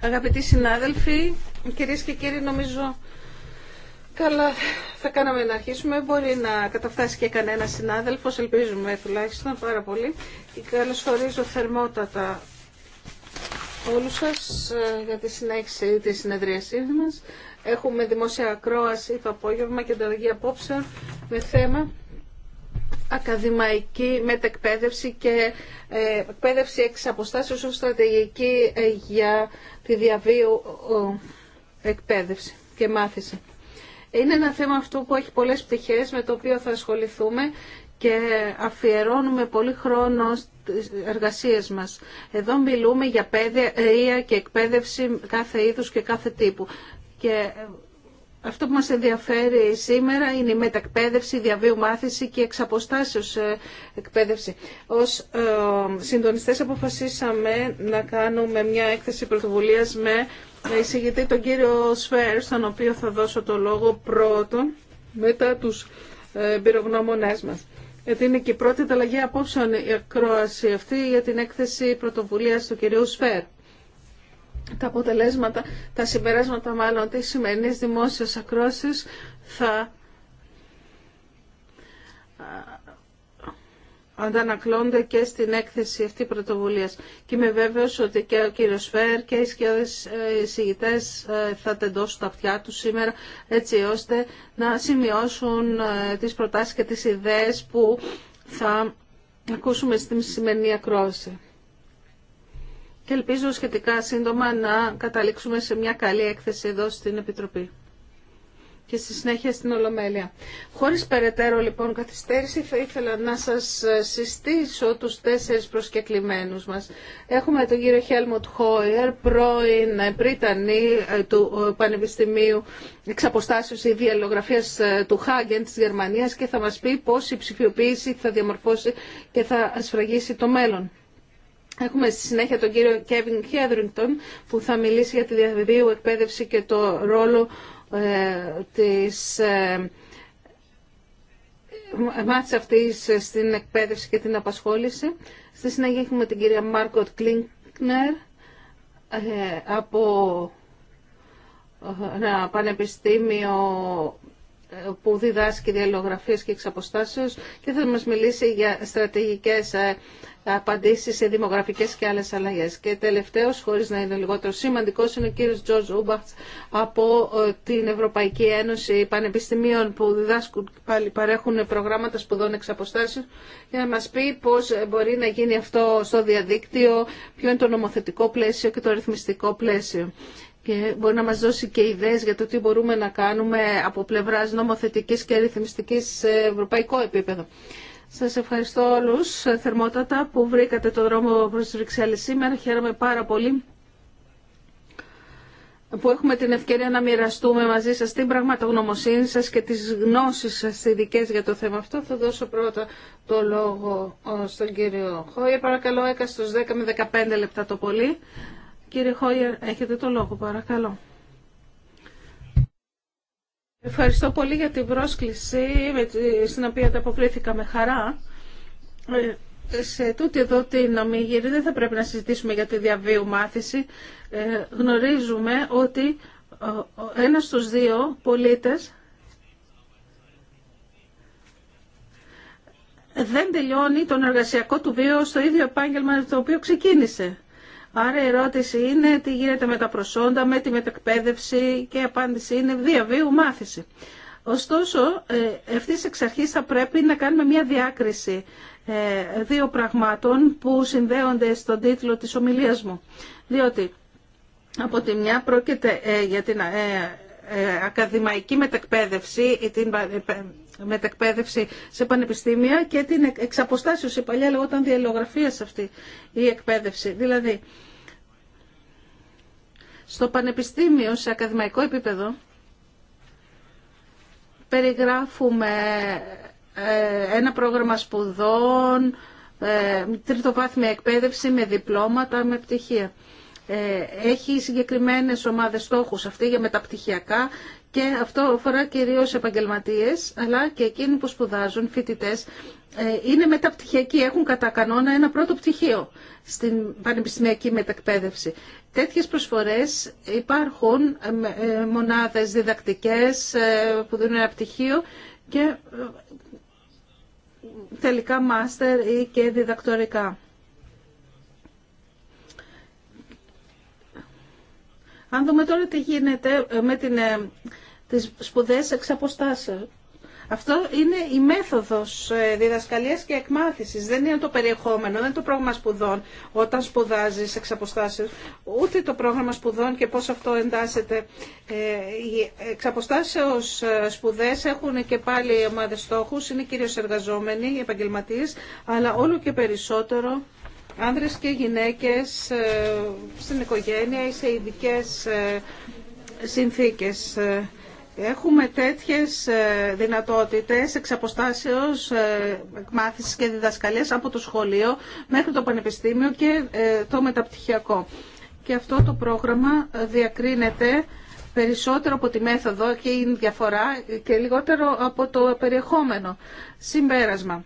Αγαπητοί συνάδελφοι, κυρίε και κύριοι, νομίζω καλά θα κάναμε να αρχίσουμε. Μπορεί να καταφτάσει και κανένα συνάδελφο, ελπίζουμε τουλάχιστον πάρα πολύ. Και καλωσορίζω θερμότατα όλους σα ε, για τη συνέχιση τη συνεδρίασή μας. Έχουμε δημόσια ακρόαση το απόγευμα και ανταλλαγή απόψε με θέμα ακαδημαϊκή μετεκπαίδευση και ε, εκπαίδευση εξ αποστάσεως ως στρατηγική ε, για τη διαβίου εκπαίδευση και μάθηση. Είναι ένα θέμα αυτό που έχει πολλές πτυχές με το οποίο θα ασχοληθούμε και αφιερώνουμε πολύ χρόνο στις εργασίες μας. Εδώ μιλούμε για παιδεία ε, και εκπαίδευση κάθε είδους και κάθε τύπου. Και αυτό που μας ενδιαφέρει σήμερα είναι η μετακπαίδευση, η διαβίου μάθηση και η αποστάσεως ε, εκπαίδευση. Ως ε, συντονιστές αποφασίσαμε να κάνουμε μια έκθεση πρωτοβουλίας με εισηγητή τον κύριο Σφέρ, στον οποίο θα δώσω το λόγο πρώτον μετά τους ε, πυρογνώμονές μας. Γιατί είναι και η πρώτη ανταλλαγή απόψεων η ακρόαση αυτή για την έκθεση πρωτοβουλίας του κυρίου Σφέρ τα αποτελέσματα, τα συμπεράσματα μάλλον της σημερινής δημόσιας ακρόσης θα αντανακλώνται και στην έκθεση αυτή πρωτοβουλίας. Και είμαι βέβαιο ότι και ο κύριος Φέρ και οι σκιώδες ε, εισηγητές ε, θα τεντώσουν τα αυτιά τους σήμερα έτσι ώστε να σημειώσουν ε, τις προτάσεις και τις ιδέες που θα ακούσουμε στην σημερινή ακρόαση και ελπίζω σχετικά σύντομα να καταλήξουμε σε μια καλή έκθεση εδώ στην Επιτροπή και στη συνέχεια στην Ολομέλεια. Χωρίς περαιτέρω λοιπόν καθυστέρηση θα ήθελα να σας συστήσω τους τέσσερις προσκεκλημένους μας. Έχουμε τον κύριο Χέλμοντ Χόιερ, πρώην πρίτανη ε, του ε, Πανεπιστημίου Εξαποστάσεως διαλογραφία ε, του Χάγκεν της Γερμανίας και θα μας πει πώς η ψηφιοποίηση θα διαμορφώσει και θα ασφραγίσει το μέλλον. Έχουμε στη συνέχεια τον κύριο Κέβιν Χέδρινγκτον που θα μιλήσει για τη διαβιδίου εκπαίδευση και το ρόλο ε, της ε, μάθησης αυτής ε, στην εκπαίδευση και την απασχόληση. Στη συνέχεια έχουμε την κυρία Μάρκοτ Κλίνκνερ ε, από ένα πανεπιστήμιο που διδάσκει διαλογραφίες και εξαποστάσεως και θα μας μιλήσει για στρατηγικές ε, απαντήσεις σε δημογραφικές και άλλες αλλαγές. Και τελευταίος, χωρίς να είναι λιγότερο σημαντικός, είναι ο κύριος Τζορτζ Ούμπαχτ από ε, την Ευρωπαϊκή Ένωση Πανεπιστημίων που διδάσκουν πάλι παρέχουν προγράμματα σπουδών εξαποστάσεως για να μας πει πώς μπορεί να γίνει αυτό στο διαδίκτυο, ποιο είναι το νομοθετικό πλαίσιο και το ρυθμιστικό πλαίσιο και μπορεί να μας δώσει και ιδέες για το τι μπορούμε να κάνουμε από πλευράς νομοθετικής και ρυθμιστικής σε ευρωπαϊκό επίπεδο. Σας ευχαριστώ όλους θερμότατα που βρήκατε το δρόμο προς τη Βρυξέλλες σήμερα. Χαίρομαι πάρα πολύ που έχουμε την ευκαιρία να μοιραστούμε μαζί σας την πραγματογνωμοσύνη σας και τις γνώσεις σας ειδικέ για το θέμα αυτό. Θα δώσω πρώτα το λόγο ε, στον κύριο Χόια. Παρακαλώ έκαστος 10 με 15 λεπτά το πολύ. Κύριε Χόιερ, έχετε το λόγο, παρακαλώ. Ευχαριστώ πολύ για την πρόσκληση, στην οποία ανταποκρίθηκα με χαρά. Ε, σε τούτη εδώ την ομιγύρη δεν θα πρέπει να συζητήσουμε για τη διαβίου μάθηση. Ε, γνωρίζουμε ότι ε, ένας στους δύο πολίτες δεν τελειώνει τον εργασιακό του βίο στο ίδιο επάγγελμα το οποίο ξεκίνησε. Άρα η ερώτηση είναι τι γίνεται με τα προσόντα, με τη μετακπαίδευση και η απάντηση είναι διαβίου μάθηση. Ωστόσο, ε, ευθύ εξ αρχή θα πρέπει να κάνουμε μια διάκριση ε, δύο πραγμάτων που συνδέονται στον τίτλο της ομιλίας μου. Διότι από τη μια πρόκειται ε, για την ακαδημαϊκή μετακπαίδευση ή την μετεκπαίδευση σε πανεπιστήμια και την εξαποστάσεως, παλιά λεγόταν διαλογραφία σε αυτή η εκπαίδευση. Δηλαδή, στο πανεπιστήμιο, σε ακαδημαϊκό επίπεδο, περιγράφουμε ε, ένα πρόγραμμα σπουδών, ε, τριτοβάθμια εκπαίδευση με διπλώματα, με πτυχία. Ε, έχει συγκεκριμένες ομάδες στόχους αυτή για μεταπτυχιακά και αυτό αφορά κυρίως επαγγελματίες αλλά και εκείνοι που σπουδάζουν, φοιτητές, ε, είναι μεταπτυχιακοί, έχουν κατά κανόνα ένα πρώτο πτυχίο στην πανεπιστημιακή μετακπαίδευση. Τέτοιες προσφορές υπάρχουν ε, μονάδες διδακτικές ε, που δίνουν ένα πτυχίο και τελικά μάστερ ή και διδακτορικά. Αν δούμε τώρα τι γίνεται ε, με την, ε, τις σπουδές εξ Αυτό είναι η μέθοδος ε, διδασκαλίας και εκμάθησης. Δεν είναι το περιεχόμενο, δεν είναι το πρόγραμμα σπουδών όταν σπουδάζεις εξ αποστάσεως, ούτε το πρόγραμμα σπουδών και πώς αυτό εντάσσεται. Οι εξ αποστάσεως σπουδές έχουν και πάλι ομάδες στόχους, είναι κυρίως εργαζόμενοι, επαγγελματίες, αλλά όλο και περισσότερο άνδρες και γυναίκες ε, στην οικογένεια ή σε ειδικέ ε, συνθήκες. Ε, έχουμε τέτοιες δυνατότητες εξ αποστάσεως μάθησης και διδασκαλίας από το σχολείο μέχρι το πανεπιστήμιο και το μεταπτυχιακό. Και αυτό το πρόγραμμα διακρίνεται περισσότερο από τη μέθοδο και η διαφορά και λιγότερο από το περιεχόμενο. Συμπέρασμα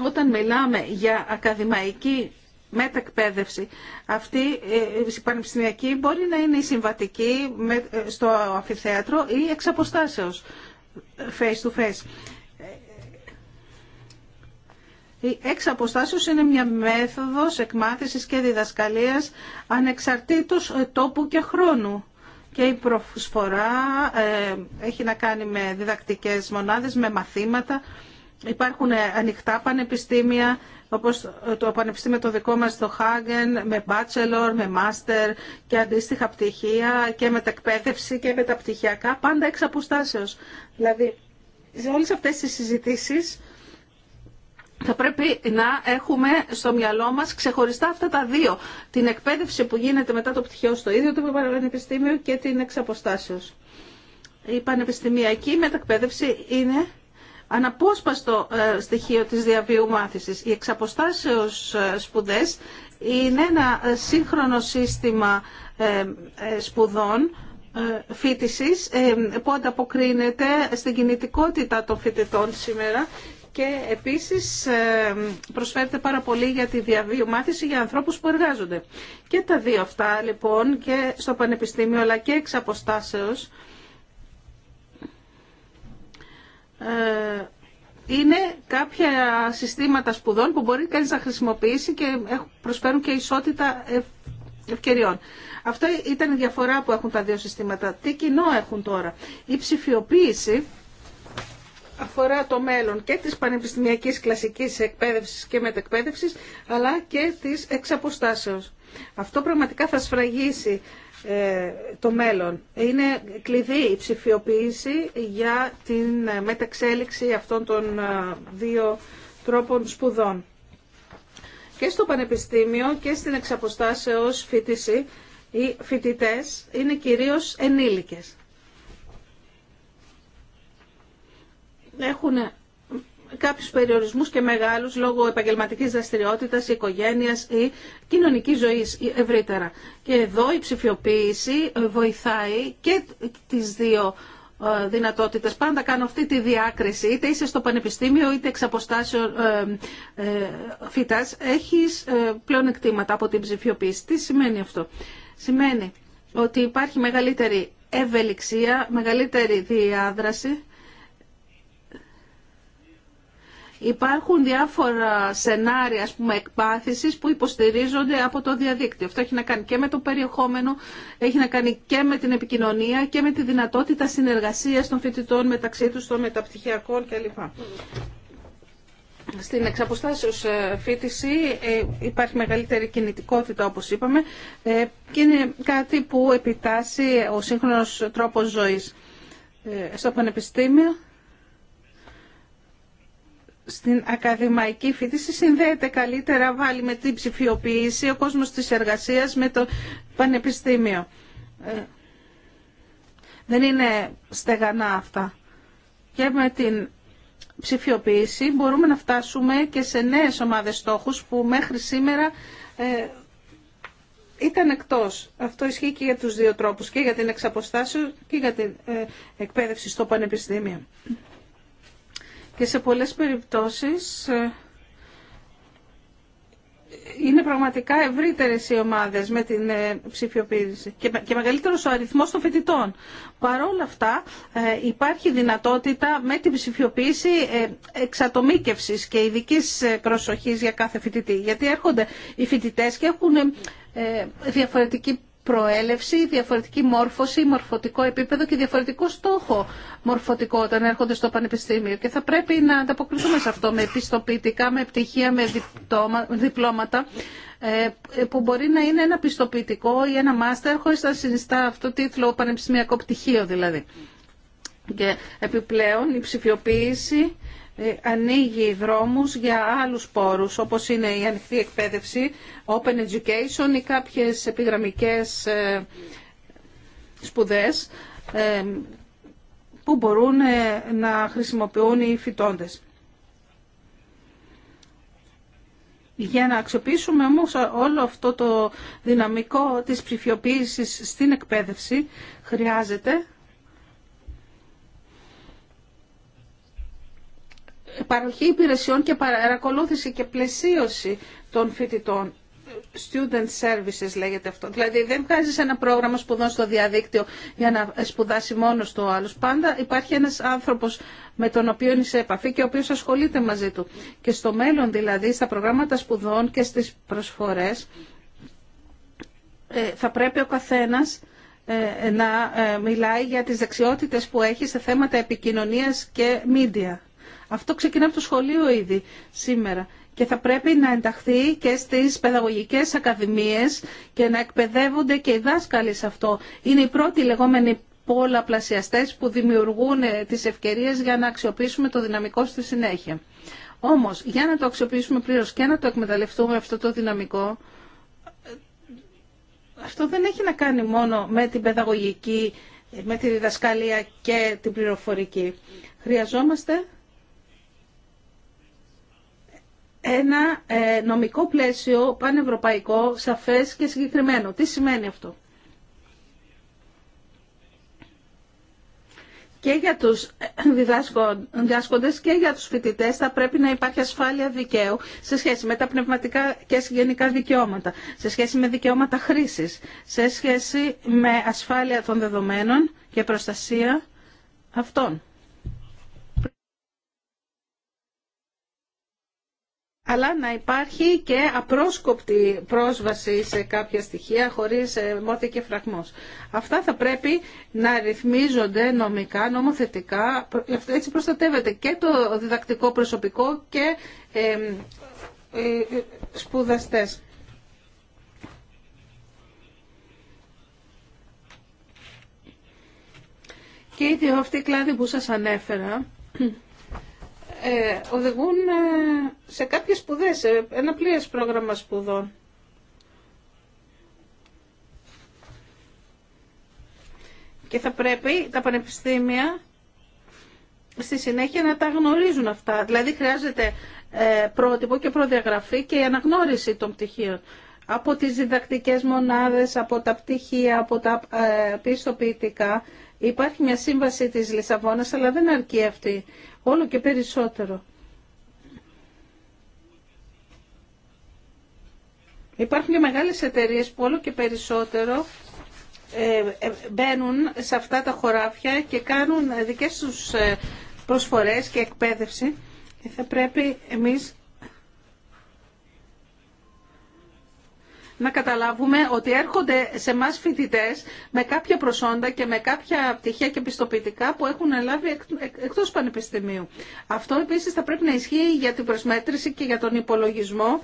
όταν μιλάμε για ακαδημαϊκή μετακπαίδευση, αυτή ε, η πανεπιστημιακή μπορεί να είναι η συμβατική ε, στο αφιθέατρο ή εξ αποστάσεως, face to face. Ε, η εξ αποστάσεως είναι μια μέθοδος εκμάθησης και διδασκαλίας ανεξαρτήτως τόπου και χρόνου. Και η προσφορά έχει να κάνει με διδακτικές μονάδες, με μαθήματα, Υπάρχουν ε, ανοιχτά πανεπιστήμια, όπως το πανεπιστήμιο το δικό μας στο Χάγεν, με μπάτσελορ, με μάστερ και αντίστοιχα πτυχία και μετακπαίδευση και μεταπτυχιακά, πάντα εξ αποστάσεως. Δηλαδή, σε όλες αυτές τις συζητήσεις θα πρέπει να έχουμε στο μυαλό μας ξεχωριστά αυτά τα δύο. Την εκπαίδευση που γίνεται μετά το πτυχίο στο ίδιο το πανεπιστήμιο και την εξ αποστάσεως. Η πανεπιστημιακή μετακπαίδευση είναι αναπόσπαστο ε, στοιχείο της διαβίου μάθησης. Οι εξαποστάσεως ε, σπουδές είναι ένα ε, σύγχρονο σύστημα σπουδών φοιτησής που ανταποκρίνεται στην κινητικότητα των φοιτητών σήμερα και επίσης προσφέρεται πάρα πολύ για τη διαβίου μάθηση για ανθρώπους που εργάζονται. Και τα δύο αυτά λοιπόν και στο Πανεπιστήμιο αλλά και εξ Ε, είναι κάποια συστήματα σπουδών που μπορεί κανείς να χρησιμοποιήσει και προσφέρουν και ισότητα ευκαιριών. Αυτό ήταν η διαφορά που έχουν τα δύο συστήματα. Τι κοινό έχουν τώρα. Η ψηφιοποίηση αφορά το μέλλον και της πανεπιστημιακής κλασικής εκπαίδευσης και μετεκπαίδευσης, αλλά και της εξαποστάσεως. Αυτό πραγματικά θα σφραγίσει ε, το μέλλον. Είναι κλειδί η ψηφιοποίηση για την ε, μεταξέλιξη αυτών των ε, δύο τρόπων σπουδών. Και στο πανεπιστήμιο και στην εξαποστάσεως φοιτηση οι φοιτητές είναι κυρίως ενήλικες. Έχουν Κάποιου περιορισμούς και μεγάλους λόγω επαγγελματικής δραστηριότητας, οικογένειας ή κοινωνική ζωή ευρύτερα. Και εδώ η ψηφιοποίηση ε, βοηθάει και τις δύο ε, δυνατότητες. Πάντα κάνω αυτή τη διάκριση, είτε είσαι στο πανεπιστήμιο είτε εξ αποστάσεων ε, ε, φυτάς, έχεις ε, πλέον από την ψηφιοποίηση. Τι σημαίνει αυτό. Σημαίνει ότι υπάρχει μεγαλύτερη ευελιξία, μεγαλύτερη διάδραση Υπάρχουν διάφορα σενάρια ας πούμε, εκπάθησης που υποστηρίζονται από το διαδίκτυο. Αυτό έχει να κάνει και με το περιεχόμενο, έχει να κάνει και με την επικοινωνία και με τη δυνατότητα συνεργασίας των φοιτητών μεταξύ τους, των μεταπτυχιακών κλπ. Στην εξαποστάσεως ε, φίτηση ε, υπάρχει μεγαλύτερη κινητικότητα όπως είπαμε ε, και είναι κάτι που επιτάσσει ο σύγχρονος τρόπος ζωής. Στο Πανεπιστήμιο στην ακαδημαϊκή φοιτήση συνδέεται καλύτερα βάλει με την ψηφιοποίηση ο κόσμος της εργασίας με το πανεπιστήμιο. Ε, δεν είναι στεγανά αυτά. Και με την ψηφιοποίηση μπορούμε να φτάσουμε και σε νέες ομάδες στόχους που μέχρι σήμερα ε, ήταν εκτός. Αυτό ισχύει και για τους δύο τρόπους, και για την εξαποστάσεω και για την ε, εκπαίδευση στο πανεπιστήμιο και σε πολλές περιπτώσεις ε, είναι πραγματικά ευρύτερε οι ομάδε με την ε, ψηφιοποίηση και μεγαλύτερο ο αριθμό των φοιτητών. Παρ' όλα αυτά ε, υπάρχει δυνατότητα με την ψηφιοποίηση εξατομίκευση και ειδική προσοχή για κάθε φοιτητή. Γιατί έρχονται οι φοιτητέ και έχουν διαφορετική προέλευση, διαφορετική μόρφωση, μορφωτικό επίπεδο και διαφορετικό στόχο μορφωτικό όταν έρχονται στο πανεπιστήμιο. Και θα πρέπει να ανταποκριθούμε σε αυτό με επιστοποιητικά, με πτυχία, με διπλώματα ε, που μπορεί να είναι ένα πιστοποιητικό ή ένα μάστερ χωρίς να συνιστά αυτό τίτλο πανεπιστημιακό πτυχίο δηλαδή. Και επιπλέον η ψηφιοποίηση ε, ανοίγει δρόμους για άλλους πόρους, όπως είναι η ανοιχτή εκπαίδευση, open education ή κάποιες επιγραμμικές ε, σπουδές ε, που μπορούν να χρησιμοποιούν οι φοιτώντες. Για να αξιοποιήσουμε όμως όλο αυτό το δυναμικό της ψηφιοποίησης στην εκπαίδευση, χρειάζεται παροχή υπηρεσιών και παρακολούθηση και πλαισίωση των φοιτητών. Student services λέγεται αυτό. Δηλαδή δεν βγάζει ένα πρόγραμμα σπουδών στο διαδίκτυο για να σπουδάσει μόνο του ο Πάντα υπάρχει ένα άνθρωπο με τον οποίο είναι σε επαφή και ο οποίο ασχολείται μαζί του. Και στο μέλλον δηλαδή στα προγράμματα σπουδών και στι προσφορέ, ε, θα πρέπει ο καθένα ε, να ε, μιλάει για τι δεξιότητε που έχει σε θέματα επικοινωνία και media. Αυτό ξεκινά από το σχολείο ήδη σήμερα και θα πρέπει να ενταχθεί και στις παιδαγωγικές ακαδημίες και να εκπαιδεύονται και οι δάσκαλοι σε αυτό. Είναι οι πρώτοι λεγόμενοι πολλαπλασιαστές που δημιουργούν ε, τις ευκαιρίες για να αξιοποιήσουμε το δυναμικό στη συνέχεια. Όμως, για να το αξιοποιήσουμε πλήρως και να το εκμεταλλευτούμε αυτό το δυναμικό, ε, αυτό δεν έχει να κάνει μόνο με την παιδαγωγική, ε, με τη διδασκαλία και την πληροφορική. Χρειαζόμαστε ένα ε, νομικό πλαίσιο πανευρωπαϊκό, σαφές και συγκεκριμένο. Τι σημαίνει αυτό. Και για τους ε, διδάσκοντες και για τους φοιτητές θα πρέπει να υπάρχει ασφάλεια δικαίου σε σχέση με τα πνευματικά και συγγενικά δικαιώματα, σε σχέση με δικαιώματα χρήσης, σε σχέση με ασφάλεια των δεδομένων και προστασία αυτών. αλλά να υπάρχει και απρόσκοπτη πρόσβαση σε κάποια στοιχεία χωρίς ε, μόρφη και φραγμός. Αυτά θα πρέπει να ρυθμίζονται νομικά, νομοθετικά, έτσι προστατεύεται και το διδακτικό προσωπικό και ε, ε, σπουδαστές. Και οι δύο αυτοί κλάδοι που σας ανέφερα ε, οδηγούν ε, σε κάποιες σπουδέ. σε ένα πλήρες πρόγραμμα σπουδών. Και θα πρέπει τα πανεπιστήμια στη συνέχεια να τα γνωρίζουν αυτά. Δηλαδή χρειάζεται ε, πρότυπο και προδιαγραφή και η αναγνώριση των πτυχίων. Από τις διδακτικές μονάδες, από τα πτυχία, από τα πιστοποιητικά Υπάρχει μια σύμβαση της Λισαβόνας, αλλά δεν αρκεί αυτή. Όλο και περισσότερο. Υπάρχουν και μεγάλες εταιρείες που όλο και περισσότερο ε, ε, μπαίνουν σε αυτά τα χωράφια και κάνουν δικές τους ε, προσφορές και εκπαίδευση. Και θα πρέπει εμείς να καταλάβουμε ότι έρχονται σε εμά φοιτητέ με κάποια προσόντα και με κάποια πτυχία και πιστοποιητικά που έχουν λάβει εκτός πανεπιστημίου. Αυτό επίσης θα πρέπει να ισχύει για την προσμέτρηση και για τον υπολογισμό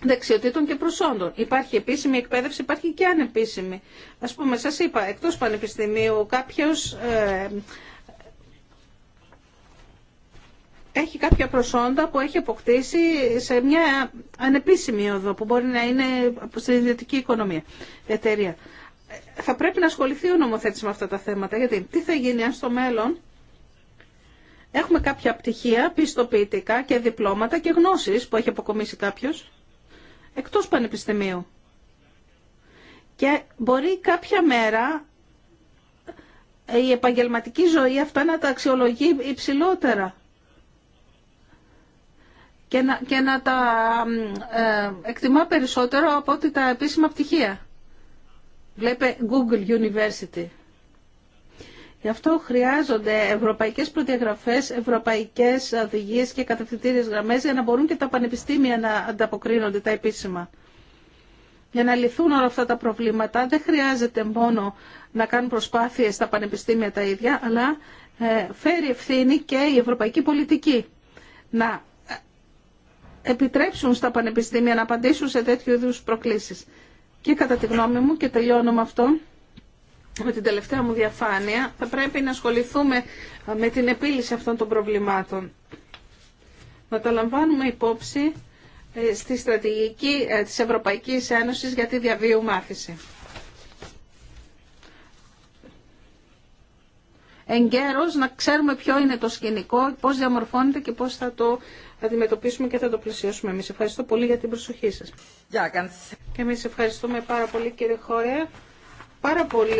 δεξιοτήτων και προσόντων. Υπάρχει επίσημη εκπαίδευση, υπάρχει και ανεπίσημη. Ας πούμε, σα είπα, εκτό πανεπιστημίου κάποιος ε, έχει κάποια προσόντα που έχει αποκτήσει σε μια ανεπίσημη οδό που μπορεί να είναι στην ιδιωτική οικονομία εταιρεία. Θα πρέπει να ασχοληθεί ο νομοθέτης με αυτά τα θέματα γιατί τι θα γίνει αν στο μέλλον έχουμε κάποια πτυχία, πιστοποιητικά και διπλώματα και γνώσεις που έχει αποκομίσει κάποιος εκτός πανεπιστημίου. Και μπορεί κάποια μέρα η επαγγελματική ζωή αυτά να τα αξιολογεί υψηλότερα και να, και να τα ε, εκτιμά περισσότερο από ότι τα επίσημα πτυχία. Βλέπε Google University. Γι' αυτό χρειάζονται ευρωπαϊκές προδιαγραφές, ευρωπαϊκές οδηγίες και κατευθυντήριες γραμμές για να μπορούν και τα πανεπιστήμια να ανταποκρίνονται τα επίσημα. Για να λυθούν όλα αυτά τα προβλήματα δεν χρειάζεται μόνο να κάνουν προσπάθειες τα πανεπιστήμια τα ίδια, αλλά ε, φέρει ευθύνη και η ευρωπαϊκή πολιτική να επιτρέψουν στα πανεπιστήμια να απαντήσουν σε τέτοιου είδου προκλήσεις. Και κατά τη γνώμη μου, και τελειώνω με αυτό, με την τελευταία μου διαφάνεια, θα πρέπει να ασχοληθούμε με την επίλυση αυτών των προβλημάτων. Να τα λαμβάνουμε υπόψη ε, στη στρατηγική ε, της Ευρωπαϊκής Ένωσης για τη διαβίου μάθηση. Εγκαίρως να ξέρουμε ποιο είναι το σκηνικό, πώς διαμορφώνεται και πώς θα το θα αντιμετωπίσουμε και θα το πλησιάσουμε εμείς. Ευχαριστώ πολύ για την προσοχή σας. και εμείς ευχαριστούμε πάρα πολύ κύριε Χόρε. Πάρα πολύ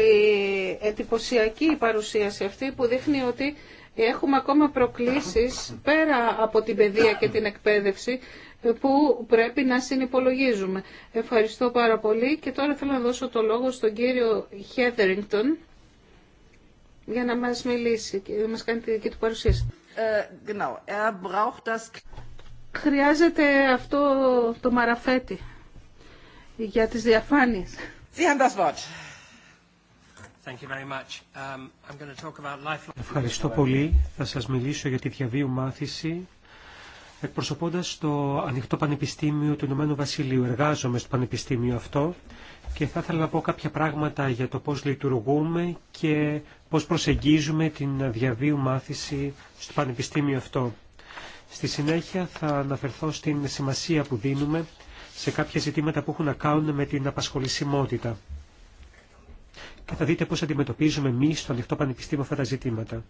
εντυπωσιακή η παρουσίαση αυτή που δείχνει ότι έχουμε ακόμα προκλήσεις πέρα από την παιδεία και την εκπαίδευση που πρέπει να συνυπολογίζουμε. Ευχαριστώ πάρα πολύ και τώρα θέλω να δώσω το λόγο στον κύριο Χέδερινγκτον για να μας μιλήσει και να μας κάνει τη δική του παρουσίαση. Ε, er Χρειάζεται αυτό το μαραφέτη για τις διαφάνειες. Ευχαριστώ πολύ. Θα σας μιλήσω για τη διαβίου μάθηση εκπροσωπώντας το Ανοιχτό Πανεπιστήμιο του Ηνωμένου Βασιλείου. Εργάζομαι στο πανεπιστήμιο αυτό και θα ήθελα να πω κάποια πράγματα για το πώς λειτουργούμε και πώς προσεγγίζουμε την διαβίου μάθηση στο πανεπιστήμιο αυτό. Στη συνέχεια θα αναφερθώ στην σημασία που δίνουμε σε κάποια ζητήματα που έχουν να κάνουν με την απασχολησιμότητα. Και θα δείτε πώς αντιμετωπίζουμε εμεί στο ανοιχτό πανεπιστήμιο αυτά τα ζητήματα.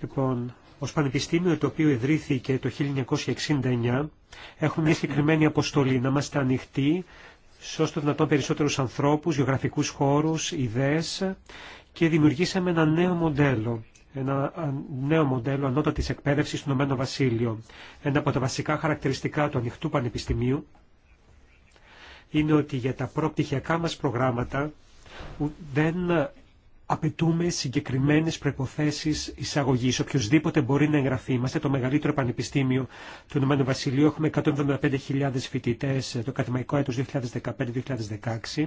Λοιπόν, ως πανεπιστήμιο το οποίο ιδρύθηκε το 1969 έχουμε μια συγκεκριμένη αποστολή να είμαστε ανοιχτοί σε όσο δυνατόν περισσότερους ανθρώπους, γεωγραφικούς χώρους, ιδέες και δημιουργήσαμε ένα νέο μοντέλο ένα νέο μοντέλο ανώτατης εκπαίδευσης του Νομένου Βασίλειο. Ένα από τα βασικά χαρακτηριστικά του ανοιχτού πανεπιστημίου είναι ότι για τα προπτυχιακά μας προγράμματα δεν απαιτούμε συγκεκριμένες προϋποθέσεις εισαγωγής. Οποιοςδήποτε μπορεί να εγγραφεί. Είμαστε το μεγαλύτερο πανεπιστήμιο του Ηνωμένου Βασιλείου. Έχουμε 175.000 φοιτητές το ακαδημαϊκό έτος 2015-2016.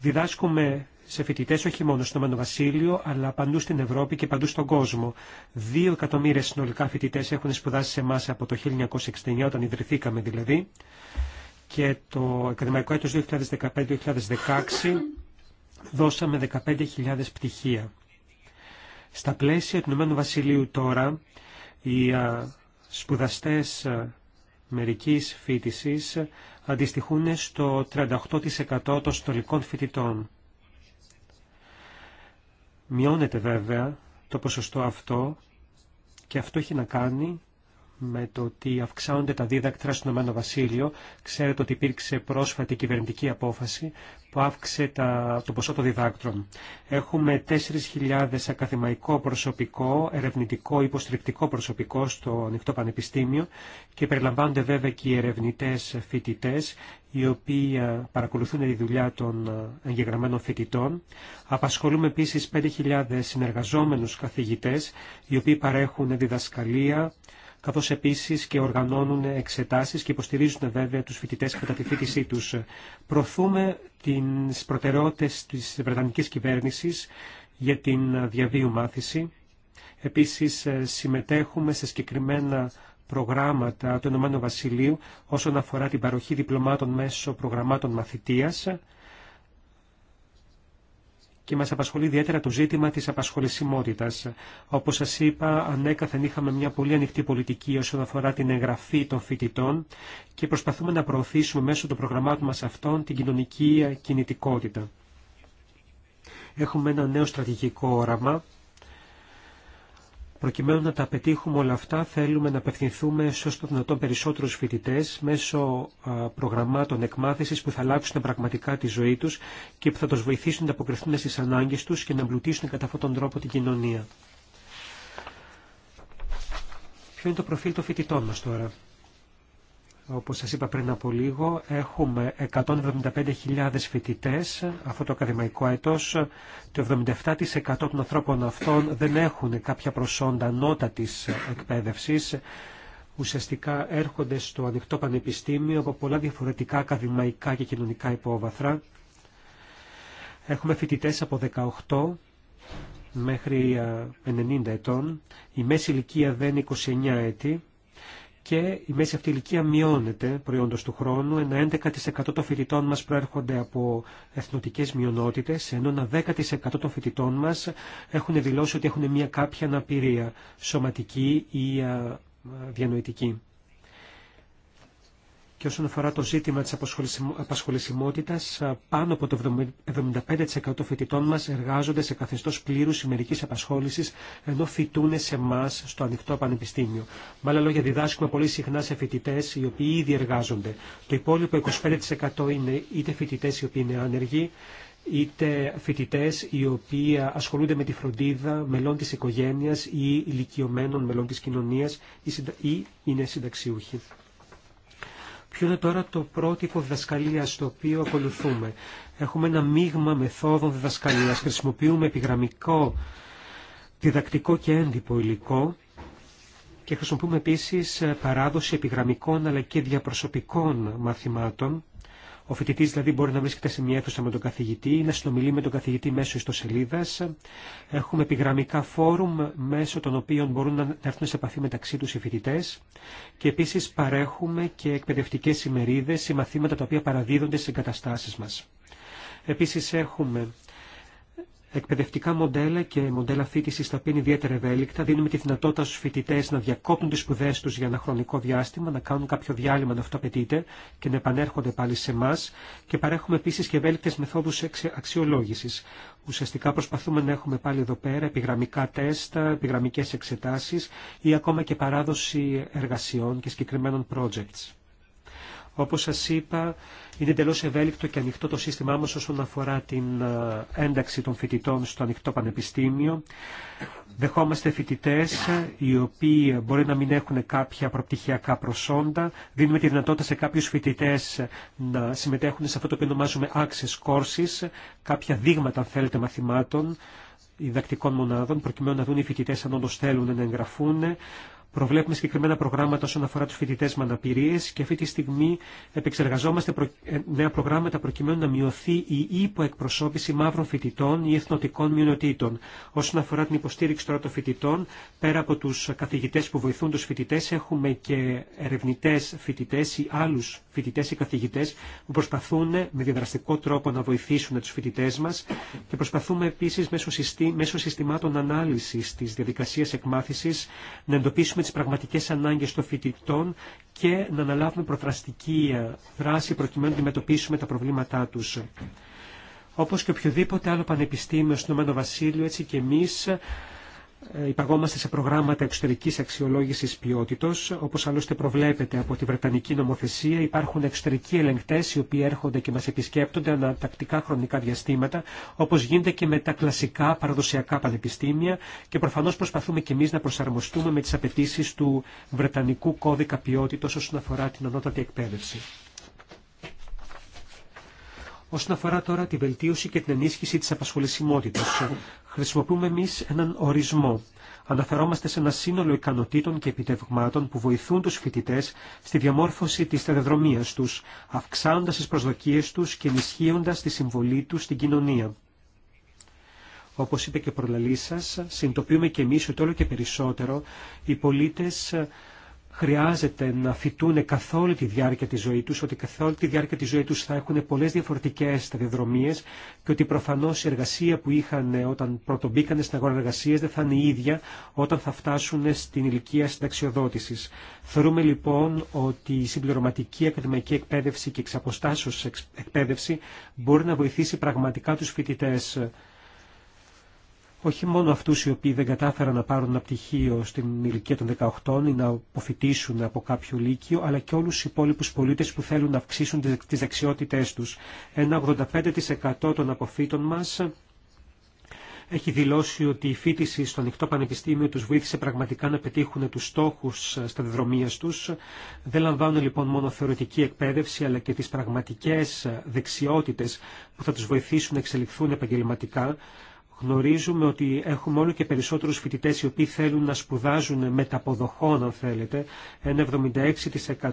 Διδάσκουμε σε φοιτητέ όχι μόνο στο Ηνωμένο Βασίλειο, αλλά παντού στην Ευρώπη και παντού στον κόσμο. Δύο εκατομμύρια συνολικά φοιτητέ έχουν σπουδάσει σε εμά από το 1969, όταν ιδρυθήκαμε δηλαδή. Και το ακαδημαϊκό έτος 2015-2016 δώσαμε 15.000 πτυχία. Στα πλαίσια του Ηνωμένου Βασιλείου τώρα, οι σπουδαστές μερικής φοιτησής αντιστοιχούν στο 38% των στολικών φοιτητών. Μειώνεται βέβαια το ποσοστό αυτό και αυτό έχει να κάνει με το ότι αυξάνονται τα δίδακτρα στο Ηνωμένο Βασίλειο. Ξέρετε ότι υπήρξε πρόσφατη κυβερνητική απόφαση που αύξησε το ποσό των διδάκτρων. Έχουμε 4.000 ακαδημαϊκό προσωπικό, ερευνητικό, υποστηρικτικό προσωπικό στο Ανοιχτό Πανεπιστήμιο και περιλαμβάνονται βέβαια και οι ερευνητέ φοιτητέ, οι οποίοι ε, παρακολουθούν τη δουλειά των ε, εγγεγραμμένων φοιτητών. Απασχολούμε επίση 5.000 συνεργαζόμενου καθηγητέ, οι οποίοι παρέχουν διδασκαλία, καθώ επίση και οργανώνουν εξετάσεις και υποστηρίζουν βέβαια τους φοιτητές κατά τη φοιτησή τους. Προωθούμε τις προτεραιότητε της Βρετανικής κυβέρνησης για την διαβίου μάθηση. Επίσης ε, συμμετέχουμε σε συγκεκριμένα προγράμματα του ΕΒ Βασιλείου όσον αφορά την παροχή διπλωμάτων μέσω προγραμμάτων μαθητείας και μας απασχολεί ιδιαίτερα το ζήτημα της απασχολησιμότητας. Όπως σας είπα, ανέκαθεν είχαμε μια πολύ ανοιχτή πολιτική όσον αφορά την εγγραφή των φοιτητών και προσπαθούμε να προωθήσουμε μέσω των προγραμμάτων μας αυτών την κοινωνική κινητικότητα. Έχουμε ένα νέο στρατηγικό όραμα Προκειμένου να τα πετύχουμε όλα αυτά, θέλουμε να απευθυνθούμε όσο το δυνατόν περισσότερου φοιτητέ μέσω προγραμμάτων εκμάθηση που θα αλλάξουν πραγματικά τη ζωή του και που θα του βοηθήσουν να αποκριθούν στι ανάγκε του και να εμπλουτίσουν κατά αυτόν τον τρόπο την κοινωνία. Ποιο είναι το προφίλ των φοιτητών μα τώρα. Όπως σας είπα πριν από λίγο, έχουμε 175.000 φοιτητές αυτό το ακαδημαϊκό έτος. Το 77% των ανθρώπων αυτών δεν έχουν κάποια προσόντα νότα της εκπαίδευσης. Ουσιαστικά έρχονται στο ανοιχτό πανεπιστήμιο από πολλά διαφορετικά ακαδημαϊκά και κοινωνικά υπόβαθρα. Έχουμε φοιτητές από 18 μέχρι 90 ε, ετών. Η μέση ηλικία δεν είναι 29 έτη και η μέση αυτή ηλικία μειώνεται προϊόντος του χρόνου. Ένα 11% των φοιτητών μας προέρχονται από εθνοτικές μειονότητες, ενώ ένα 10% των φοιτητών μας έχουν δηλώσει ότι έχουν μια κάποια αναπηρία σωματική ή διανοητική. Και όσον αφορά το ζήτημα της απασχολησιμότητας, πάνω από το 75% φοιτητών μας εργάζονται σε καθεστώς πλήρους ημερικής απασχόλησης, ενώ φοιτούν σε εμά στο ανοιχτό πανεπιστήμιο. Με άλλα λόγια, διδάσκουμε πολύ συχνά σε φοιτητέ οι οποίοι ήδη εργάζονται. Το υπόλοιπο 25% είναι είτε φοιτητέ οι οποίοι είναι άνεργοι, είτε φοιτητέ οι οποίοι ασχολούνται με τη φροντίδα μελών της οικογένειας ή ηλικιωμένων μελών της κοινωνίας ή είναι συνταξιούχοι. Ποιο είναι τώρα το πρότυπο διδασκαλία το οποίο ακολουθούμε. Έχουμε ένα μείγμα μεθόδων διδασκαλία. Χρησιμοποιούμε επιγραμμικό, διδακτικό και έντυπο υλικό και χρησιμοποιούμε επίση παράδοση επιγραμμικών αλλά και διαπροσωπικών μαθημάτων ο φοιτητή δηλαδή μπορεί να βρίσκεται σε μια αίθουσα με τον καθηγητή να συνομιλεί με τον καθηγητή μέσω ιστοσελίδα. Έχουμε επιγραμμικά φόρουμ μέσω των οποίων μπορούν να έρθουν σε επαφή μεταξύ του οι φοιτητέ. Και επίση παρέχουμε και εκπαιδευτικέ ημερίδε ή μαθήματα τα οποία παραδίδονται σε εγκαταστάσει μα. Επίσης έχουμε εκπαιδευτικά μοντέλα και μοντέλα φίτηση τα οποία είναι ιδιαίτερα ευέλικτα. Δίνουμε τη δυνατότητα στου φοιτητέ να διακόπτουν τι σπουδέ του για ένα χρονικό διάστημα, να κάνουν κάποιο διάλειμμα αν αυτό απαιτείται και να επανέρχονται πάλι σε εμά. Και παρέχουμε επίση και ευέλικτε μεθόδου αξιολόγηση. Ουσιαστικά προσπαθούμε να έχουμε πάλι εδώ πέρα επιγραμμικά τεστ, επιγραμμικέ εξετάσει ή ακόμα και παράδοση εργασιών και συγκεκριμένων projects. Όπω σα είπα, είναι εντελώ ευέλικτο και ανοιχτό το σύστημά μας όσον αφορά την ε, ένταξη των φοιτητών στο ανοιχτό πανεπιστήμιο. Δεχόμαστε φοιτητέ ε, οι οποίοι μπορεί να μην έχουν κάποια προπτυχιακά προσόντα. Δίνουμε τη δυνατότητα σε κάποιου φοιτητέ ε, να συμμετέχουν σε αυτό το οποίο ονομάζουμε access courses, κάποια δείγματα, αν θέλετε, μαθημάτων, διδακτικών μονάδων, προκειμένου να δουν οι φοιτητέ αν όντω θέλουν να εγγραφούν. Προβλέπουμε συγκεκριμένα προγράμματα όσον αφορά του φοιτητέ με αναπηρίε και αυτή τη στιγμή επεξεργαζόμαστε ε, νέα προγράμματα προκειμένου να μειωθεί η υποεκπροσώπηση μαύρων φοιτητών ή εθνοτικών μειονοτήτων. Όσον αφορά την υποστήριξη τώρα των φοιτητών, πέρα από του καθηγητέ που βοηθούν του φοιτητέ, έχουμε και ερευνητέ φοιτητέ ή άλλου φοιτητέ ή καθηγητέ που προσπαθούν με διαδραστικό τρόπο να βοηθήσουν του φοιτητέ μα και προσπαθούμε επίση μέσω συστημάτων ανάλυση τη διαδικασία εκμάθηση να εντοπίσουμε τις πραγματικές ανάγκες των φοιτητών και να αναλάβουμε προφραστική ε, δράση προκειμένου να αντιμετωπίσουμε τα προβλήματά τους. Όπως και οποιοδήποτε άλλο πανεπιστήμιο στον Ηνωμένο Βασίλειο, έτσι και εμείς ε, υπαγόμαστε σε προγράμματα εξωτερικής αξιολόγησης ποιότητος, όπως άλλωστε προβλέπεται από τη Βρετανική νομοθεσία. Υπάρχουν εξωτερικοί ελεγκτές οι οποίοι έρχονται και μας επισκέπτονται ανατακτικά χρονικά διαστήματα, όπως γίνεται και με τα κλασικά παραδοσιακά πανεπιστήμια και προφανώς προσπαθούμε και εμείς να προσαρμοστούμε με τις απαιτήσει του Βρετανικού κώδικα ποιότητος όσον αφορά την ανώτατη εκπαίδευση. Όσον αφορά τώρα τη βελτίωση και την ενίσχυση της απασχολησιμότητας, χρησιμοποιούμε εμείς έναν ορισμό. Αναφερόμαστε σε ένα σύνολο ικανοτήτων και επιτευγμάτων που βοηθούν τους φοιτητές στη διαμόρφωση της σταδιοδρομίας τους, αυξάνοντας τις προσδοκίες τους και ενισχύοντας τη συμβολή τους στην κοινωνία. Όπως είπε και προλαλή σας, συνειδητοποιούμε και εμείς ότι όλο και περισσότερο οι πολίτες χρειάζεται να φοιτούν καθ' όλη τη διάρκεια της ζωής τους, ότι καθ' όλη τη διάρκεια της ζωής τους θα έχουν πολλές διαφορετικές σταδιοδρομίες και ότι προφανώς η εργασία που είχαν όταν πρωτομπήκανε στην αγορά εργασίας δεν θα είναι η ίδια όταν θα φτάσουν στην ηλικία συνταξιοδότησης. Θεωρούμε λοιπόν ότι η συμπληρωματική ακαδημαϊκή εκπαίδευση και εξαποστάσεως εκπαίδευση μπορεί να βοηθήσει πραγματικά τους φοιτητές όχι μόνο αυτούς οι οποίοι δεν κατάφεραν να πάρουν ένα πτυχίο στην ηλικία των 18 ή να αποφοιτήσουν από κάποιο λύκειο, αλλά και όλους τους υπόλοιπους πολίτες που θέλουν να αυξήσουν τις δεξιότητές τους. Ένα 85% των αποφύτων μας έχει δηλώσει ότι η φίτηση στο ανοιχτό πανεπιστήμιο τους βοήθησε πραγματικά να πετύχουν τους στόχους στα δεδρομία τους. Δεν λαμβάνουν λοιπόν μόνο θεωρητική εκπαίδευση αλλά και τις πραγματικές δεξιότητες που θα τους βοηθήσουν να εξελιχθούν επαγγελματικά. Γνωρίζουμε ότι έχουμε όλο και περισσότερους φοιτητές οι οποίοι θέλουν να σπουδάζουν μεταποδοχών, αν θέλετε. Ένα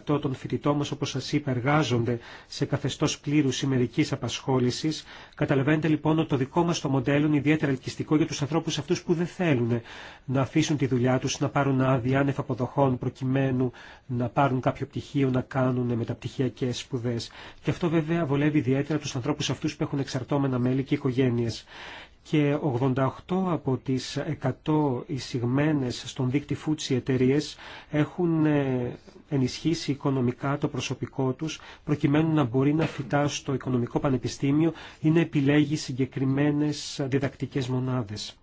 76% των φοιτητών μας, όπως σας είπα, εργάζονται σε καθεστώς πλήρους ημερικής απασχόλησης. Καταλαβαίνετε λοιπόν ότι το δικό μας το μοντέλο είναι ιδιαίτερα ελκυστικό για τους ανθρώπους αυτούς που δεν θέλουν να αφήσουν τη δουλειά τους, να πάρουν άδεια άνευ αποδοχών προκειμένου να πάρουν κάποιο πτυχίο, να κάνουν μεταπτυχιακές σπουδές. Και αυτό βέβαια βολεύει ιδιαίτερα τους ανθρώπους αυτούς που έχουν εξαρτώμενα μέλη και οικογένειες και 88 από τις 100 εισηγμένες στον δίκτυ Φούτσι εταιρείε έχουν ε, ενισχύσει οικονομικά το προσωπικό τους προκειμένου να μπορεί να φυτά στο Οικονομικό Πανεπιστήμιο ή να επιλέγει συγκεκριμένες διδακτικές μονάδες.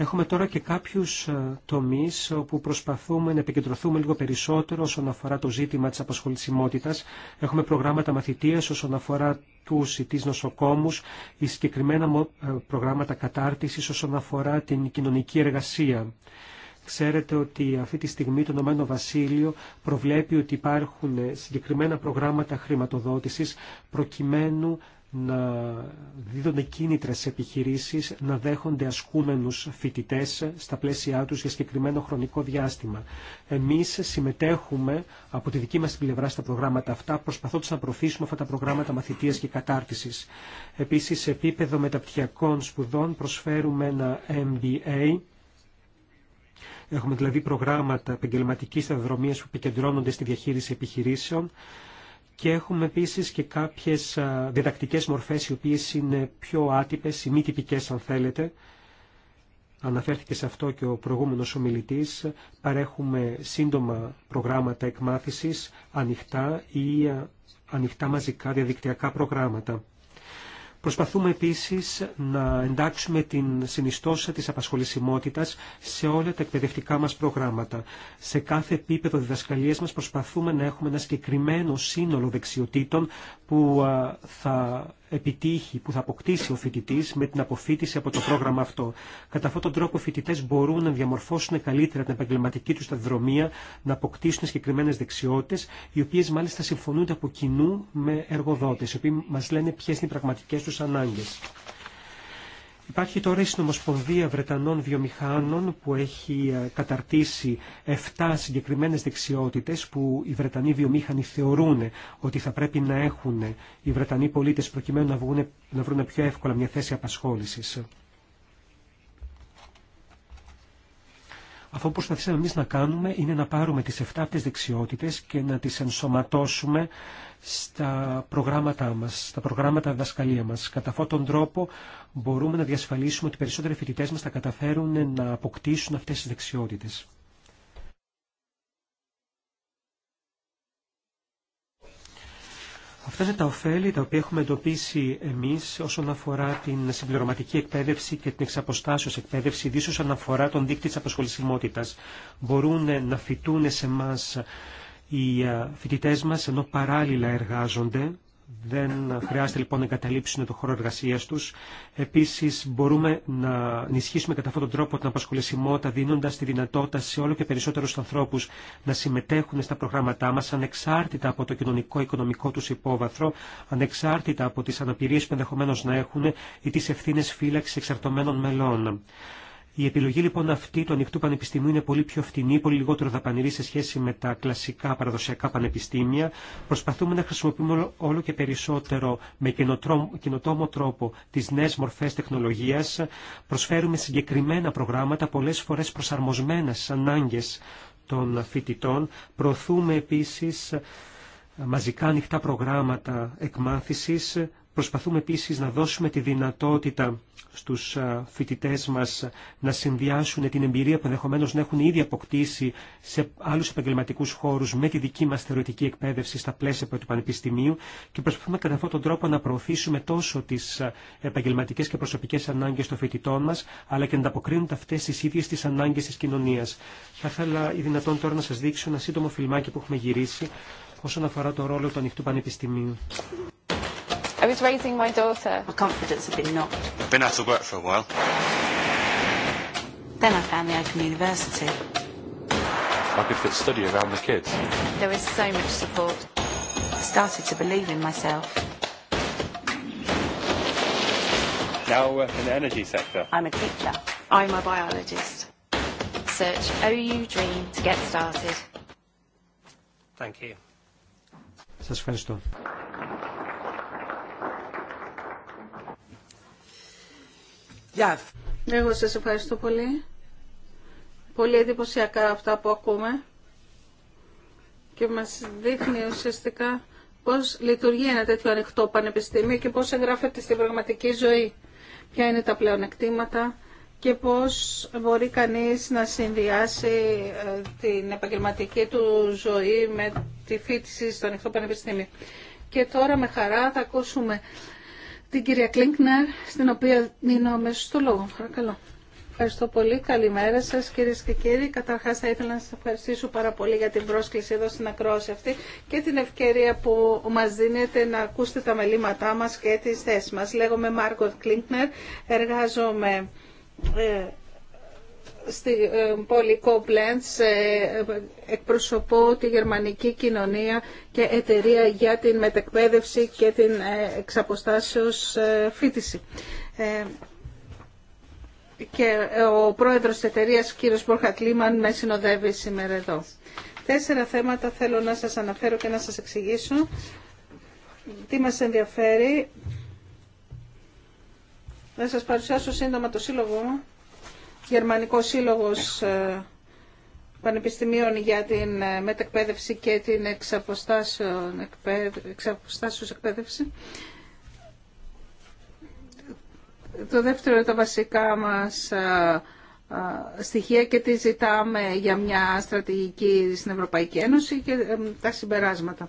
Έχουμε τώρα και κάποιους ε, τομείς όπου προσπαθούμε να επικεντρωθούμε λίγο περισσότερο όσον αφορά το ζήτημα της απασχολησιμότητας. Έχουμε προγράμματα μαθητείας όσον αφορά τους ή τις νοσοκόμους ή συγκεκριμένα ε, προγράμματα κατάρτισης όσον αφορά την κοινωνική εργασία. Ξέρετε ότι αυτή τη στιγμή το Ηνωμένο Βασίλειο προβλέπει ότι υπάρχουν ε, συγκεκριμένα προγράμματα χρηματοδότησης προκειμένου να δίδονται κίνητρα σε επιχειρήσεις να δέχονται ασκούμενους φοιτητές στα πλαίσια τους για συγκεκριμένο χρονικό διάστημα. Εμείς συμμετέχουμε από τη δική μας πλευρά στα προγράμματα αυτά, προσπαθώντας να προωθήσουμε αυτά τα προγράμματα μαθητείας και κατάρτισης. Επίσης, σε επίπεδο μεταπτυχιακών σπουδών προσφέρουμε ένα MBA, Έχουμε δηλαδή προγράμματα επαγγελματική αδρομίας που επικεντρώνονται στη διαχείριση επιχειρήσεων και έχουμε επίσης και κάποιες διδακτικές μορφές οι οποίε είναι πιο άτυπε ή μη τυπικέ, αν θέλετε. Αναφέρθηκε σε αυτό και ο προηγούμενο ομιλητής. Παρέχουμε σύντομα προγράμματα εκμάθησης, ανοιχτά ή ανοιχτά μαζικά διαδικτυακά προγράμματα. Προσπαθούμε επίσης να εντάξουμε την συνιστόσα της απασχολησιμότητας σε όλα τα εκπαιδευτικά μας προγράμματα. Σε κάθε επίπεδο διδασκαλίας μας προσπαθούμε να έχουμε ένα συγκεκριμένο σύνολο δεξιοτήτων που θα επιτύχει, που θα αποκτήσει ο φοιτητή με την αποφύτιση από το πρόγραμμα αυτό. Κατά αυτόν τον τρόπο, οι φοιτητέ μπορούν να διαμορφώσουν καλύτερα την επαγγελματική του ταδρομία, να αποκτήσουν συγκεκριμένε δεξιότητε, οι οποίε μάλιστα συμφωνούνται από κοινού με εργοδότε, οι οποίοι μα λένε ποιε είναι οι πραγματικέ του ανάγκε. Υπάρχει τώρα η Συνομοσπονδία Βρετανών Βιομηχάνων που έχει ε, καταρτήσει 7 συγκεκριμένες δεξιότητες που οι Βρετανοί βιομήχανοι θεωρούν ότι θα πρέπει να έχουν οι Βρετανοί πολίτες προκειμένου να, να βρουν πιο εύκολα μια θέση απασχόλησης. Αυτό που προσπαθήσαμε εμείς να κάνουμε είναι να πάρουμε τις 7 αυτές δεξιότητες και να τις ενσωματώσουμε στα προγράμματά μας, στα προγράμματα διδασκαλία μας. Κατά αυτόν τον τρόπο μπορούμε να διασφαλίσουμε ότι περισσότεροι φοιτητές μας θα καταφέρουν να αποκτήσουν αυτές τις δεξιότητες. Αυτά είναι τα ωφέλη τα οποία έχουμε εντοπίσει εμεί όσον αφορά την συμπληρωματική εκπαίδευση και την εξαποστάσεω εκπαίδευση, ιδίω όσον αφορά τον δείκτη τη αποσχολησιμότητα, Μπορούν να φοιτούν σε εμά οι ε, φοιτητέ μα ενώ παράλληλα εργάζονται δεν χρειάζεται λοιπόν να εγκαταλείψουν το χώρο εργασία του. Επίση, μπορούμε να ενισχύσουμε κατά αυτόν τον τρόπο την απασχολησιμότητα, δίνοντα τη δυνατότητα σε όλο και περισσότερου ανθρώπου να συμμετέχουν στα προγράμματά μα, ανεξάρτητα από το κοινωνικό-οικονομικό του υπόβαθρο, ανεξάρτητα από τι αναπηρίε που ενδεχομένω να έχουν ή τι ευθύνε φύλαξη εξαρτωμένων μελών. Η επιλογή λοιπόν αυτή του ανοιχτού πανεπιστημίου είναι πολύ πιο φτηνή, πολύ λιγότερο δαπανηρή σε σχέση με τα κλασικά παραδοσιακά πανεπιστήμια. Προσπαθούμε να χρησιμοποιούμε όλο και περισσότερο με καινοτόμο τρόπο τι νέε μορφέ τεχνολογία. Προσφέρουμε συγκεκριμένα προγράμματα, πολλέ φορέ προσαρμοσμένα στι ανάγκε των φοιτητών. Προωθούμε επίση ε, μαζικά ανοιχτά προγράμματα εκμάθηση. Προσπαθούμε επίσης να δώσουμε τη δυνατότητα στους φοιτητές μας να συνδυάσουν την εμπειρία που ενδεχομένω να έχουν ήδη αποκτήσει σε άλλους επαγγελματικού χώρους με τη δική μας θεωρητική εκπαίδευση στα πλαίσια του Πανεπιστημίου και προσπαθούμε κατά αυτόν τον τρόπο να προωθήσουμε τόσο τις επαγγελματικές και προσωπικές ανάγκες των φοιτητών μας αλλά και να ανταποκρίνονται αυτές τις ίδιες τις ανάγκες της κοινωνίας. Θα ήθελα ή δυνατόν τώρα να σας δείξω ένα σύντομο φιλμάκι που έχουμε γυρίσει όσον αφορά το ρόλο του ανοιχτού πανεπιστημίου. I was raising my daughter. My confidence had been knocked. I've been out of work for a while. Then I found the Open University. I could fit study around the kids. There was so much support. I started to believe in myself. Now I work in the energy sector. I'm a teacher. I'm a biologist. Search OU Dream to get started. Thank you. Σας ευχαριστώ. Εγώ σας ευχαριστώ πολύ. Πολύ εντυπωσιακά αυτά που ακούμε και μας δείχνει ουσιαστικά πώς λειτουργεί ένα τέτοιο ανοιχτό πανεπιστήμιο και πώς εγγράφεται στην πραγματική ζωή. Ποια είναι τα πλεονεκτήματα και πώς μπορεί κανείς να συνδυάσει ε, την επαγγελματική του ζωή με τη φίτηση στο ανοιχτό πανεπιστήμιο. Και τώρα με χαρά θα ακούσουμε την κυρία Κλίνκνερ, στην οποία δίνω αμέσω το λόγο. Παρακαλώ. Ευχαριστώ πολύ. Καλημέρα σα κυρίε και κύριοι. Καταρχά θα ήθελα να σα ευχαριστήσω πάρα πολύ για την πρόσκληση εδώ στην ακρόαση αυτή και την ευκαιρία που μα δίνετε να ακούσετε τα μελήματά μα και τι θέσει μα. Λέγομαι Μάργκοτ Κλίνκνερ, εργάζομαι ε, στη ε, πόλη Koblenz ε, εκπροσωπώ τη γερμανική κοινωνία και εταιρεία για την μετεκπαίδευση και την ε, εξαποστάσεως φίτηση. Και ο πρόεδρος της εταιρείας, κύριος Μπορχατλίμαν με συνοδεύει σήμερα εδώ. Τέσσερα θέματα θέλω να σας αναφέρω και να σας εξηγήσω. Τι μας ενδιαφέρει. Να σας παρουσιάσω σύντομα το σύλλογο μου Γερμανικό σύλλογο ε, Πανεπιστημίων για την ε, Μετεκπαίδευση και την εξαποστάσεω Εκπαίδευση. Το δεύτερο είναι τα βασικά μας ε, στοιχεία και τι ζητάμε για μια στρατηγική στην Ευρωπαϊκή Ένωση και τα συμπεράσματα.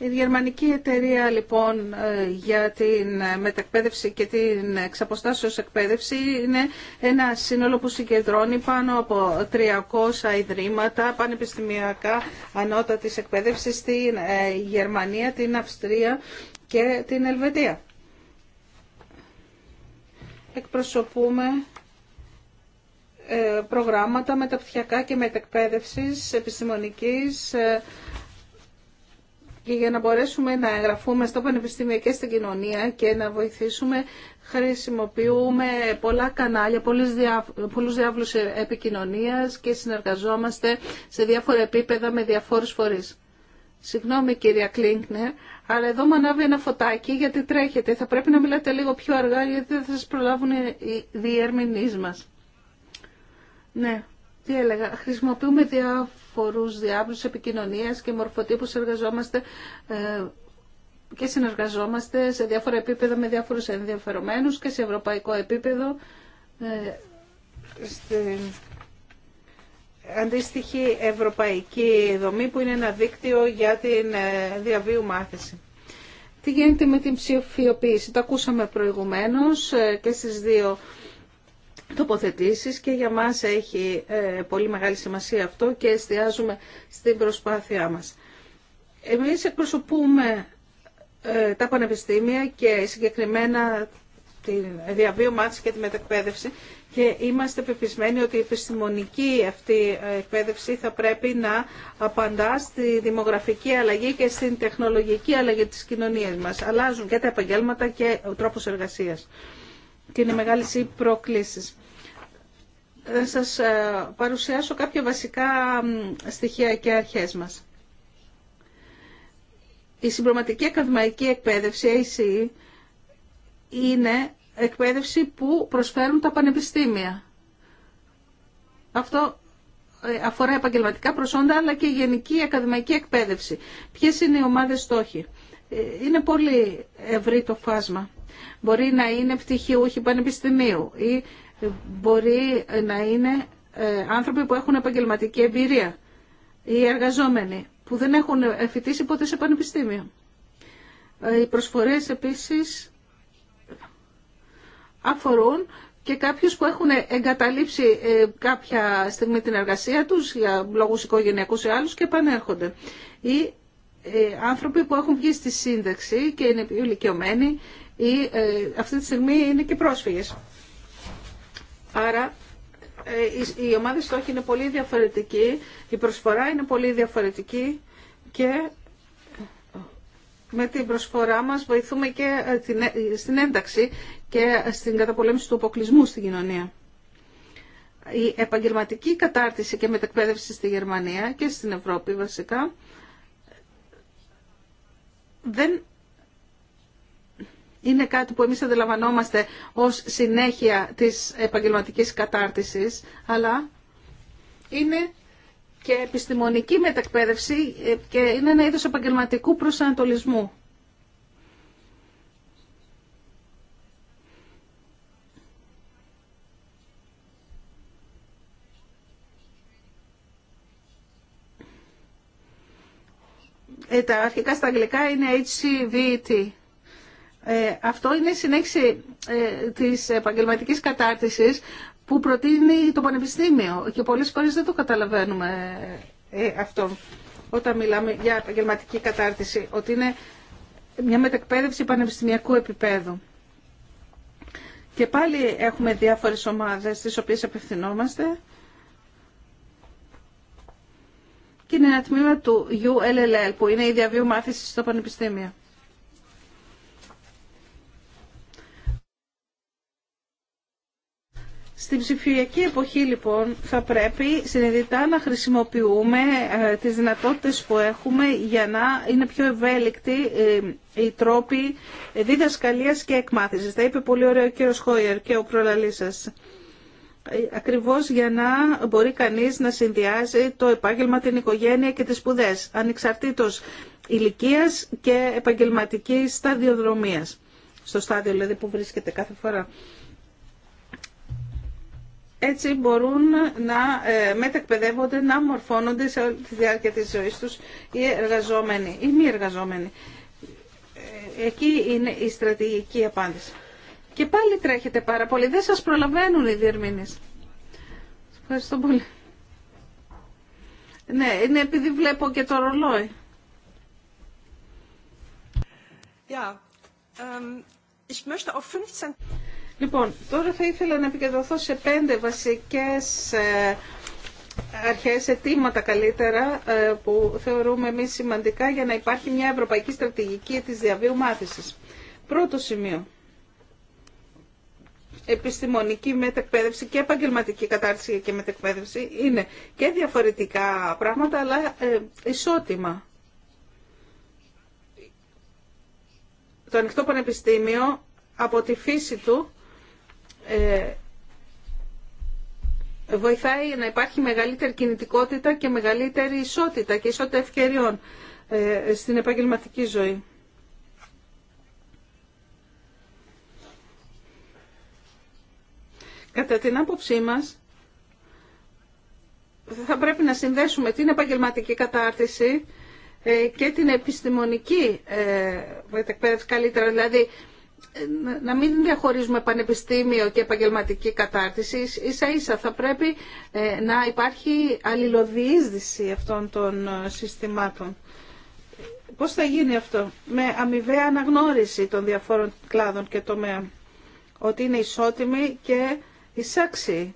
Η γερμανική εταιρεία λοιπόν ε, για την μετακπαίδευση και την εξαποστάσεως εκπαίδευση είναι ένα σύνολο που συγκεντρώνει πάνω από 300 ιδρύματα πανεπιστημιακά ανώτατης εκπαίδευσης στην ε, Γερμανία, την Αυστρία και την Ελβετία. Εκπροσωπούμε ε, προγράμματα μεταπτυχιακά και μετακπαίδευσης επιστημονικής και για να μπορέσουμε να εγγραφούμε στο πανεπιστήμιο και στην κοινωνία και να βοηθήσουμε χρησιμοποιούμε πολλά κανάλια, πολλούς, διά, πολλούς διάβλους ε, επικοινωνίας και συνεργαζόμαστε σε διάφορα επίπεδα με διαφόρους φορείς. Συγγνώμη κυρία Κλίνκνερ, αλλά εδώ μου ανάβει ένα φωτάκι γιατί τρέχετε. Θα πρέπει να μιλάτε λίγο πιο αργά γιατί δεν θα σας προλάβουν οι διερμηνείς μας. Ναι χρησιμοποιούμε διάφορους διάβλους επικοινωνίας και μορφοτύπους εργαζόμαστε ε, και συνεργαζόμαστε σε διάφορα επίπεδα με διάφορους ενδιαφερομένους και σε ευρωπαϊκό επίπεδο ε, στην αντίστοιχη ευρωπαϊκή δομή που είναι ένα δίκτυο για την ε, διαβίου μάθηση. Τι γίνεται με την ψηφιοποίηση. Το ακούσαμε προηγουμένως και στις δύο τοποθετήσεις και για μας έχει ε, πολύ μεγάλη σημασία αυτό και εστιάζουμε στην προσπάθειά μας. Εμείς εκπροσωπούμε ε, τα πανεπιστήμια και συγκεκριμένα τη διαβίωμα μάθηση και τη μετακπαίδευση και είμαστε πεπισμένοι ότι η επιστημονική αυτή ε, εκπαίδευση θα πρέπει να απαντά στη δημογραφική αλλαγή και στην τεχνολογική αλλαγή της κοινωνίας μας. Αλλάζουν και τα επαγγέλματα και ο τρόπος εργασίας. Και είναι μεγάλη οι προκλήσεις να ε, σας ε, παρουσιάσω κάποια βασικά στοιχεία και αρχές μας. Η συμπληρωματική ακαδημαϊκή εκπαίδευση, ACE, είναι εκπαίδευση που προσφέρουν τα πανεπιστήμια. Αυτό ε, αφορά επαγγελματικά προσόντα, αλλά και γενική ακαδημαϊκή εκπαίδευση. Ποιες είναι οι ομάδες στόχοι. Είναι πολύ ευρύ το φάσμα. Μπορεί να είναι πτυχιούχοι πανεπιστημίου ή μπορεί να είναι ε, άνθρωποι που έχουν επαγγελματική εμπειρία ή εργαζόμενοι που δεν έχουν φοιτήσει ποτέ σε πανεπιστήμιο. Ε, οι προσφορές επίσης αφορούν και κάποιους που έχουν εγκαταλείψει ε, κάποια στιγμή την εργασία τους για λόγους οικογενειακούς ή άλλους και επανέρχονται. Ή άνθρωποι που έχουν βγει στη σύνταξη και είναι ηλικιωμένοι ή αυτή τη στιγμή είναι και πρόσφυγες. Άρα η ε, ομάδα στόχη είναι πολύ διαφορετική, η προσφορά είναι πολύ διαφορετική και με την προσφορά μας βοηθούμε και ε, ε, στην ένταξη και στην καταπολέμηση του αποκλεισμού στην κοινωνία. Η επαγγελματική κατάρτιση και μετακπαίδευση στη Γερμανία και στην Ευρώπη βασικά δεν είναι κάτι που εμείς αντιλαμβανόμαστε ως συνέχεια της επαγγελματικής κατάρτισης, αλλά είναι και επιστημονική μετακπαίδευση ε, και είναι ένα είδος επαγγελματικού προσανατολισμού. Ε, τα αρχικά στα αγγλικά είναι HCVT. Ε, αυτό είναι η συνέχιση ε, της επαγγελματικής κατάρτισης που προτείνει το Πανεπιστήμιο και πολλές φορές δεν το καταλαβαίνουμε ε, αυτό όταν μιλάμε για επαγγελματική κατάρτιση, ότι είναι μια μετακπαίδευση πανεπιστημιακού επίπεδου. Και πάλι έχουμε διάφορες ομάδες στις οποίες απευθυνόμαστε. Και είναι ένα τμήμα του ULLL που είναι η διαβίου μάθηση στο Πανεπιστήμιο. Στην ψηφιακή εποχή λοιπόν θα πρέπει συνειδητά να χρησιμοποιούμε ε, τις δυνατότητες που έχουμε για να είναι πιο ευέλικτοι ε, οι τρόποι διδασκαλίας και εκμάθησης. Τα είπε πολύ ωραίο ο κύριος Χόιερ και ο προλαλής σας. Ε, ακριβώς για να μπορεί κανείς να συνδυάζει το επάγγελμα, την οικογένεια και τις σπουδέ, ανεξαρτήτως ηλικίας και επαγγελματικής σταδιοδρομίας. Στο στάδιο δηλαδή που βρίσκεται κάθε φορά έτσι μπορούν να ε, μετακπαιδεύονται, να μορφώνονται σε όλη τη διάρκεια της ζωής τους οι εργαζόμενοι ή μη εργαζόμενοι. Ε, εκεί είναι η στρατηγική απάντηση. Και πάλι τρέχετε πάρα πολύ. Δεν σας προλαβαίνουν οι διερμήνες. Ευχαριστώ πολύ. Ναι, είναι επειδή βλέπω και το ρολόι. Yeah. Ähm, ich möchte auf Λοιπόν, τώρα θα ήθελα να επικεντρωθώ σε πέντε βασικές ε, αρχές, αιτήματα καλύτερα, ε, που θεωρούμε εμείς σημαντικά για να υπάρχει μια ευρωπαϊκή στρατηγική της διαβίου μάθησης. Πρώτο σημείο. Επιστημονική μετεκπαίδευση και επαγγελματική κατάρτιση και μετεκπαίδευση είναι και διαφορετικά πράγματα, αλλά ε, ισότιμα. Το ανοιχτό πανεπιστήμιο από τη φύση του ε, βοηθάει να υπάρχει μεγαλύτερη κινητικότητα και μεγαλύτερη ισότητα και ισότητα ευκαιριών ε, στην επαγγελματική ζωή. Κατά την άποψή μας, θα πρέπει να συνδέσουμε την επαγγελματική κατάρτιση ε, και την επιστημονική μετακπαίδευση καλύτερα. Δηλαδή, να μην διαχωρίζουμε πανεπιστήμιο και επαγγελματική κατάρτιση. Ίσα ίσα θα πρέπει ε, να υπάρχει αλληλοδιείσδυση αυτών των ε, συστημάτων. Πώς θα γίνει αυτό με αμοιβαία αναγνώριση των διαφόρων κλάδων και τομέων. Ότι είναι ισότιμη και εισάξιοι.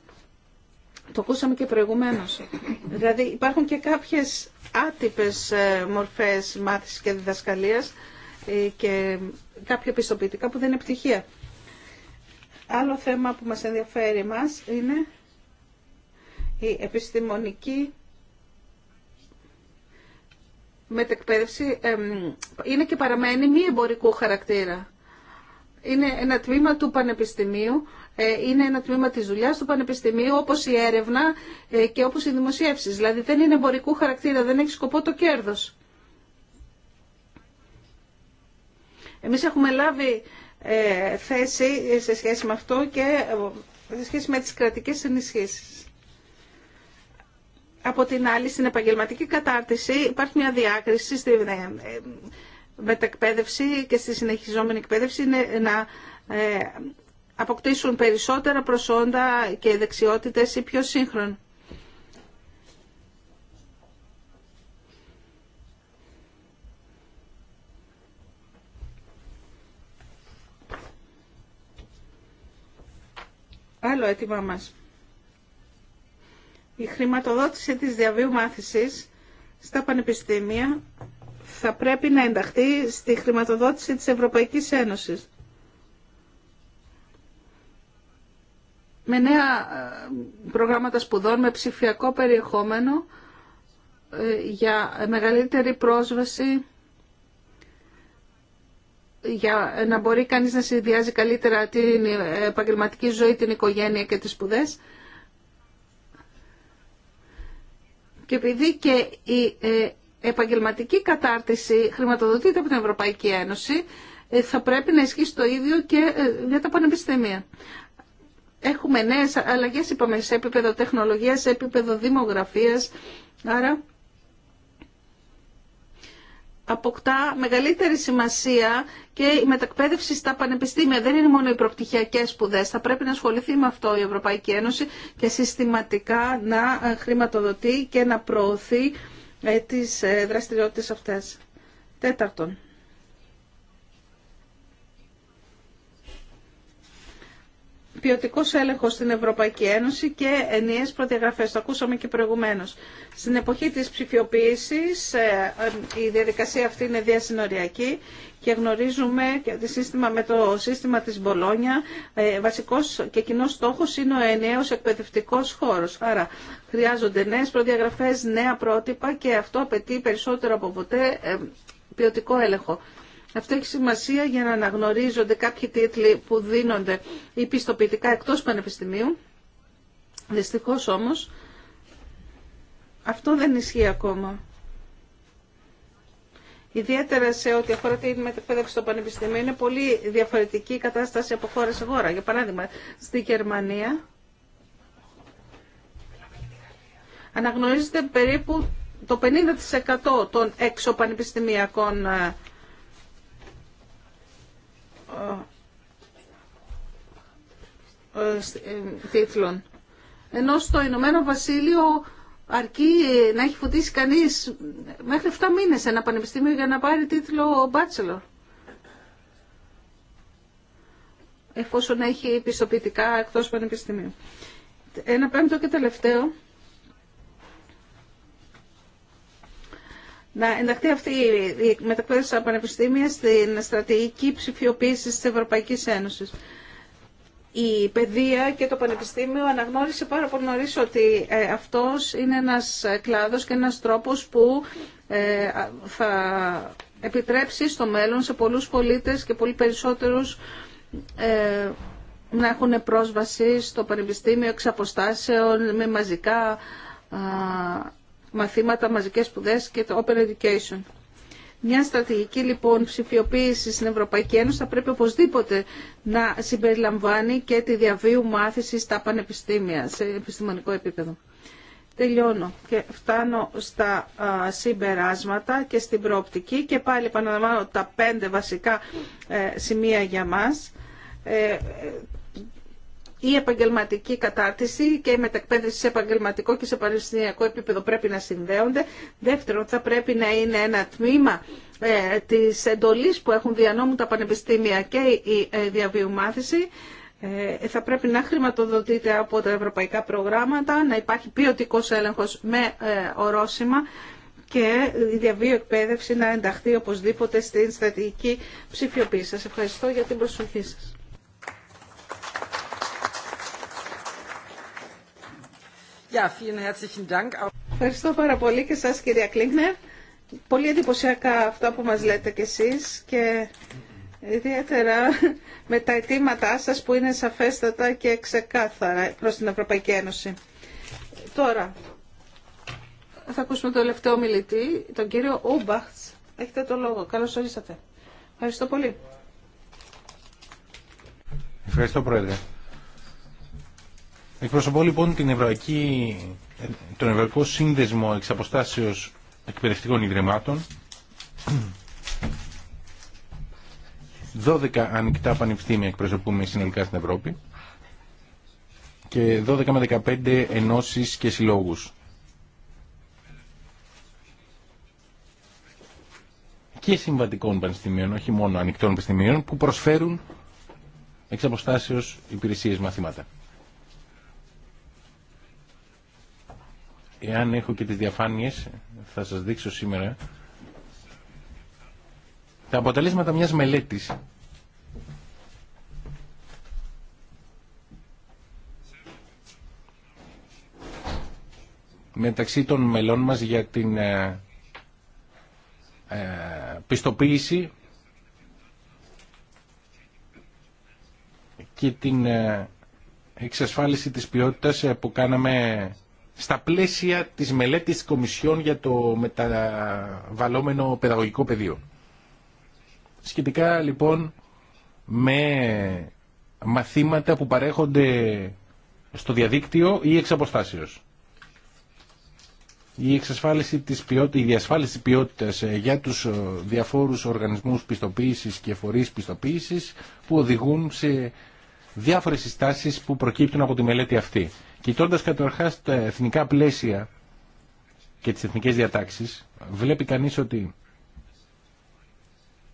Το ακούσαμε και προηγουμένως. Δηλαδή υπάρχουν και κάποιες άτυπες ε, μορφές μάθησης και διδασκαλίας και κάποια πιστοποιητικά που δεν είναι πτυχία. Άλλο θέμα που μας ενδιαφέρει μας είναι η επιστημονική μετεκπαίδευση είναι και παραμένει μη εμπορικού χαρακτήρα. Είναι ένα τμήμα του πανεπιστημίου, ε, είναι ένα τμήμα της δουλειάς του πανεπιστημίου, όπως η έρευνα ε, και όπως οι δημοσιεύσεις. Δηλαδή δεν είναι εμπορικού χαρακτήρα, δεν έχει σκοπό το κέρδος. Εμείς έχουμε λάβει ε, θέση σε σχέση με αυτό και ε, σε σχέση με τις κρατικές ενισχύσεις. Από την άλλη, στην επαγγελματική κατάρτιση υπάρχει μια διάκριση στη ε, μετακπαίδευση και στη συνεχιζόμενη εκπαίδευση να αποκτήσουν περισσότερα προσόντα και δεξιότητες ή πιο σύγχρονα. Άλλο αίτημά μας. Η χρηματοδότηση της διαβίου μάθησης στα πανεπιστήμια θα πρέπει να ενταχθεί στη χρηματοδότηση της Ευρωπαϊκής Ένωσης. Με νέα ε, προγράμματα σπουδών, με ψηφιακό περιεχόμενο ε, για μεγαλύτερη πρόσβαση για να μπορεί κανείς να συνδυάζει καλύτερα την επαγγελματική ζωή, την οικογένεια και τις σπουδές. Και επειδή και η ε, επαγγελματική κατάρτιση χρηματοδοτείται από την Ευρωπαϊκή Ένωση, ε, θα πρέπει να ισχύσει το ίδιο και ε, για τα πανεπιστήμια. Έχουμε νέες αλλαγές, είπαμε, σε επίπεδο τεχνολογίας, σε επίπεδο δημογραφίας, άρα αποκτά μεγαλύτερη σημασία και η μετακπαίδευση στα πανεπιστήμια. Δεν είναι μόνο οι προπτυχιακές σπουδέ. Θα πρέπει να ασχοληθεί με αυτό η Ευρωπαϊκή Ένωση και συστηματικά να ε, χρηματοδοτεί και να προωθεί ε, τις ε, δραστηριότητες αυτές. Τέταρτον. ποιοτικό έλεγχο στην Ευρωπαϊκή Ένωση και ενιαίε προδιαγραφέ. Το ακούσαμε και προηγουμένω. Στην εποχή τη ψηφιοποίηση, ε, ε, η διαδικασία αυτή είναι διασυνοριακή και γνωρίζουμε και το σύστημα με το σύστημα της Μπολόνια ε, βασικός και κοινό στόχος είναι ο ενιαίος εκπαιδευτικός χώρος. Άρα χρειάζονται νέες προδιαγραφές, νέα πρότυπα και αυτό απαιτεί περισσότερο από ποτέ ποιοτικό έλεγχο. Αυτό έχει σημασία για να αναγνωρίζονται κάποιοι τίτλοι που δίνονται ή πιστοποιητικά εκτός πανεπιστημίου. Δυστυχώς όμως αυτό δεν ισχύει ακόμα. Ιδιαίτερα σε ό,τι αφορά την μετεκπαίδευση στο πανεπιστημίο είναι πολύ διαφορετική η κατάσταση από χώρα σε χώρα. Για παράδειγμα, στη Γερμανία αναγνωρίζεται περίπου το 50% των εξωπανεπιστημιακών ε, ε, τίτλων. Ενώ στο Ηνωμένο Βασίλειο αρκεί να έχει φωτίσει κανείς μέχρι 7 μήνες ένα πανεπιστήμιο για να πάρει τίτλο bachelor. Εφόσον έχει πιστοποιητικά εκτός πανεπιστημίου. Ένα πέμπτο και τελευταίο να ενταχθεί αυτή η μετακπαίδευση στα πανεπιστήμια στην στρατηγική ψηφιοποίηση της Ευρωπαϊκής Ένωσης. Η παιδεία και το πανεπιστήμιο αναγνώρισε πάρα πολύ νωρίς ότι ε, αυτός είναι ένας κλάδος και ένας τρόπος που ε, θα επιτρέψει στο μέλλον σε πολλούς πολίτες και πολύ περισσότερους ε, να έχουν πρόσβαση στο πανεπιστήμιο εξ αποστάσεων με μαζικά μαθήματα, μαζικές σπουδές και το Open Education. Μια στρατηγική λοιπόν ψηφιοποίηση στην Ευρωπαϊκή Ένωση θα πρέπει οπωσδήποτε να συμπεριλαμβάνει και τη διαβίου μάθηση στα πανεπιστήμια, σε επιστημονικό επίπεδο. Τελειώνω και φτάνω στα συμπεράσματα και στην προοπτική και πάλι επαναλαμβάνω τα πέντε βασικά ε, σημεία για μας ε, η επαγγελματική κατάρτιση και η μετακπαίδευση σε επαγγελματικό και σε πανεπιστημιακό επίπεδο πρέπει να συνδέονται. Δεύτερον, θα πρέπει να είναι ένα τμήμα ε, της εντολής που έχουν διανόμουν τα πανεπιστήμια και η ε, Ε, θα πρέπει να χρηματοδοτείται από τα ευρωπαϊκά προγράμματα, να υπάρχει ποιοτικό έλεγχος με ε, ορόσημα και η διαβίω εκπαίδευση να ενταχθεί οπωσδήποτε στην στρατηγική ψηφιοποίηση. Σας ευχαριστώ για την προσοχή σας. Ευχαριστώ πάρα πολύ και σας κυρία Κλίνκνερ. Πολύ εντυπωσιακά αυτά που μας λέτε κι εσείς και ιδιαίτερα με τα αιτήματά σας που είναι σαφέστατα και ξεκάθαρα προς την Ευρωπαϊκή Ένωση. Τώρα, θα ακούσουμε τον τελευταίο μιλητή, τον κύριο Ούμπαχτς. Έχετε το λόγο. Καλώς ορίσατε. Ευχαριστώ πολύ. Ευχαριστώ, Πρόεδρε. Εκπροσωπώ λοιπόν την Ευρωπαϊκή, τον Ευρωπαϊκό Σύνδεσμο Εξαποστάσεως Εκπαιδευτικών Ιδρυμάτων. 12 ανοιχτά πανεπιστήμια εκπροσωπούμε συνολικά στην Ευρώπη και 12 με 15 ενώσεις και συλλόγους. και συμβατικών πανεπιστημίων, όχι μόνο ανοιχτών πανεπιστημίων, που προσφέρουν εξ υπηρεσίες μαθήματα. Εάν έχω και τις διαφάνειες, θα σας δείξω σήμερα τα αποτελέσματα μιας μελέτης μεταξύ των μελών μας για την ε, ε πιστοποίηση και την ε, εξασφάλιση της ποιότητας ε, που κάναμε στα πλαίσια της μελέτης της Κομισιόν για το μεταβαλλόμενο παιδαγωγικό πεδίο. Σχετικά λοιπόν με μαθήματα που παρέχονται στο διαδίκτυο ή εξ αποστάσεως. Η εξασφάλιση της ποιότητας, η διασφάλιση της ποιότητας ε, για τους ε, διαφόρους οργανισμούς πιστοποίησης και φορείς πιστοποίησης που οδηγούν σε διάφορες συστάσεις που προκύπτουν από τη μελέτη αυτή. Κοιτώντας καταρχά τα εθνικά πλαίσια και τις εθνικές διατάξεις, βλέπει κανείς ότι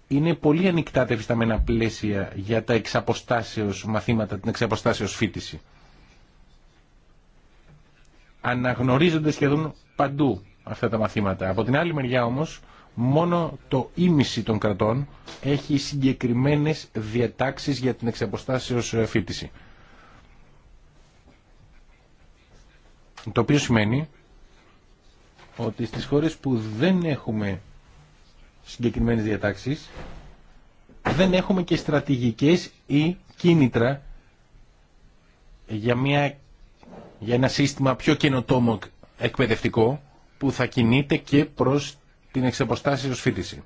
είναι πολύ ανοιχτά τα εφισταμένα πλαίσια για τα εξαποστάσεως μαθήματα, την εξαποστάσεως φίτηση. Αναγνωρίζονται σχεδόν παντού αυτά τα μαθήματα. Από την άλλη μεριά όμως, μόνο το ίμιση των κρατών έχει συγκεκριμένες διατάξει για την εξαποστάσεως φίτηση. Το οποίο σημαίνει ότι στις χώρες που δεν έχουμε συγκεκριμένες διατάξεις δεν έχουμε και στρατηγικές ή κίνητρα για, μια, για ένα σύστημα πιο καινοτόμο εκπαιδευτικό που θα κινείται και προς την ως φίτηση.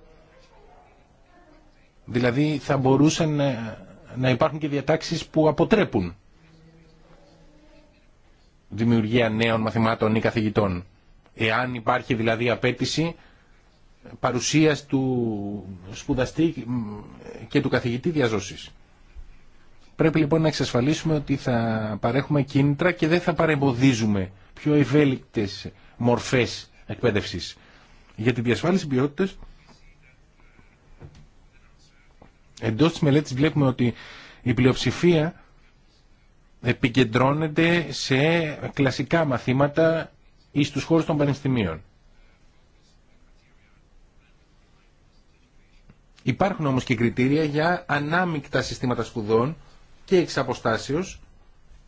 Δηλαδή θα μπορούσαν να, να υπάρχουν και διατάξεις που αποτρέπουν δημιουργία νέων μαθημάτων ή καθηγητών. Εάν υπάρχει δηλαδή απέτηση παρουσίας του σπουδαστή και του καθηγητή διαζώσης. Πρέπει λοιπόν να εξασφαλίσουμε ότι θα παρέχουμε κίνητρα και δεν θα παρεμποδίζουμε πιο ευέλικτες μορφές εκπαίδευσης. Για την διασφάλιση ποιότητας εντός της μελέτης βλέπουμε ότι η πλειοψηφία επικεντρώνεται σε κλασικά μαθήματα ή στους χώρους των πανεπιστημίων. Υπάρχουν όμως και κριτήρια για ανάμεικτα συστήματα σπουδών και εξ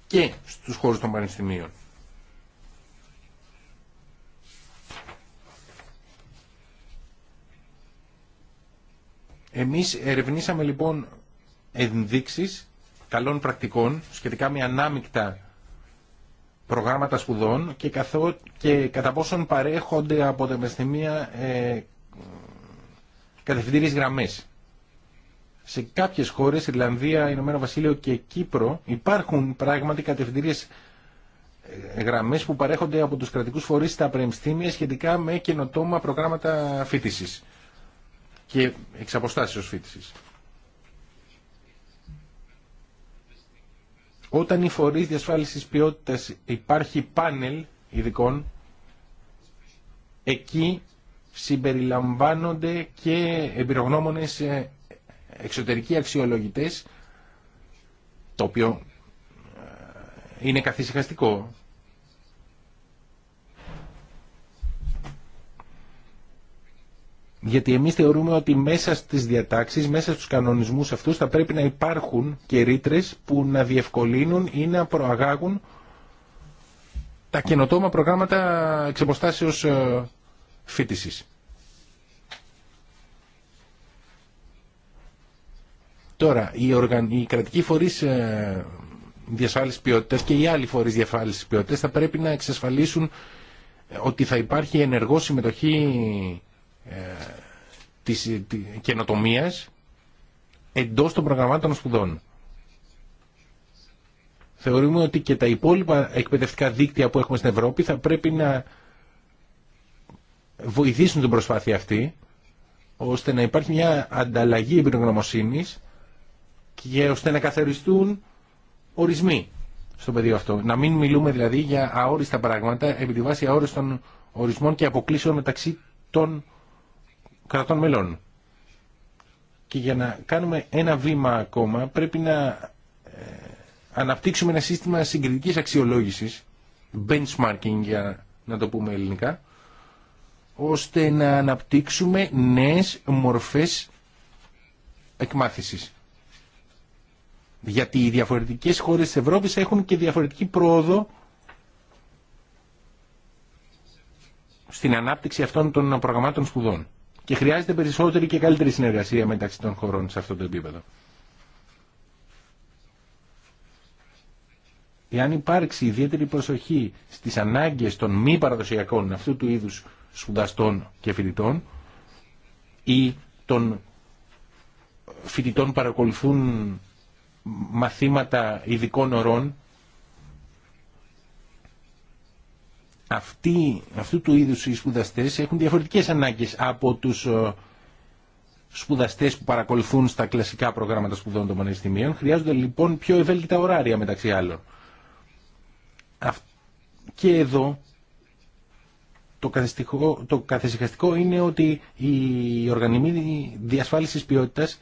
και στους χώρους των πανεπιστημίων. Εμείς ερευνήσαμε λοιπόν ενδείξεις καλών πρακτικών σχετικά με ανάμεικτα προγράμματα σπουδών και, καθό, και κατά πόσον παρέχονται από τα πανεπιστημία ε, κατευθυντήριες γραμμές. Σε κάποιες χώρες, Ιρλανδία, Ηνωμένο Βασίλειο και Κύπρο, υπάρχουν πράγματι κατευθυντήριες ε, γραμμές που παρέχονται από τους κρατικούς φορείς στα πανεπιστήμια σχετικά με καινοτόμα προγράμματα φίτησης και εξ φίτηση. Όταν οι φορεί διασφάλισης ποιότητα υπάρχει πάνελ ειδικών, εκεί συμπεριλαμβάνονται και εμπειρογνώμονες ε, εξωτερικοί αξιολογητές, το οποίο ε, είναι καθησυχαστικό Γιατί εμείς θεωρούμε ότι μέσα στις διατάξεις, μέσα στους κανονισμούς αυτούς θα πρέπει να υπάρχουν και ρήτρε που να διευκολύνουν ή να προαγάγουν τα καινοτόμα προγράμματα εξεποστάσεως ε, φίτησης. Τώρα, οι, οργαν... κρατικοί φορείς ε, διασφάλισης ποιότητας και οι άλλοι φορείς διασφάλισης ποιότητας θα πρέπει να εξασφαλίσουν ε, ότι θα υπάρχει ενεργό συμμετοχή ε, της καινοτομίας εντός των προγραμμάτων σπουδών. Θεωρούμε ότι και τα υπόλοιπα εκπαιδευτικά δίκτυα που έχουμε στην Ευρώπη θα πρέπει να βοηθήσουν την προσπάθεια αυτή ώστε να υπάρχει μια ανταλλαγή εμπειρογνωμοσύνης και ώστε να καθοριστούν ορισμοί στο πεδίο αυτό. Να μην μιλούμε δηλαδή για αόριστα πράγματα επί τη βάση αόριστων ορισμών και αποκλήσεων μεταξύ των κρατών μελών. Και για να κάνουμε ένα βήμα ακόμα πρέπει να ε, αναπτύξουμε ένα σύστημα συγκριτικής αξιολόγησης, benchmarking για να το πούμε ελληνικά, ώστε να αναπτύξουμε νέες μορφές εκμάθησης. Γιατί οι διαφορετικές χώρες της Ευρώπης έχουν και διαφορετική πρόοδο στην ανάπτυξη αυτών των προγραμμάτων σπουδών. Και χρειάζεται περισσότερη και καλύτερη συνεργασία μεταξύ των χωρών σε αυτό το επίπεδο. Εάν υπάρξει ιδιαίτερη προσοχή στις ανάγκες των μη παραδοσιακών αυτού του είδους σπουδαστών και φοιτητών ή των φοιτητών παρακολουθούν μαθήματα ειδικών ορών αυτοί, αυτού του είδους οι σπουδαστές έχουν διαφορετικές ανάγκες από τους ε, σπουδαστές που παρακολουθούν στα κλασικά προγράμματα σπουδών των πανεπιστημίων. Χρειάζονται λοιπόν πιο ευέλικτα ωράρια μεταξύ άλλων. Και εδώ το, το είναι ότι οι οργανισμοί διασφάλισης ποιότητας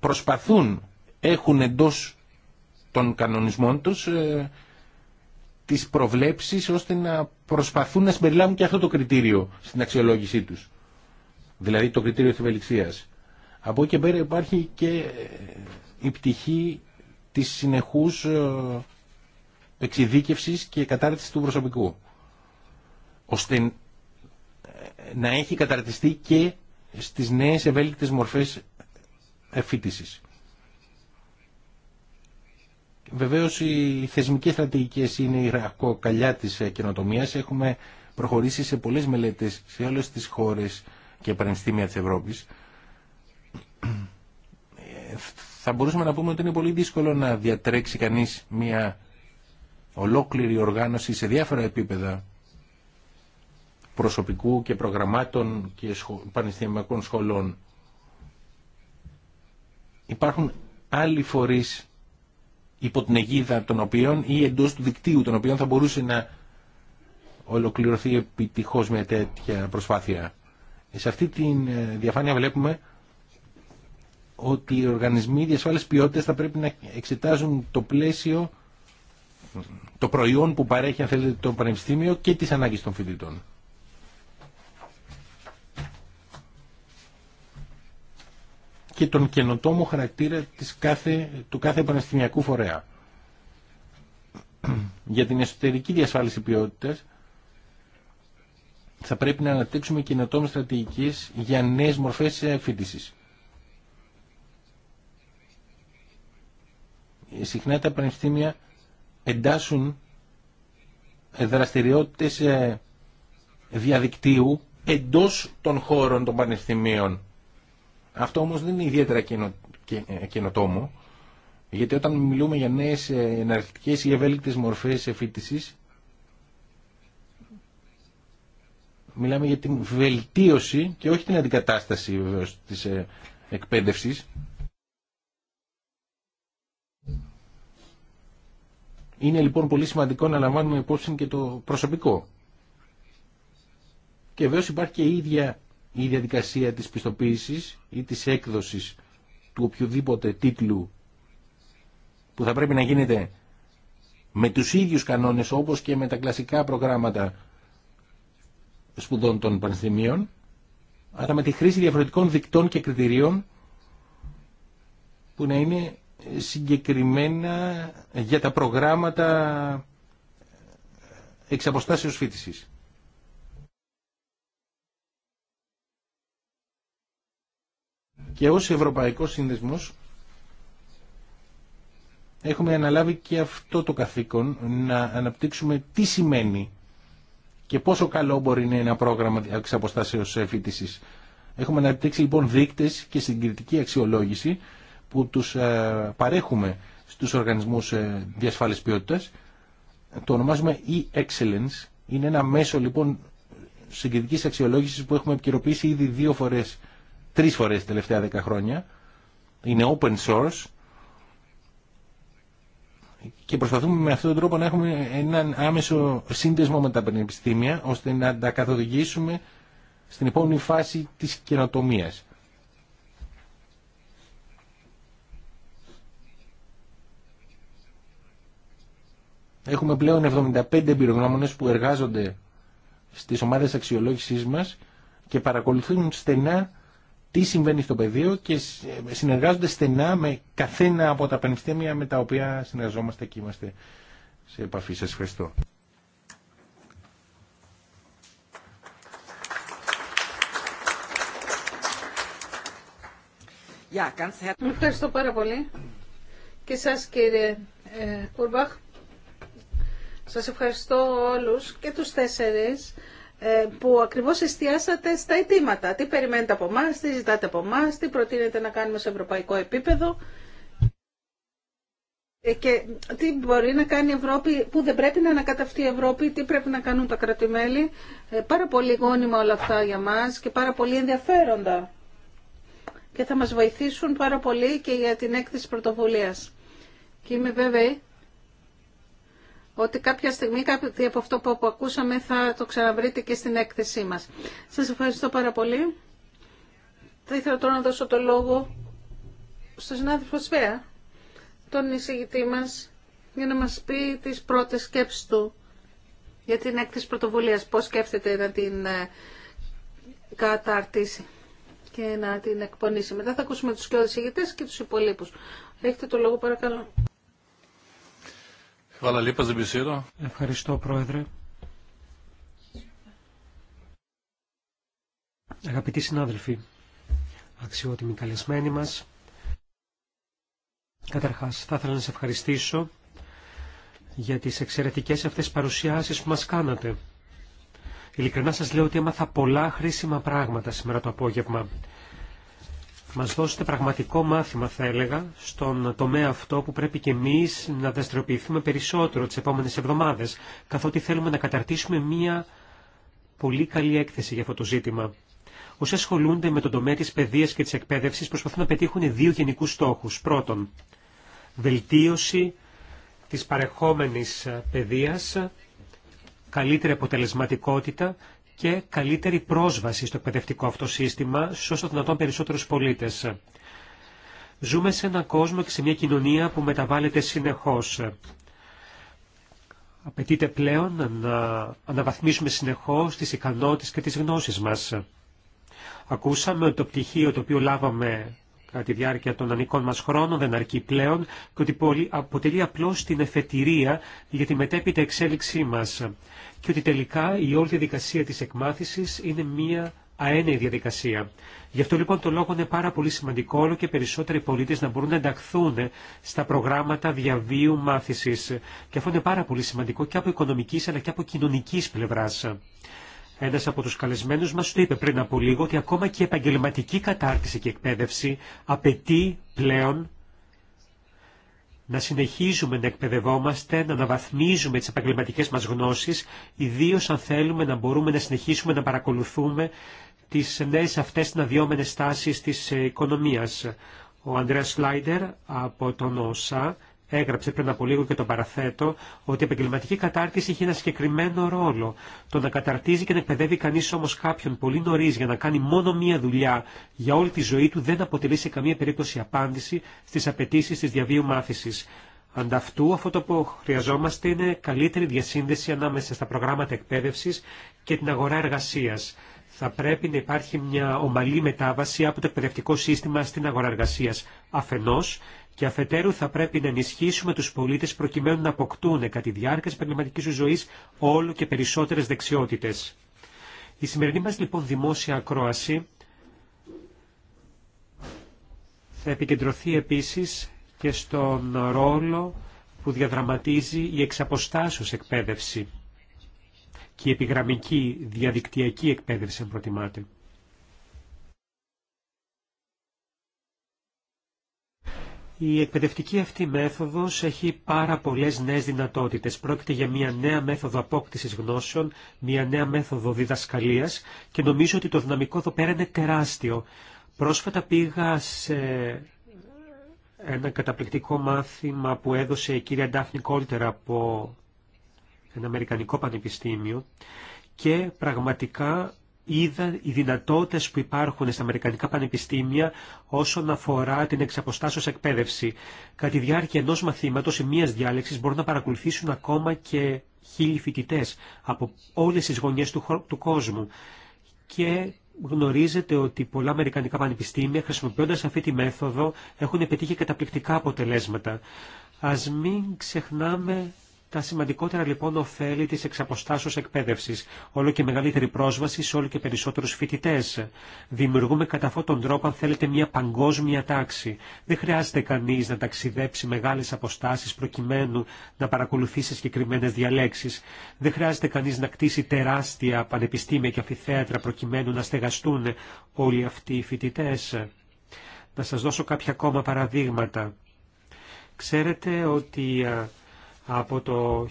προσπαθούν, έχουν εντός των κανονισμών τους ε, τις προβλέψεις ώστε να προσπαθούν να συμπεριλάβουν και αυτό το κριτήριο στην αξιολόγησή τους. Δηλαδή το κριτήριο της ευελιξίας. Από εκεί και πέρα υπάρχει και ε, η πτυχή της συνεχούς ε, εξειδίκευσης και κατάρτισης του προσωπικού. Ώστε ε, να έχει καταρτιστεί και στις νέες ευέλικτες μορφές εφήτησης. Βεβαίως οι θεσμικές στρατηγικές είναι η ρακοκαλιά της ε, καινοτομίας. Έχουμε προχωρήσει σε πολλές μελέτες σε όλες τις χώρες και πανεπιστήμια της Ευρώπης. Ε, θα μπορούσαμε να πούμε ότι είναι πολύ δύσκολο να διατρέξει κανείς μια ολόκληρη οργάνωση σε διάφορα επίπεδα προσωπικού και προγραμμάτων και πανεπιστημιακών σχολών. Υπάρχουν άλλοι φορείς υπό την αιγίδα των οποίων ή εντός του δικτύου των οποίων θα μπορούσε να ολοκληρωθεί επιτυχώς μια τέτοια προσπάθεια. Σε αυτή τη ε, διαφάνεια βλέπουμε ότι οι οργανισμοί διασφάλισης ποιότητας θα πρέπει να εξετάζουν το πλαίσιο, το προϊόν που παρέχει αν θέλετε το πανεπιστήμιο και τις ανάγκες των φοιτητών. και τον καινοτόμο χαρακτήρα της κάθε, του κάθε πανεστημιακού φορέα. Για την εσωτερική διασφάλιση ποιότητας θα πρέπει να αναπτύξουμε καινοτόμες στρατηγικές για νέες μορφές φοιτησης. Συχνά τα πανεπιστήμια εντάσσουν δραστηριότητες ε, διαδικτύου εντός των χώρων των πανεπιστημίων αυτό όμως δεν είναι ιδιαίτερα καινο, ε, καινοτόμο, γιατί όταν μιλούμε για νέες ε, εναρκτικές ή ευέλικτες μορφές εφήτησης, μιλάμε για την βελτίωση και όχι την αντικατάσταση βεβαίως της ε, εκπαίδευσης. Είναι λοιπόν πολύ σημαντικό να λαμβάνουμε υπόψη και το προσωπικό. Και βέβαια υπάρχει και η ίδια η διαδικασία της πιστοποίησης ή της έκδοσης του οποιοδήποτε τίτλου που θα πρέπει να γίνεται με τους ίδιους κανόνες όπως και με τα κλασικά προγράμματα σπουδών των πανεπιστημίων, αλλά με τη χρήση διαφορετικών δικτών και κριτηρίων που να είναι συγκεκριμένα για τα προγράμματα εξ αποστάσεως Και ως Ευρωπαϊκό Σύνδεσμος έχουμε αναλάβει και αυτό το καθήκον να αναπτύξουμε τι σημαίνει και πόσο καλό μπορεί να είναι ένα πρόγραμμα εξ αποστάσεως ε, φοιτησης. Έχουμε αναπτύξει λοιπόν δείκτες και συγκριτική αξιολόγηση που τους ε, παρέχουμε στους οργανισμούς ε, διασφάλισης ποιότητας. Το ονομάζουμε e-excellence. Είναι ένα μέσο λοιπόν συγκριτικής αξιολόγησης που έχουμε επικαιροποιήσει ήδη δύο φορές τρεις φορές τα τελευταία δέκα χρόνια. Είναι open source και προσπαθούμε με αυτόν τον τρόπο να έχουμε έναν άμεσο σύνδεσμο με τα πανεπιστήμια ώστε να τα καθοδηγήσουμε στην επόμενη φάση της καινοτομίας. Έχουμε πλέον 75 εμπειρογνώμονες που εργάζονται στις ομάδες αξιολόγησής μας και παρακολουθούν στενά τι συμβαίνει στο πεδίο και ε, συνεργάζονται στενά με καθένα από τα πανεπιστήμια με τα οποία συνεργαζόμαστε και είμαστε σε επαφή. Σας ευχαριστώ. Ευχαριστώ πάρα πολύ. Και σας κύριε ε, Κουρμπάχ. Σας ευχαριστώ όλους και τους τέσσερις ε, που ακριβώς εστιάσατε στα αιτήματα. Τι περιμένετε από εμά, τι ζητάτε από εμά, τι προτείνετε να κάνουμε σε ευρωπαϊκό επίπεδο ε, και τι μπορεί να κάνει η Ευρώπη, που δεν πρέπει να ανακαταυτεί η Ευρώπη, τι πρέπει να κάνουν τα κρατημέλη. Ε, πάρα πολύ γόνιμα όλα αυτά για μας και πάρα πολύ ενδιαφέροντα. Και θα μας βοηθήσουν πάρα πολύ και για την έκθεση πρωτοβουλίας. Και είμαι βέβαιη ότι κάποια στιγμή κάτι από αυτό που ακούσαμε θα το ξαναβρείτε και στην έκθεσή μας. Σας ευχαριστώ πάρα πολύ. Θα ήθελα τώρα να δώσω το λόγο στον συνάδελφο Σφαία, τον εισηγητή μας, για να μας πει τις πρώτες σκέψεις του για την έκθεση πρωτοβουλίας, πώς σκέφτεται να την ε, καταρτήσει και να την εκπονήσει. Μετά θα ακούσουμε τους και ηγητέ και τους υπολείπους. Έχετε το λόγο παρακαλώ. Ευχαριστώ, Πρόεδρε. Αγαπητοί συνάδελφοι, αξιότιμοι καλεσμένοι μας, καταρχάς θα ήθελα να σας ευχαριστήσω για τις εξαιρετικές αυτές παρουσιάσεις που μας κάνατε. Ειλικρινά σας λέω ότι έμαθα πολλά χρήσιμα πράγματα σήμερα το απόγευμα μας δώσετε πραγματικό μάθημα, θα έλεγα, στον τομέα αυτό που πρέπει και εμείς να δραστηριοποιηθούμε περισσότερο τις επόμενες εβδομάδες, καθότι θέλουμε να καταρτήσουμε μία πολύ καλή έκθεση για αυτό το ζήτημα. Όσοι ασχολούνται με τον τομέα της παιδείας και της εκπαίδευσης προσπαθούν να πετύχουν δύο γενικούς στόχους. Πρώτον, βελτίωση της παρεχόμενης παιδείας, καλύτερη αποτελεσματικότητα και καλύτερη πρόσβαση στο εκπαιδευτικό αυτό σύστημα σε όσο δυνατόν περισσότερους πολίτες. Ζούμε σε έναν κόσμο και σε μια κοινωνία που μεταβάλλεται συνεχώς. Απαιτείται πλέον να αναβαθμίσουμε συνεχώς τις ικανότητες και τις γνώσεις μας. Ακούσαμε ότι το πτυχίο το οποίο λάβαμε κατά τη διάρκεια των ανικών μας χρόνων, δεν αρκεί πλέον και ότι αποτελεί απλώς την εφετηρία για τη μετέπειτα εξέλιξή μας και ότι τελικά η όλη διαδικασία της εκμάθησης είναι μία αένεη διαδικασία. Γι' αυτό λοιπόν το λόγο είναι πάρα πολύ σημαντικό όλο και περισσότεροι πολίτε να μπορούν να ενταχθούν στα προγράμματα διαβίου μάθηση. Και αυτό είναι πάρα πολύ σημαντικό και από οικονομική αλλά και από κοινωνική πλευρά. Ένα από τους καλεσμένους μας το είπε πριν από λίγο ότι ακόμα και η επαγγελματική κατάρτιση και εκπαίδευση απαιτεί πλέον να συνεχίζουμε να εκπαιδευόμαστε, να αναβαθμίζουμε τις επαγγελματικές μας γνώσεις, ιδίως αν θέλουμε να μπορούμε να συνεχίσουμε να παρακολουθούμε τις νέες αυτές αναδυόμενες τάσεις της ε, οικονομίας. Ο Ανδρέας Σλάιντερ από τον ΩΣΑ έγραψε πριν από λίγο και τον παραθέτω, ότι η επαγγελματική κατάρτιση έχει ένα συγκεκριμένο ρόλο. Το να καταρτίζει και να εκπαιδεύει κανεί όμω κάποιον πολύ νωρί για να κάνει μόνο μία δουλειά για όλη τη ζωή του δεν αποτελεί σε καμία περίπτωση απάντηση στι απαιτήσει τη διαβίου μάθηση. Ανταυτού, αυτό το που χρειαζόμαστε είναι καλύτερη διασύνδεση ανάμεσα στα προγράμματα εκπαίδευση και την αγορά εργασία. Θα πρέπει να υπάρχει μια ομαλή μετάβαση από το εκπαιδευτικό σύστημα στην αγορά εργασία. Αφενό, και αφετέρου θα πρέπει να ενισχύσουμε τους πολίτες προκειμένου να αποκτούν κατά τη διάρκεια της πνευματικής τους ζωής όλο και περισσότερες δεξιότητες. Η σημερινή μας λοιπόν δημόσια ακρόαση θα επικεντρωθεί επίσης και στον ρόλο που διαδραματίζει η εξαποστάσεως εκπαίδευση και η επιγραμμική διαδικτυακή εκπαίδευση αν προτιμάτε. Η εκπαιδευτική αυτή μέθοδος έχει πάρα πολλές νέες δυνατότητες. Πρόκειται για μια νέα μέθοδο απόκτησης γνώσεων, μια νέα μέθοδο διδασκαλίας και νομίζω ότι το δυναμικό εδώ πέρα είναι τεράστιο. Πρόσφατα πήγα σε ένα καταπληκτικό μάθημα που έδωσε η κυρία Ντάφνη Κόλτερα από ένα Αμερικανικό Πανεπιστήμιο και πραγματικά Είδα οι δυνατότητες που υπάρχουν στα Αμερικανικά πανεπιστήμια όσον αφορά την εξαποστάσεως εκπαίδευση. Κατά τη διάρκεια ενός μαθήματος ή μίας διάλεξης μπορούν να παρακολουθήσουν ακόμα και χίλιοι φοιτητέ από όλες τις γωνιές του, του κόσμου. Και γνωρίζετε ότι πολλά Αμερικανικά πανεπιστήμια χρησιμοποιώντας αυτή τη μέθοδο έχουν πετύχει καταπληκτικά αποτελέσματα. Ας μην ξεχνάμε τα σημαντικότερα λοιπόν ωφέλη της εξαποστάσεως εκπαίδευσης, όλο και μεγαλύτερη πρόσβαση σε όλο και περισσότερους φοιτητές. Δημιουργούμε κατά αυτόν τον τρόπο, αν θέλετε, μια παγκόσμια τάξη. Δεν χρειάζεται κανείς να ταξιδέψει μεγάλες αποστάσεις προκειμένου να παρακολουθήσει συγκεκριμένες διαλέξεις. Δεν χρειάζεται κανείς να κτίσει τεράστια πανεπιστήμια και αφιθέατρα προκειμένου να στεγαστούν όλοι αυτοί οι φοιτητές. Να σας δώσω κάποια ακόμα παραδείγματα. Ξέρετε ότι από το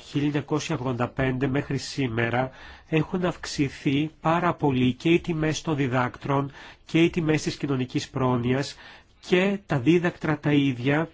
1985 μέχρι σήμερα έχουν αυξηθεί πάρα πολύ και οι τιμές των διδάκτρων και οι τιμές της κοινωνικής πρόνοιας και τα δίδακτρα τα ίδια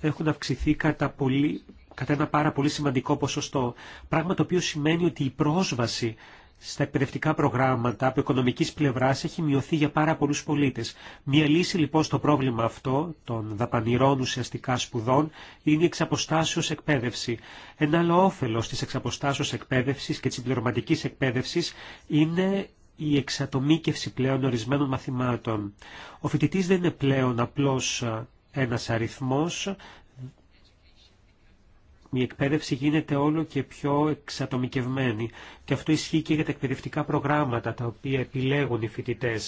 έχουν αυξηθεί κατά, πολύ, κατά ένα πάρα πολύ σημαντικό ποσοστό. Πράγμα το οποίο σημαίνει ότι η πρόσβαση στα εκπαιδευτικά προγράμματα από οικονομική πλευρά έχει μειωθεί για πάρα πολλού πολίτε. Μία λύση λοιπόν στο πρόβλημα αυτό των δαπανηρών ουσιαστικά σπουδών είναι η εξαποστάσεω εκπαίδευση. Ένα άλλο όφελο τη εξαποστάσεω εκπαίδευση και τη συμπληρωματική εκπαίδευση είναι η εξατομίκευση πλέον ορισμένων μαθημάτων. Ο φοιτητή δεν είναι πλέον απλώ ε, ένας αριθμός, η εκπαίδευση γίνεται όλο και πιο εξατομικευμένη και αυτό ισχύει και για τα εκπαιδευτικά προγράμματα τα οποία επιλέγουν οι φοιτητέ.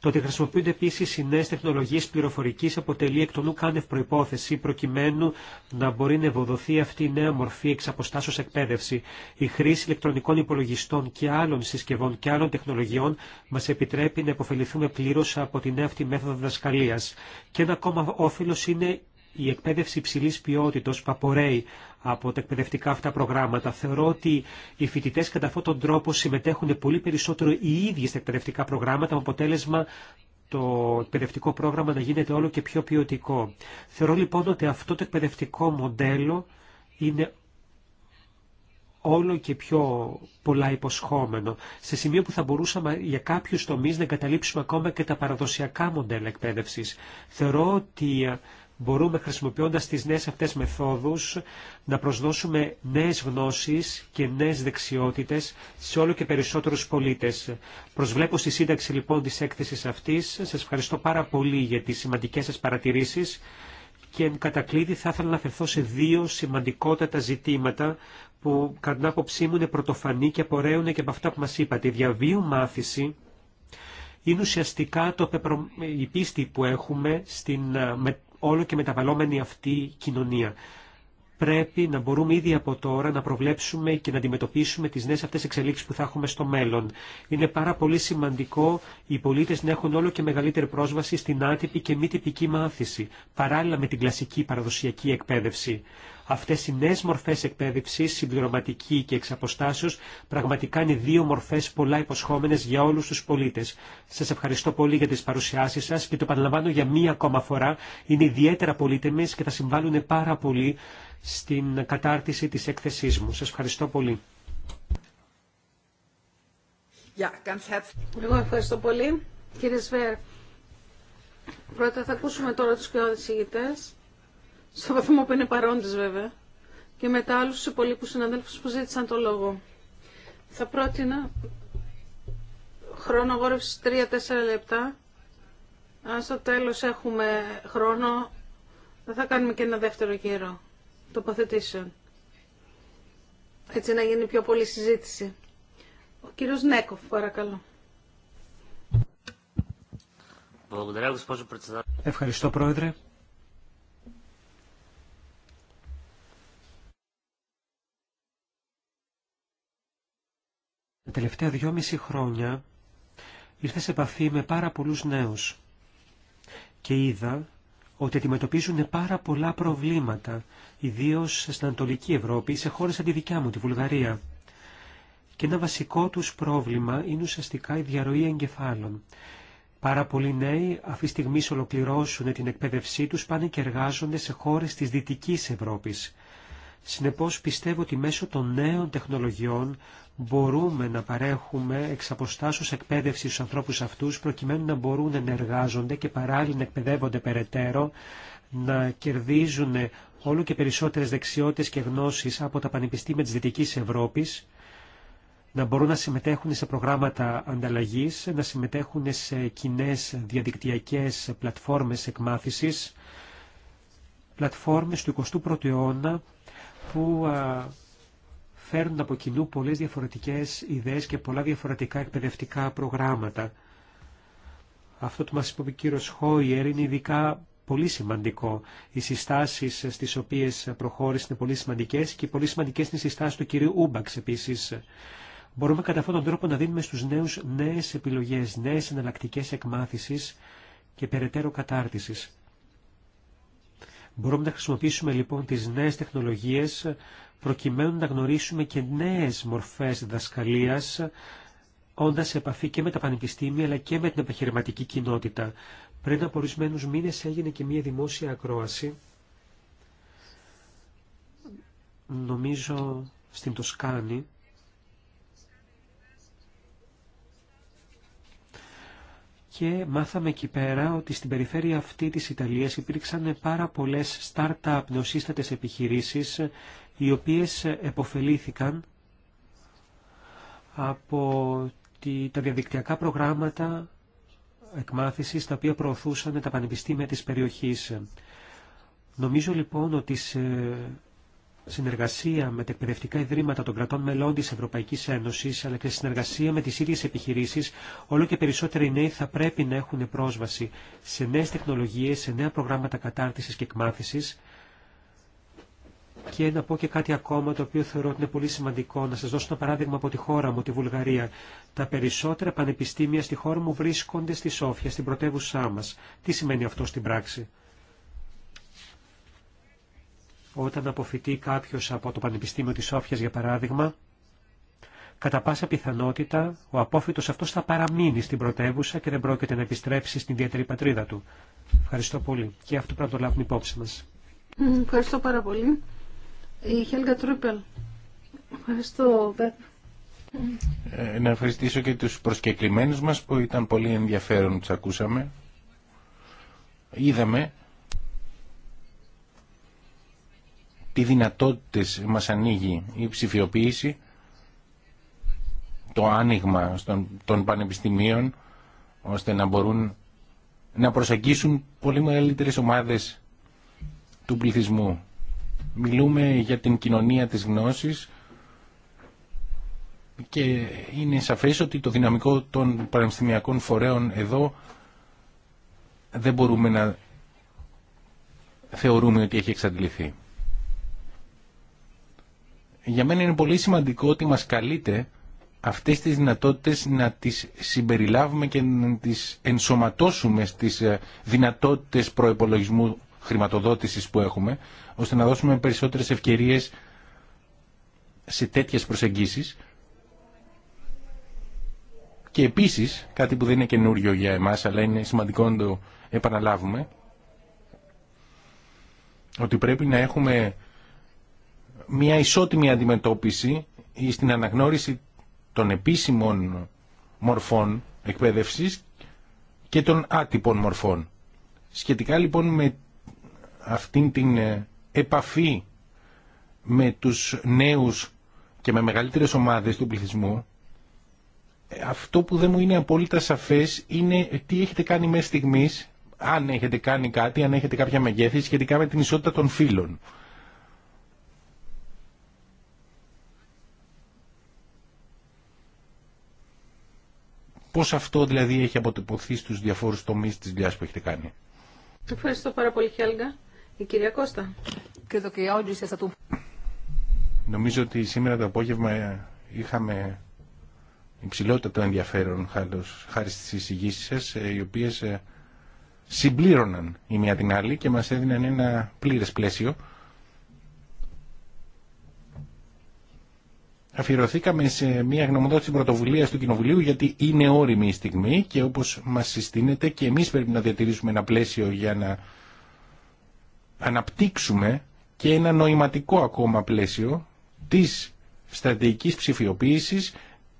Το ότι χρησιμοποιούνται επίση οι νέε τεχνολογίε πληροφορική αποτελεί εκ των ουκάνευ προπόθεση προκειμένου να μπορεί να ευοδοθεί αυτή η νέα μορφή εξ αποστάσεω εκπαίδευση. Η χρήση ηλεκτρονικών υπολογιστών και άλλων συσκευών και άλλων τεχνολογιών μα επιτρέπει να υποφεληθούμε πλήρω από τη νέα αυτή μέθοδο διδασκαλία. Και ένα ακόμα όφελο είναι η εκπαίδευση υψηλή ποιότητα που απορρέει από τα εκπαιδευτικά αυτά προγράμματα. Θεωρώ ότι οι φοιτητέ κατά αυτόν τον τρόπο συμμετέχουν πολύ περισσότερο οι ίδιοι στα εκπαιδευτικά προγράμματα, με αποτέλεσμα το εκπαιδευτικό πρόγραμμα να γίνεται όλο και πιο ποιοτικό. Θεωρώ λοιπόν ότι αυτό το εκπαιδευτικό μοντέλο είναι όλο και πιο πολλά υποσχόμενο, σε σημείο που θα μπορούσαμε για κάποιους τομείς να εγκαταλείψουμε ακόμα και τα παραδοσιακά μοντέλα εκπαίδευσης. Θεωρώ ότι μπορούμε χρησιμοποιώντας τις νέες αυτές μεθόδους να προσδώσουμε νέες γνώσεις και νέες δεξιότητες σε όλο και περισσότερους πολίτες. Προσβλέπω στη σύνταξη λοιπόν της έκθεσης αυτής. Σας ευχαριστώ πάρα πολύ για τις σημαντικές σας παρατηρήσεις και εν κατακλείδη θα ήθελα να αφαιρθώ σε δύο σημαντικότατα ζητήματα που κατά την άποψή μου είναι πρωτοφανή και απορρέουν και από αυτά που μας είπατε. Η διαβίου μάθηση είναι ουσιαστικά το, η πίστη που έχουμε στην ε, όλο και μεταβαλλόμενη αυτή κοινωνία πρέπει να μπορούμε ήδη από τώρα να προβλέψουμε και να αντιμετωπίσουμε τις νέες αυτές εξελίξεις που θα έχουμε στο μέλλον. Είναι πάρα πολύ σημαντικό οι πολίτες να έχουν όλο και μεγαλύτερη πρόσβαση στην άτυπη και μη τυπική μάθηση, παράλληλα με την κλασική παραδοσιακή εκπαίδευση. Αυτές οι νέες μορφές εκπαίδευσης, συμπληρωματική και εξ πραγματικά είναι δύο μορφές πολλά υποσχόμενες για όλους τους πολίτες. Σας ευχαριστώ πολύ για τις παρουσιάσεις σας και το παραλαμβάνω για μία ακόμα φορά. Είναι ιδιαίτερα πολύτεμες και θα συμβάλλουν πάρα πολύ στην κατάρτιση της έκθεσής μου. Σας ευχαριστώ πολύ. Εγώ ευχαριστώ πολύ. Κύριε Σβέρ, πρώτα θα ακούσουμε τώρα τους και ηγητές, στο βαθμό που είναι παρόντες βέβαια, και μετά άλλους τους υπολείπους συναδέλφους που ζήτησαν το λόγο. Θα πρότεινα χρόνο αγόρευσης 3-4 λεπτά. Αν στο τέλος έχουμε χρόνο, δεν θα κάνουμε και ένα δεύτερο γύρο τοποθετήσεων. Έτσι να γίνει πιο πολύ συζήτηση. Ο κύριος Νέκοφ, παρακαλώ. Ευχαριστώ, Πρόεδρε. Τα τελευταία δυόμιση χρόνια ήρθε σε επαφή με πάρα πολλούς νέους και είδα ότι αντιμετωπίζουν πάρα πολλά προβλήματα, ιδίως στην Ανατολική Ευρώπη, σε χώρες σαν τη δικιά μου, τη Βουλγαρία. Και ένα βασικό τους πρόβλημα είναι ουσιαστικά η διαρροή εγκεφάλων. Πάρα πολλοί νέοι αυτή τη στιγμή ολοκληρώσουν την εκπαίδευσή τους, πάνε και εργάζονται σε χώρες της Δυτικής Ευρώπης. Συνεπώς πιστεύω ότι μέσω των νέων τεχνολογιών μπορούμε να παρέχουμε εξ αποστάσεως εκπαίδευση στους ανθρώπους αυτούς προκειμένου να μπορούν να εργάζονται και παράλληλα να εκπαιδεύονται περαιτέρω, να κερδίζουν όλο και περισσότερες δεξιότητες και γνώσεις από τα πανεπιστήμια της Δυτικής Ευρώπης, να μπορούν να συμμετέχουν σε προγράμματα ανταλλαγής, να συμμετέχουν σε κοινέ διαδικτυακές πλατφόρμες εκμάθησης, πλατφόρμες του 21ου αιώνα που φέρνουν από κοινού πολλές διαφορετικές ιδέες και πολλά διαφορετικά εκπαιδευτικά προγράμματα. Αυτό που μας είπε ο κύριος Χόιερ είναι ειδικά πολύ σημαντικό. Οι συστάσεις στις οποίες προχώρησε είναι πολύ σημαντικές και πολύ σημαντικές είναι οι συστάσεις του κυρίου Ούμπαξ επίσης. Μπορούμε κατά αυτόν τον τρόπο να δίνουμε στους νέους νέες επιλογές, νέες εναλλακτικές εκμάθησης και περαιτέρω κατάρτισης. Μπορούμε να χρησιμοποιήσουμε λοιπόν τις νέες τεχνολογίες προκειμένου να γνωρίσουμε και νέες μορφές διδασκαλίας όντας σε επαφή και με τα πανεπιστήμια αλλά και με την επιχειρηματική κοινότητα. Πριν από ορισμένου μήνε έγινε και μία δημόσια ακρόαση. Νομίζω στην Τοσκάνη. και μάθαμε εκεί πέρα ότι στην περιφέρεια αυτή της Ιταλίας υπήρξαν πάρα πολλές start-up επιχειρήσεις οι οποίες επωφελήθηκαν από τα διαδικτυακά προγράμματα εκμάθησης τα οποία προωθούσαν τα πανεπιστήμια της περιοχής. Νομίζω λοιπόν ότι συνεργασία με τα εκπαιδευτικά ιδρύματα των κρατών μελών της Ευρωπαϊκής Ένωσης, αλλά και συνεργασία με τις ίδιες επιχειρήσεις, όλο και περισσότεροι νέοι θα πρέπει να έχουν πρόσβαση σε νέες τεχνολογίες, σε νέα προγράμματα κατάρτισης και εκμάθησης. Και να πω και κάτι ακόμα το οποίο θεωρώ ότι είναι πολύ σημαντικό. Να σας δώσω ένα παράδειγμα από τη χώρα μου, τη Βουλγαρία. Τα περισσότερα πανεπιστήμια στη χώρα μου βρίσκονται στη Σόφια, στην πρωτεύουσά μας. Τι σημαίνει αυτό στην πράξη. Όταν αποφυτεί κάποιος από το Πανεπιστήμιο της Σόφιας, για παράδειγμα, κατά πάσα πιθανότητα ο απόφυτος αυτός θα παραμείνει στην πρωτεύουσα και δεν πρόκειται να επιστρέψει στην ιδιαίτερη πατρίδα του. Ευχαριστώ πολύ. Και αυτό πρέπει να το λάβουμε υπόψη μας. Ευχαριστώ πάρα πολύ. Η Χέλγα Τρούπελ. Ευχαριστώ, ε, Να ευχαριστήσω και τους προσκεκλημένους μας που ήταν πολύ ενδιαφέρον τους ακούσαμε. Είδαμε τι δυνατότητες μας ανοίγει η ψηφιοποίηση, το άνοιγμα των πανεπιστημίων, ώστε να μπορούν να προσαγγίσουν πολύ μεγαλύτερες ομάδες του πληθυσμού. Μιλούμε για την κοινωνία της γνώσης και είναι σαφές ότι το δυναμικό των πανεπιστημιακών φορέων εδώ δεν μπορούμε να θεωρούμε ότι έχει εξαντληθεί για μένα είναι πολύ σημαντικό ότι μας καλείται αυτές τις δυνατότητες να τις συμπεριλάβουμε και να τις ενσωματώσουμε στις ε, δυνατότητες προεπολογισμού χρηματοδότησης που έχουμε, ώστε να δώσουμε περισσότερες ευκαιρίες σε τέτοιες προσεγγίσεις. Και επίσης, κάτι που δεν είναι καινούριο για εμάς, αλλά είναι σημαντικό να το επαναλάβουμε, ότι πρέπει να έχουμε μια ισότιμη αντιμετώπιση στην αναγνώριση των επίσημων μορφών εκπαίδευσης και των άτυπων μορφών. Σχετικά λοιπόν με αυτήν την ε, επαφή με τους νέους και με μεγαλύτερες ομάδες του πληθυσμού, αυτό που δεν μου είναι απόλυτα σαφές είναι τι έχετε κάνει με στιγμής, αν έχετε κάνει κάτι, αν έχετε κάποια μεγέθη σχετικά με την ισότητα των φύλων. Πώς αυτό δηλαδή έχει αποτυπωθεί στους διαφόρους τομείς της δουλειά που έχετε κάνει. Ευχαριστώ πάρα πολύ Χέλγα. Η κυρία Κώστα. Νομίζω ότι σήμερα το απόγευμα ε, είχαμε υψηλότερο ενδιαφέρον χάρη στις εισηγήσεις σας, ε, οι οποίες ε, συμπλήρωναν η μία την άλλη και μας έδιναν ένα πλήρες πλαίσιο αφιερωθήκαμε σε μια γνωμοδότηση πρωτοβουλία του Κοινοβουλίου γιατί είναι όριμη η στιγμή και όπως μας συστήνεται και εμείς πρέπει να διατηρήσουμε ένα πλαίσιο για να αναπτύξουμε και ένα νοηματικό ακόμα πλαίσιο της στρατηγικής ψηφιοποίησης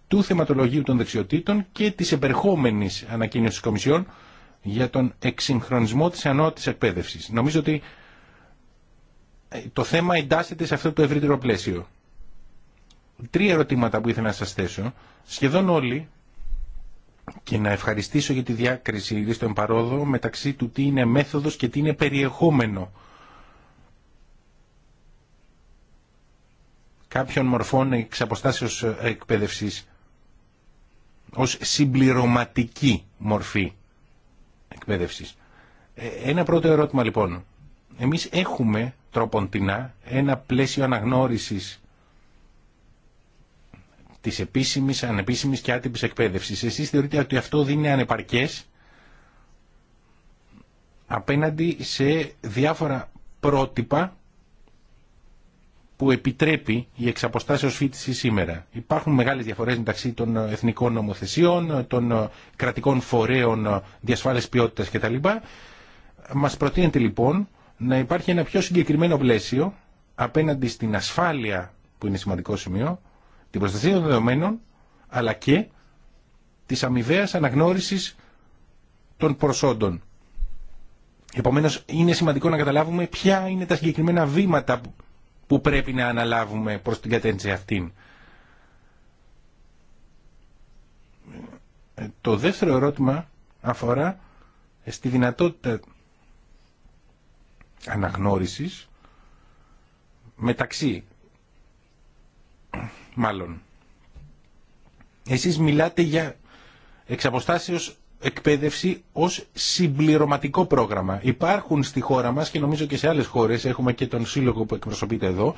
του θεματολογίου των δεξιοτήτων και της επερχόμενης ανακοίνωσης τη για τον εξυγχρονισμό της ανώτης εκπαίδευσης. Νομίζω ότι το θέμα εντάσσεται σε αυτό το ευρύτερο πλαίσιο τρία ερωτήματα που ήθελα να σας θέσω. Σχεδόν όλοι και να ευχαριστήσω για τη διάκριση στον παρόδο μεταξύ του τι είναι μέθοδος και τι είναι περιεχόμενο κάποιων μορφών εξ αποστάσεως ε, εκπαίδευσης ως συμπληρωματική μορφή εκπαίδευσης. Ε, ένα πρώτο ερώτημα λοιπόν. Εμείς έχουμε τρόπον ένα πλαίσιο αναγνώρισης Τη επίσημη, ανεπίσημη και άτυπη εκπαίδευση. Εσεί θεωρείτε ότι αυτό δίνει ανεπαρκέ ανεπαρκές απέναντι σε διάφορα πρότυπα που επιτρέπει η εξαποστάσεω φίτηση σήμερα. Υπάρχουν μεγάλες διαφορές μεταξύ των εθνικών νομοθεσιών, των κρατικών φορέων διασφάλισης ποιότητας κτλ. Μας προτείνεται λοιπόν να υπάρχει ένα πιο συγκεκριμένο πλαίσιο απέναντι στην ασφάλεια που είναι σημαντικό σημείο, την προστασία των δεδομένων, αλλά και της αμοιβαίας αναγνώρισης των προσόντων. Επομένως, είναι σημαντικό να καταλάβουμε ποια είναι τα συγκεκριμένα βήματα που πρέπει να αναλάβουμε προς την κατεύθυνση αυτή. Ε, το δεύτερο ερώτημα αφορά στη δυνατότητα αναγνώρισης μεταξύ μάλλον. Εσείς μιλάτε για εξαποστάσεως εκπαίδευση ως συμπληρωματικό πρόγραμμα. Υπάρχουν στη χώρα μας και νομίζω και σε άλλες χώρες, έχουμε και τον σύλλογο που εκπροσωπείται εδώ,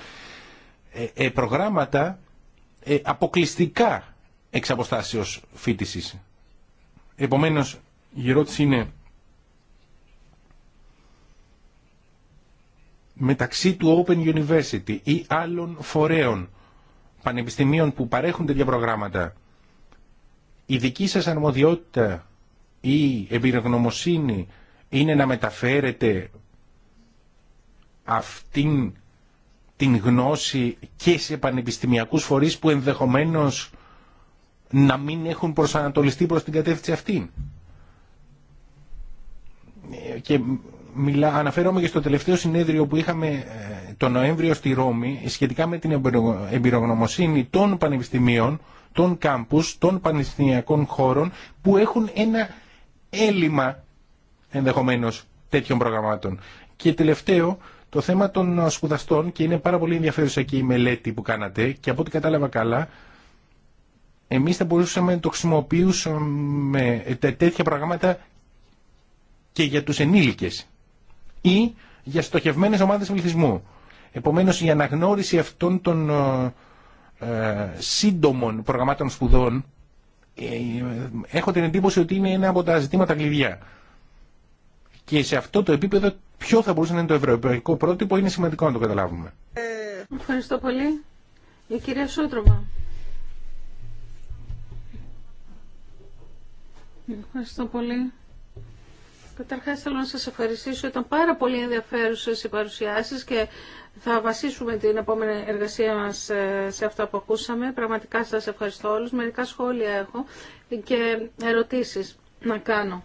ε, ε, προγράμματα ε, αποκλειστικά εξαποστάσεως φίτησης. Επομένως, η ερώτηση είναι μεταξύ του Open University ή άλλων φορέων πανεπιστημίων που παρέχουν τέτοια προγράμματα, η δική σας αρμοδιότητα ή εμπειρογνωμοσύνη είναι να μεταφέρετε αυτήν την γνώση και σε πανεπιστημιακούς φορείς που ενδεχομένως να μην έχουν προσανατολιστεί προς την κατεύθυνση αυτή. Και μιλά, αναφέρομαι και στο τελευταίο συνέδριο που είχαμε ε, το Νοέμβριο στη Ρώμη σχετικά με την εμπειρογνωμοσύνη των πανεπιστημίων, των κάμπους, των πανεπιστημιακών χώρων που έχουν ένα έλλειμμα ενδεχομένως τέτοιων προγραμμάτων. Και τελευταίο, το θέμα των σπουδαστών και είναι πάρα πολύ ενδιαφέρουσα και η μελέτη που κάνατε και από ό,τι κατάλαβα καλά, εμείς θα μπορούσαμε να το χρησιμοποιήσουμε τέτοια προγράμματα και για τους ενήλικες ή για στοχευμένες ομάδες πληθυσμού. Επομένως η αναγνώριση αυτών των ε, ε, σύντομων προγραμμάτων σπουδών ε, έχω την εντύπωση ότι είναι ένα από τα ζητήματα κλειδιά. Και σε αυτό το επίπεδο ποιο θα μπορούσε να είναι το ευρωπαϊκό πρότυπο είναι σημαντικό να το καταλάβουμε. Ευχαριστώ πολύ. Η κυρία Σότροβα. Ευχαριστώ πολύ. Καταρχά θέλω να σας ευχαριστήσω. Ήταν πάρα πολύ ενδιαφέρουσες οι παρουσιάσεις και θα βασίσουμε την επόμενη εργασία μας ε, σε αυτά που ακούσαμε. Πραγματικά σας ευχαριστώ όλους. Μερικά σχόλια έχω και ερωτήσεις να κάνω.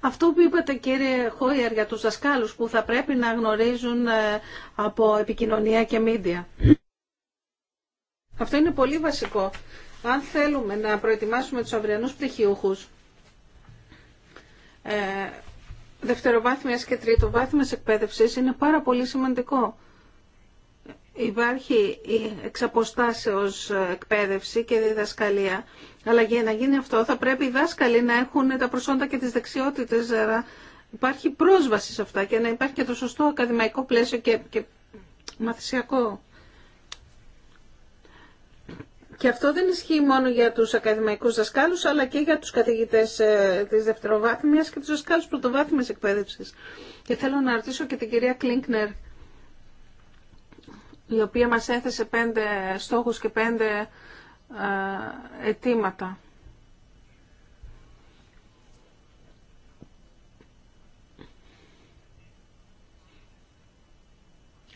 Αυτό που είπατε κύριε Χόιερ για τους δασκάλους που θα πρέπει να γνωρίζουν ε, από επικοινωνία και μίντια. Αυτό είναι πολύ βασικό αν θέλουμε να προετοιμάσουμε τους αυριανούς πτυχιούχους ε, δευτεροβάθμιας και τρίτοβάθμιας εκπαίδευσης είναι πάρα πολύ σημαντικό. Υπάρχει η εξαποστάσεως εκπαίδευση και διδασκαλία, αλλά για να γίνει αυτό θα πρέπει οι δάσκαλοι να έχουν τα προσόντα και τις δεξιότητες, άρα υπάρχει πρόσβαση σε αυτά και να υπάρχει και το σωστό ακαδημαϊκό πλαίσιο και, και μαθησιακό και αυτό δεν ισχύει μόνο για τους ακαδημαϊκούς δασκάλους, αλλά και για τους καθηγητές ε, της δευτεροβάθμιας και τους δασκάλους πρωτοβάθμιας εκπαίδευσης. Και θέλω να ρωτήσω και την κυρία Κλίνκνερ, η οποία μας έθεσε πέντε στόχους και πέντε ε, αιτήματα.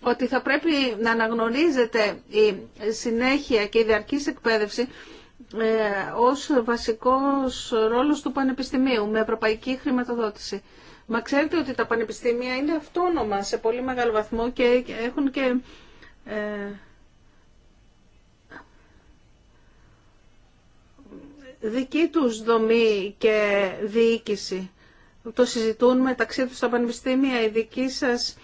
ότι θα πρέπει να αναγνωρίζεται η συνέχεια και η διαρκής εκπαίδευση ε, ως βασικός ρόλος του Πανεπιστημίου με ευρωπαϊκή χρηματοδότηση. Μα ξέρετε ότι τα πανεπιστήμια είναι αυτόνομα σε πολύ μεγάλο βαθμό και έχουν και ε, δική τους δομή και διοίκηση. Το συζητούν μεταξύ τους τα πανεπιστήμια. Η δική σας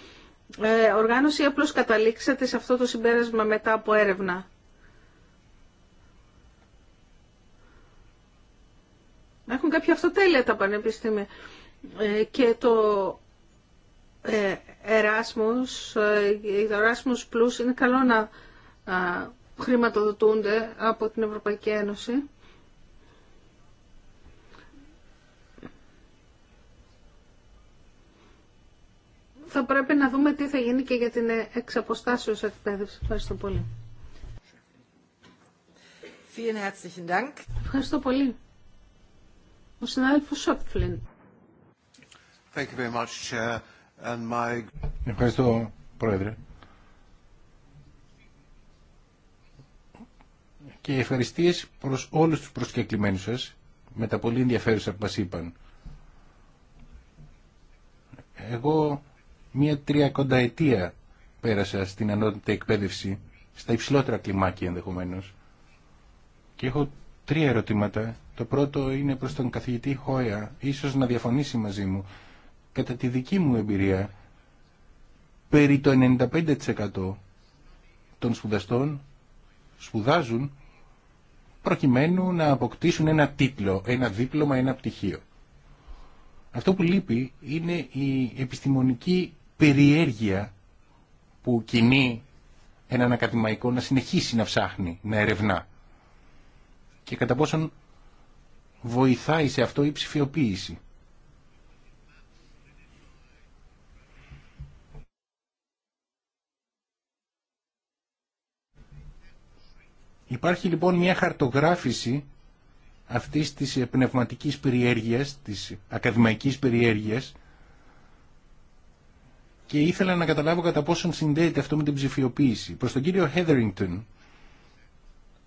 ε, οργάνωση ή απλώς καταλήξατε σε αυτό το συμπέρασμα μετά από έρευνα. Έχουν κάποια αυτοτέλεια τα πανεπιστήμια. Ε, και το ε, Erasmus, ε, το Erasmus Plus είναι καλό να χρηματοδοτούνται από την Ευρωπαϊκή Ένωση. θα πρέπει να δούμε τι θα γίνει και για την εξαποστάσεως εκπαίδευση. Ευχαριστώ πολύ. Ευχαριστώ πολύ. Ο συνάδελφος Σόπφλιν. Ευχαριστώ, Πρόεδρε. Και ευχαριστίες προς όλους τους προσκεκλημένους σας με τα πολύ ενδιαφέρουσα που μας είπαν. Εγώ μία τριακονταετία πέρασα στην ανώτερη εκπαίδευση, στα υψηλότερα κλιμάκια ενδεχομένως. Και έχω τρία ερωτήματα. Το πρώτο είναι προς τον καθηγητή Χόια, ίσως να διαφωνήσει μαζί μου. Κατά τη δική μου εμπειρία, περί το 95% των σπουδαστών σπουδάζουν προκειμένου να αποκτήσουν ένα τίτλο, ένα δίπλωμα, ένα πτυχίο. Αυτό που λείπει είναι η επιστημονική περιέργεια που κινεί έναν ακαδημαϊκό να συνεχίσει να ψάχνει, να ερευνά. Και κατά πόσον βοηθάει σε αυτό η ψηφιοποίηση. Υπάρχει λοιπόν μια χαρτογράφηση αυτής της πνευματικής περιέργειας, της ακαδημαϊκής περιέργειας, και ήθελα να καταλάβω κατά πόσον συνδέεται αυτό με την ψηφιοποίηση. Προς τον κύριο Hetherington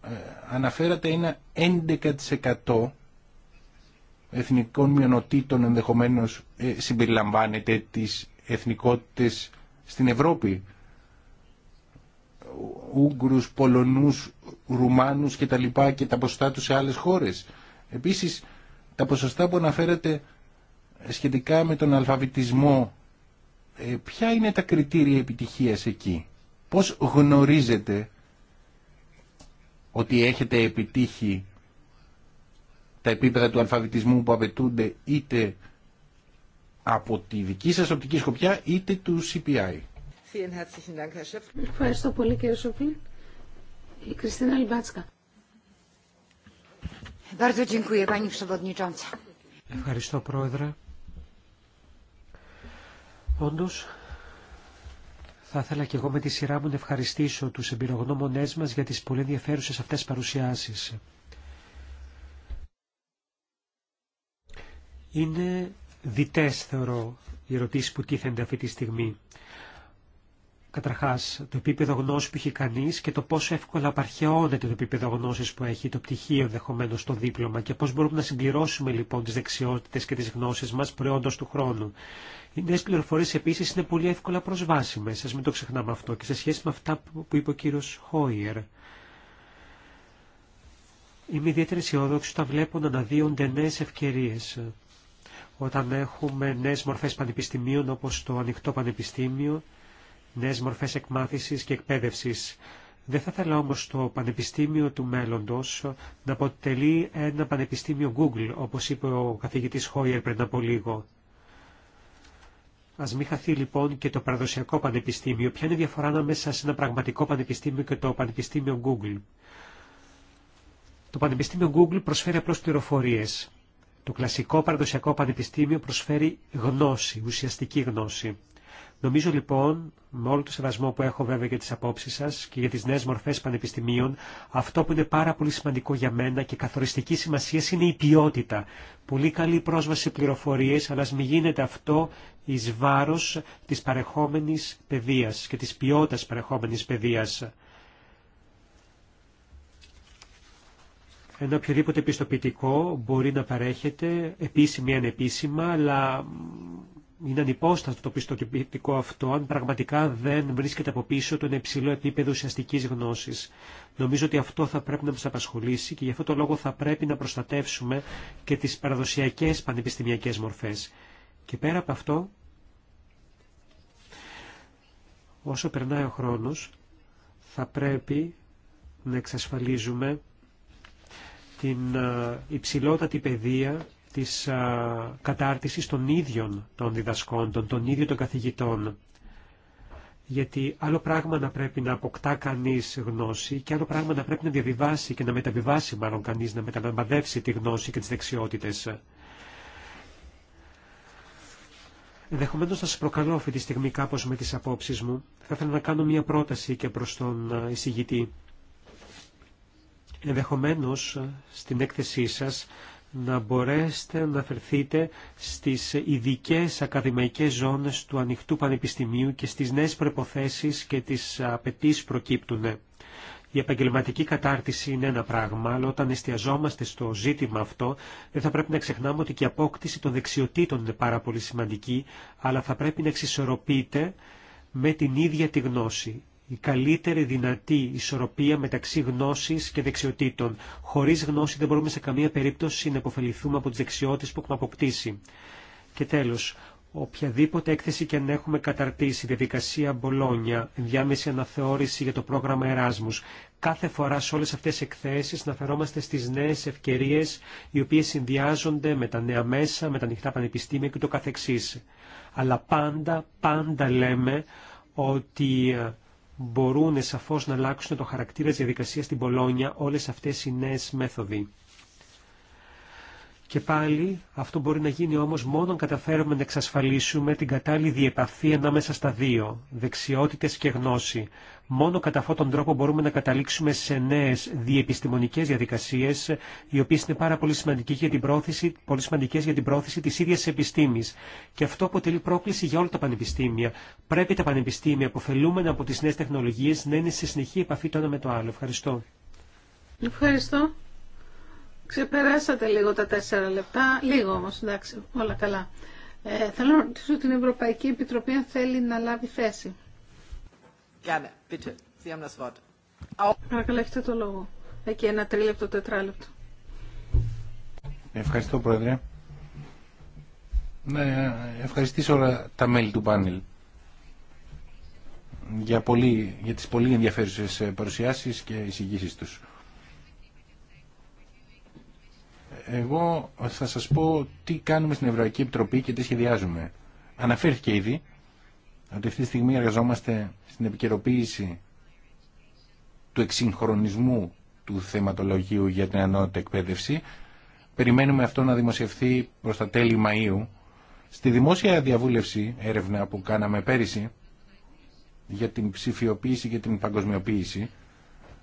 ε, αναφέρατε ένα 11% εθνικών μειονοτήτων ενδεχομένως ε, συμπεριλαμβάνεται τις εθνικότητες στην Ευρώπη. Ούγγρους, Πολωνούς, Ρουμάνους και τα λοιπά και τα ποσοστά τους σε άλλες χώρες. Επίσης, τα ποσοστά που αναφέρατε σχετικά με τον αλφαβητισμό ε, ποια είναι τα κριτήρια επιτυχίας εκεί. Πώς γνωρίζετε ότι έχετε επιτύχει τα επίπεδα του αλφαβητισμού που απαιτούνται είτε από τη δική σας οπτική σκοπιά είτε του CPI. Ευχαριστώ πολύ κύριε Σοφλή. Η Κριστίνα Λιμπάτσκα. Ευχαριστώ πρόεδρε. Όντως, θα ήθελα και εγώ με τη σειρά μου να ευχαριστήσω τους εμπειρογνώμονές μας για τις πολύ ενδιαφέρουσες αυτές παρουσιάσεις. Είναι διτές, θεωρώ, οι ερωτήσεις που τίθενται αυτή τη στιγμή. Καταρχά, το επίπεδο γνώση που έχει κανεί και το πόσο εύκολα απαρχαιώνεται το επίπεδο γνώσης που έχει, το πτυχίο ενδεχομένω στο δίπλωμα και πώ μπορούμε να συμπληρώσουμε λοιπόν τι δεξιότητε και τι γνώσει μα προϊόντο του χρόνου. Οι νέε πληροφορίε επίση είναι πολύ εύκολα προσβάσιμε. σας μην το ξεχνάμε αυτό και σε σχέση με αυτά που είπε ο κύριο Χόιερ. Είμαι ιδιαίτερα αισιόδοξη όταν βλέπω να αναδύονται νέε ευκαιρίε. όταν έχουμε νέε μορφέ πανεπιστημίων όπω το ανοιχτό πανεπιστήμιο, νέες μορφές εκμάθησης και εκπαίδευσης. Δεν θα ήθελα όμως το Πανεπιστήμιο του Μέλλοντος να αποτελεί ένα Πανεπιστήμιο Google, όπως είπε ο καθηγητής Χόιερ πριν από λίγο. Α μην χαθεί λοιπόν και το παραδοσιακό πανεπιστήμιο. Ποια είναι η διαφορά ανάμεσα σε ένα πραγματικό πανεπιστήμιο και το πανεπιστήμιο Google. Το πανεπιστήμιο Google προσφέρει απλώ πληροφορίε. Το κλασικό παραδοσιακό πανεπιστήμιο προσφέρει γνώση, ουσιαστική γνώση. Νομίζω λοιπόν, με όλο το σεβασμό που έχω βέβαια για τις απόψει σας και για τις νέε μορφές πανεπιστημίων, αυτό που είναι πάρα πολύ σημαντικό για μένα και καθοριστική σημασία είναι η ποιότητα. Πολύ καλή πρόσβαση σε πληροφορίες, αλλά μην γίνεται αυτό ει βάρος της παρεχόμενη παιδεία και της ποιότητας παρεχόμενη παιδεία. Ένα οποιοδήποτε πιστοποιητικό μπορεί να παρέχεται, επίσημη ή ανεπίσημα, αλλά είναι ανυπόστατο το πιστοποιητικό αυτό αν πραγματικά δεν βρίσκεται από πίσω το ένα υψηλό επίπεδο ουσιαστική γνώση. Νομίζω ότι αυτό θα πρέπει να μα απασχολήσει και γι' αυτό το λόγο θα πρέπει να προστατεύσουμε και τι παραδοσιακέ πανεπιστημιακέ μορφέ. Και πέρα από αυτό, όσο περνάει ο χρόνο, θα πρέπει να εξασφαλίζουμε την ε, υψηλότατη παιδεία της κατάρτισης των ίδιων των διδασκόντων, των ίδιων των καθηγητών. Γιατί άλλο πράγμα να πρέπει να αποκτά κανείς γνώση και άλλο πράγμα να πρέπει να διαβιβάσει και να μεταβιβάσει μάλλον κανείς, να μεταναμπαδεύσει τη γνώση και τις δεξιότητες. Ενδεχομένω να σα προκαλώ αυτή τη στιγμή κάπω με τι απόψει μου. Θα ήθελα να κάνω μια πρόταση και προ τον εισηγητή. Ενδεχομένω στην έκθεσή σα να μπορέσετε να φερθείτε στις ειδικέ ακαδημαϊκές ζώνες του ανοιχτού πανεπιστημίου και στις νέες προϋποθέσεις και τις απαιτήσει προκύπτουν. Η επαγγελματική κατάρτιση είναι ένα πράγμα, αλλά όταν εστιαζόμαστε στο ζήτημα αυτό, δεν θα πρέπει να ξεχνάμε ότι και η απόκτηση των δεξιοτήτων είναι πάρα πολύ σημαντική, αλλά θα πρέπει να εξισορροπείται με την ίδια τη γνώση η καλύτερη δυνατή ισορροπία μεταξύ γνώσης και δεξιοτήτων. Χωρίς γνώση δεν μπορούμε σε καμία περίπτωση να υποφεληθούμε από τις δεξιότητες που έχουμε αποκτήσει. Και τέλος, οποιαδήποτε έκθεση και αν έχουμε καταρτήσει, διαδικασία Μπολόνια, διάμεση αναθεώρηση για το πρόγραμμα Εράσμους, κάθε φορά σε όλες αυτές τις εκθέσεις να φερόμαστε στις νέες ευκαιρίες οι οποίες συνδυάζονται με τα νέα μέσα, με τα ανοιχτά πανεπιστήμια και το καθεξής. Αλλά πάντα, πάντα λέμε ότι ε, μπορούν σαφώς να αλλάξουν το χαρακτήρα της διαδικασίας στην Πολόνια όλες αυτές οι νέες μέθοδοι. Και πάλι αυτό μπορεί να γίνει όμως μόνο αν καταφέρουμε να εξασφαλίσουμε την κατάλληλη διεπαφή ανάμεσα στα δύο, δεξιότητες και γνώση. Μόνο κατά αυτόν τον τρόπο μπορούμε να καταλήξουμε σε νέες διεπιστημονικές διαδικασίες, οι οποίες είναι πάρα πολύ, σημαντικές για την πρόθεση, πολύ σημαντικές για την πρόθεση της ίδιας επιστήμης. Και αυτό αποτελεί πρόκληση για όλα τα πανεπιστήμια. Πρέπει τα πανεπιστήμια που από τις νέες τεχνολογίες να είναι σε συνεχή επαφή το ένα με το άλλο. Ευχαριστώ. Ευχαριστώ. Ξεπεράσατε λίγο τα τέσσερα λεπτά, λίγο όμως, εντάξει, όλα καλά. Ε, θέλω να ρωτήσω την Ευρωπαϊκή Επιτροπή αν θέλει να λάβει θέση. Gerne, Παρακαλώ, έχετε το λόγο. Εκεί ένα τρίλεπτο, τετράλεπτο. Ευχαριστώ, Πρόεδρε. Ναι, ευχαριστήσω όλα τα μέλη του πάνελ για, πολύ, για τις πολύ ενδιαφέρουσες παρουσιάσεις και εισηγήσεις τους. εγώ θα σας πω τι κάνουμε στην Ευρωπαϊκή Επιτροπή και τι σχεδιάζουμε. Αναφέρθηκε ήδη ότι αυτή τη στιγμή εργαζόμαστε στην επικαιροποίηση του εξυγχρονισμού του θεματολογίου για την ανώτερη εκπαίδευση. Περιμένουμε αυτό να δημοσιευθεί προς τα τέλη Μαΐου. Στη δημόσια διαβούλευση έρευνα που κάναμε πέρυσι για την ψηφιοποίηση και την παγκοσμιοποίηση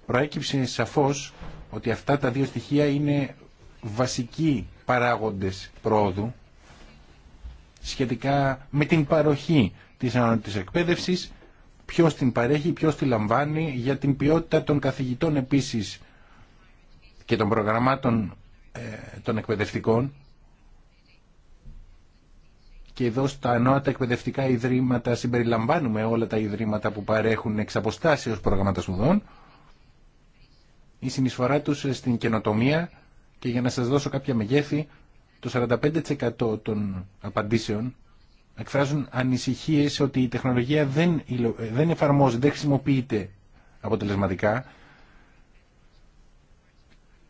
προέκυψε σαφώς ότι αυτά τα δύο στοιχεία είναι βασικοί παράγοντες πρόοδου σχετικά με την παροχή της ανώτητης εκπαίδευσης, ποιος την παρέχει, ποιος τη λαμβάνει, για την ποιότητα των καθηγητών επίσης και των προγραμμάτων ε, των εκπαιδευτικών και εδώ στα ανώτατα εκπαιδευτικά ιδρύματα συμπεριλαμβάνουμε όλα τα ιδρύματα που παρέχουν εξ αποστάσεως προγράμματα σπουδών η συνεισφορά τους στην καινοτομία και για να σας δώσω κάποια μεγέθη, το 45% των απαντήσεων εκφράζουν ανησυχίες ότι η τεχνολογία δεν, ε, δεν εφαρμόζεται, δεν χρησιμοποιείται αποτελεσματικά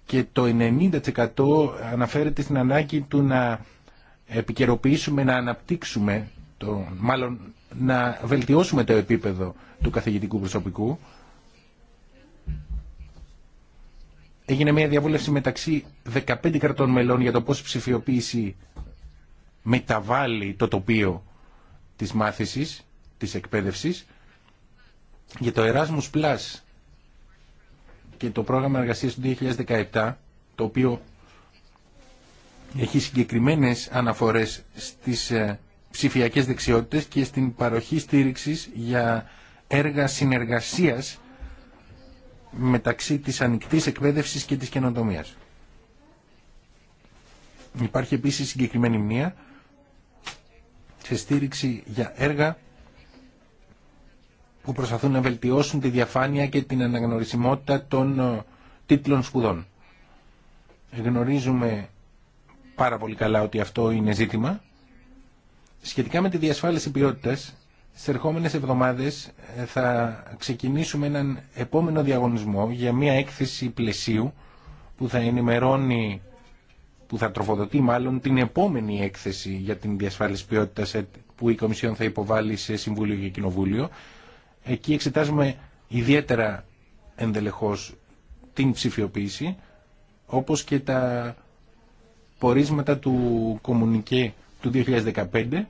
και το 90% αναφέρεται στην ανάγκη του να επικαιροποιήσουμε, να αναπτύξουμε, το, μάλλον να βελτιώσουμε το επίπεδο του καθηγητικού προσωπικού έγινε μια διαβούλευση μεταξύ 15 κρατών μελών για το πώς η ψηφιοποίηση μεταβάλλει το τοπίο της μάθησης, της εκπαίδευσης. Για το Erasmus Plus και το πρόγραμμα εργασίας του 2017, το οποίο έχει συγκεκριμένες αναφορές στις ε, ψηφιακές δεξιότητες και στην παροχή στήριξης για έργα συνεργασίας μεταξύ της ανοιχτής εκπαίδευσης και της καινοτομίας. Υπάρχει επίσης συγκεκριμένη μνήμα σε στήριξη για έργα που προσπαθούν να βελτιώσουν τη διαφάνεια και την αναγνωρισιμότητα των ε, τίτλων σπουδών. Γνωρίζουμε πάρα πολύ καλά ότι αυτό είναι ζήτημα. Σχετικά με τη διασφάλιση ποιότητας, Στι ερχόμενε εβδομάδες ε, θα ξεκινήσουμε έναν επόμενο διαγωνισμό για μια έκθεση πλαισίου που θα ενημερώνει, που θα τροφοδοτεί μάλλον την επόμενη έκθεση για την διασφάλιση ποιότητα ε, που η Κομισιόν θα υποβάλει σε Συμβούλιο και Κοινοβούλιο. Εκεί εξετάζουμε ιδιαίτερα ενδελεχώς την ψηφιοποίηση, όπως και τα πορίσματα του κομμουνικέ του 2015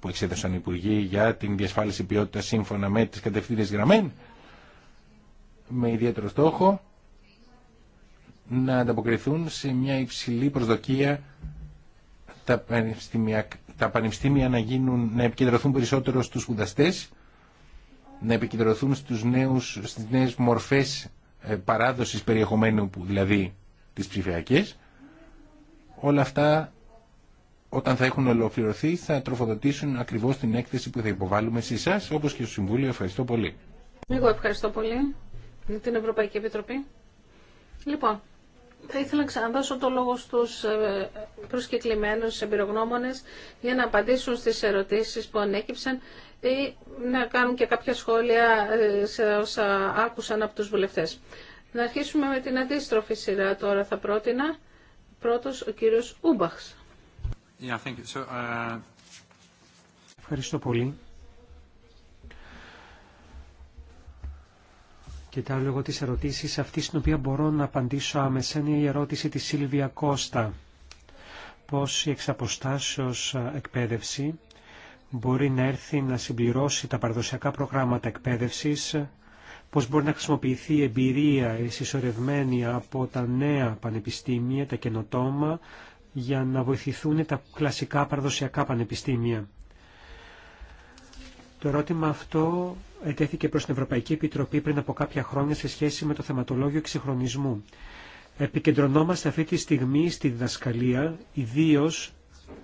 που εξέδωσαν οι Υπουργοί για την διασφάλιση ποιότητα σύμφωνα με τις κατευθύνες γραμμέν με ιδιαίτερο στόχο να ανταποκριθούν σε μια υψηλή προσδοκία τα πανεπιστήμια, τα πανεπιστήμια να, γίνουν, να επικεντρωθούν περισσότερο στους σπουδαστέ, να επικεντρωθούν στους νέους, στις νέες μορφές ε, παράδοσης περιεχομένου δηλαδή τις ψηφιακές όλα αυτά όταν θα έχουν ολοκληρωθεί θα τροφοδοτήσουν ακριβώς την έκθεση που θα υποβάλουμε σε εσά όπως και στο Συμβούλιο. Ευχαριστώ πολύ. Εγώ ευχαριστώ πολύ για την Ευρωπαϊκή Επιτροπή. Λοιπόν, θα ήθελα να ξαναδώσω το λόγο στους ε, προσκεκλημένους εμπειρογνώμονες για να απαντήσουν στις ερωτήσεις που ανέκυψαν ή να κάνουν και κάποια σχόλια ε, σε όσα άκουσαν από τους βουλευτές. Να αρχίσουμε με την αντίστροφη σειρά τώρα θα πρότεινα. Πρώτος ο κύριος Ούμπαχς. Uh, Ευχαριστώ πολύ. Κοιτάω λίγο τις ερωτήσεις αυτή στην οποία μπορώ να απαντήσω άμεσα είναι η ερώτηση της Σίλβια Κώστα. Πώς η εξαποστάσεως εκπαίδευση μπορεί να έρθει να συμπληρώσει τα παραδοσιακά προγράμματα εκπαίδευσης, πώς μπορεί να χρησιμοποιηθεί η εμπειρία συσσωρευμένη από τα νέα πανεπιστήμια, τα καινοτόμα, για να βοηθηθούν τα κλασικά παραδοσιακά πανεπιστήμια. Το ερώτημα αυτό ετέθηκε προς την Ευρωπαϊκή Επιτροπή πριν από κάποια χρόνια σε σχέση με το θεματολόγιο εξυγχρονισμού. Επικεντρωνόμαστε αυτή τη στιγμή στη διδασκαλία, ιδίως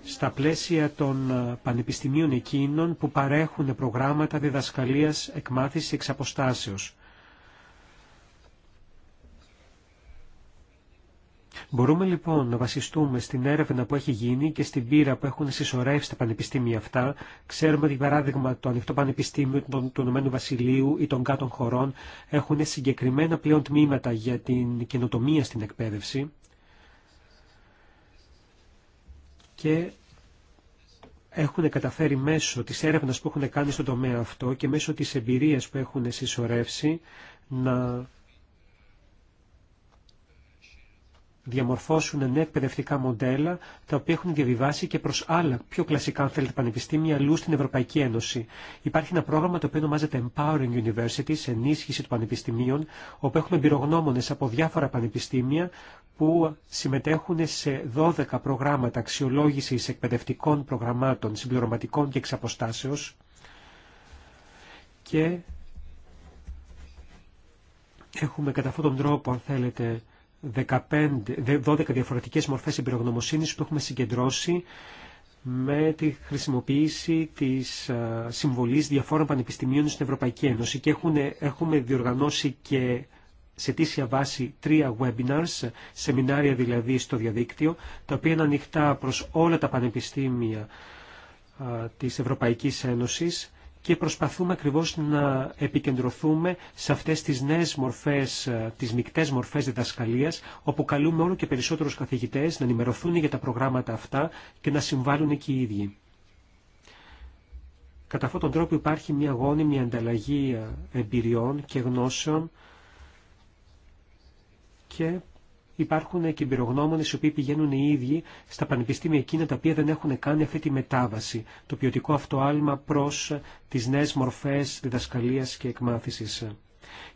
στα πλαίσια των πανεπιστημίων εκείνων που παρέχουν προγράμματα διδασκαλίας εκμάθησης εξ Μπορούμε λοιπόν να βασιστούμε στην έρευνα που έχει γίνει και στην πείρα που έχουν συσσωρεύσει τα πανεπιστήμια αυτά. Ξέρουμε ότι παράδειγμα το Ανοιχτό Πανεπιστήμιο του Ηνωμένου Βασιλείου ή των κάτων χωρών έχουν συγκεκριμένα πλέον τμήματα για την καινοτομία στην εκπαίδευση. Και έχουν καταφέρει μέσω της έρευνας που έχουν κάνει στον τομέα αυτό και μέσω της εμπειρίας που έχουν συσσωρεύσει να διαμορφώσουν νέα εκπαιδευτικά μοντέλα, τα οποία έχουν διαβιβάσει και προς άλλα πιο κλασικά, αν θέλετε, πανεπιστήμια αλλού στην Ευρωπαϊκή Ένωση. Υπάρχει ένα πρόγραμμα το οποίο ονομάζεται Empowering Universities, ενίσχυση των πανεπιστημίων, όπου έχουμε εμπειρογνώμονες από διάφορα πανεπιστήμια που συμμετέχουν σε 12 προγράμματα αξιολόγησης εκπαιδευτικών προγραμμάτων, συμπληρωματικών και εξαποστάσεως και έχουμε κατά αυτόν τον τρόπο, αν θέλετε, 12 διαφορετικές μορφές εμπειρογνωμοσύνης που έχουμε συγκεντρώσει με τη χρησιμοποίηση της ε, συμβολής διαφόρων πανεπιστημίων στην Ευρωπαϊκή Ένωση και έχουν, έχουμε διοργανώσει και σε τήσια βάση τρία webinars, σεμινάρια δηλαδή στο διαδίκτυο, τα οποία είναι ανοιχτά προς όλα τα πανεπιστήμια ε, της Ευρωπαϊκής Ένωσης και προσπαθούμε ακριβώς να επικεντρωθούμε σε αυτές τις νέες μορφές, ε, τις μικτές μορφές διδασκαλίας, όπου καλούμε όλο και περισσότερους καθηγητές να ενημερωθούν για τα προγράμματα αυτά και να συμβάλλουν και οι ίδιοι. Κατά αυτόν τον τρόπο υπάρχει μια γόνιμη ανταλλαγή ε, εμπειριών και γνώσεων και υπάρχουν και εμπειρογνώμονε οι οποίοι πηγαίνουν οι ίδιοι στα πανεπιστήμια εκείνα τα οποία δεν έχουν κάνει αυτή τη μετάβαση, το ποιοτικό αυτό άλμα προ τι νέε μορφέ διδασκαλία και εκμάθηση.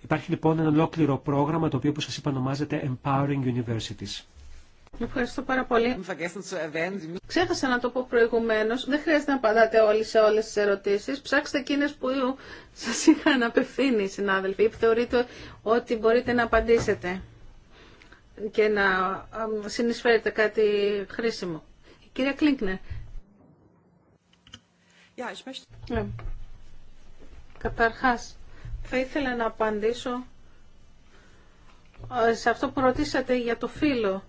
Υπάρχει λοιπόν ένα ολόκληρο πρόγραμμα το οποίο όπως σα είπα ονομάζεται Empowering Universities. Ευχαριστώ πάρα πολύ. Ξέχασα να το πω προηγουμένω. Δεν χρειάζεται να απαντάτε όλοι σε όλε τι ερωτήσει. Ψάξτε εκείνε που σα είχαν απευθύνει οι συνάδελφοι, ή θεωρείτε ότι μπορείτε να απαντήσετε και να συνεισφέρετε κάτι χρήσιμο. Η κυρία Κλίνκνερ. Yeah, yeah. Ναι. Καταρχάς, θα ήθελα να απαντήσω ε, σε αυτό που ρωτήσατε για το φύλλο,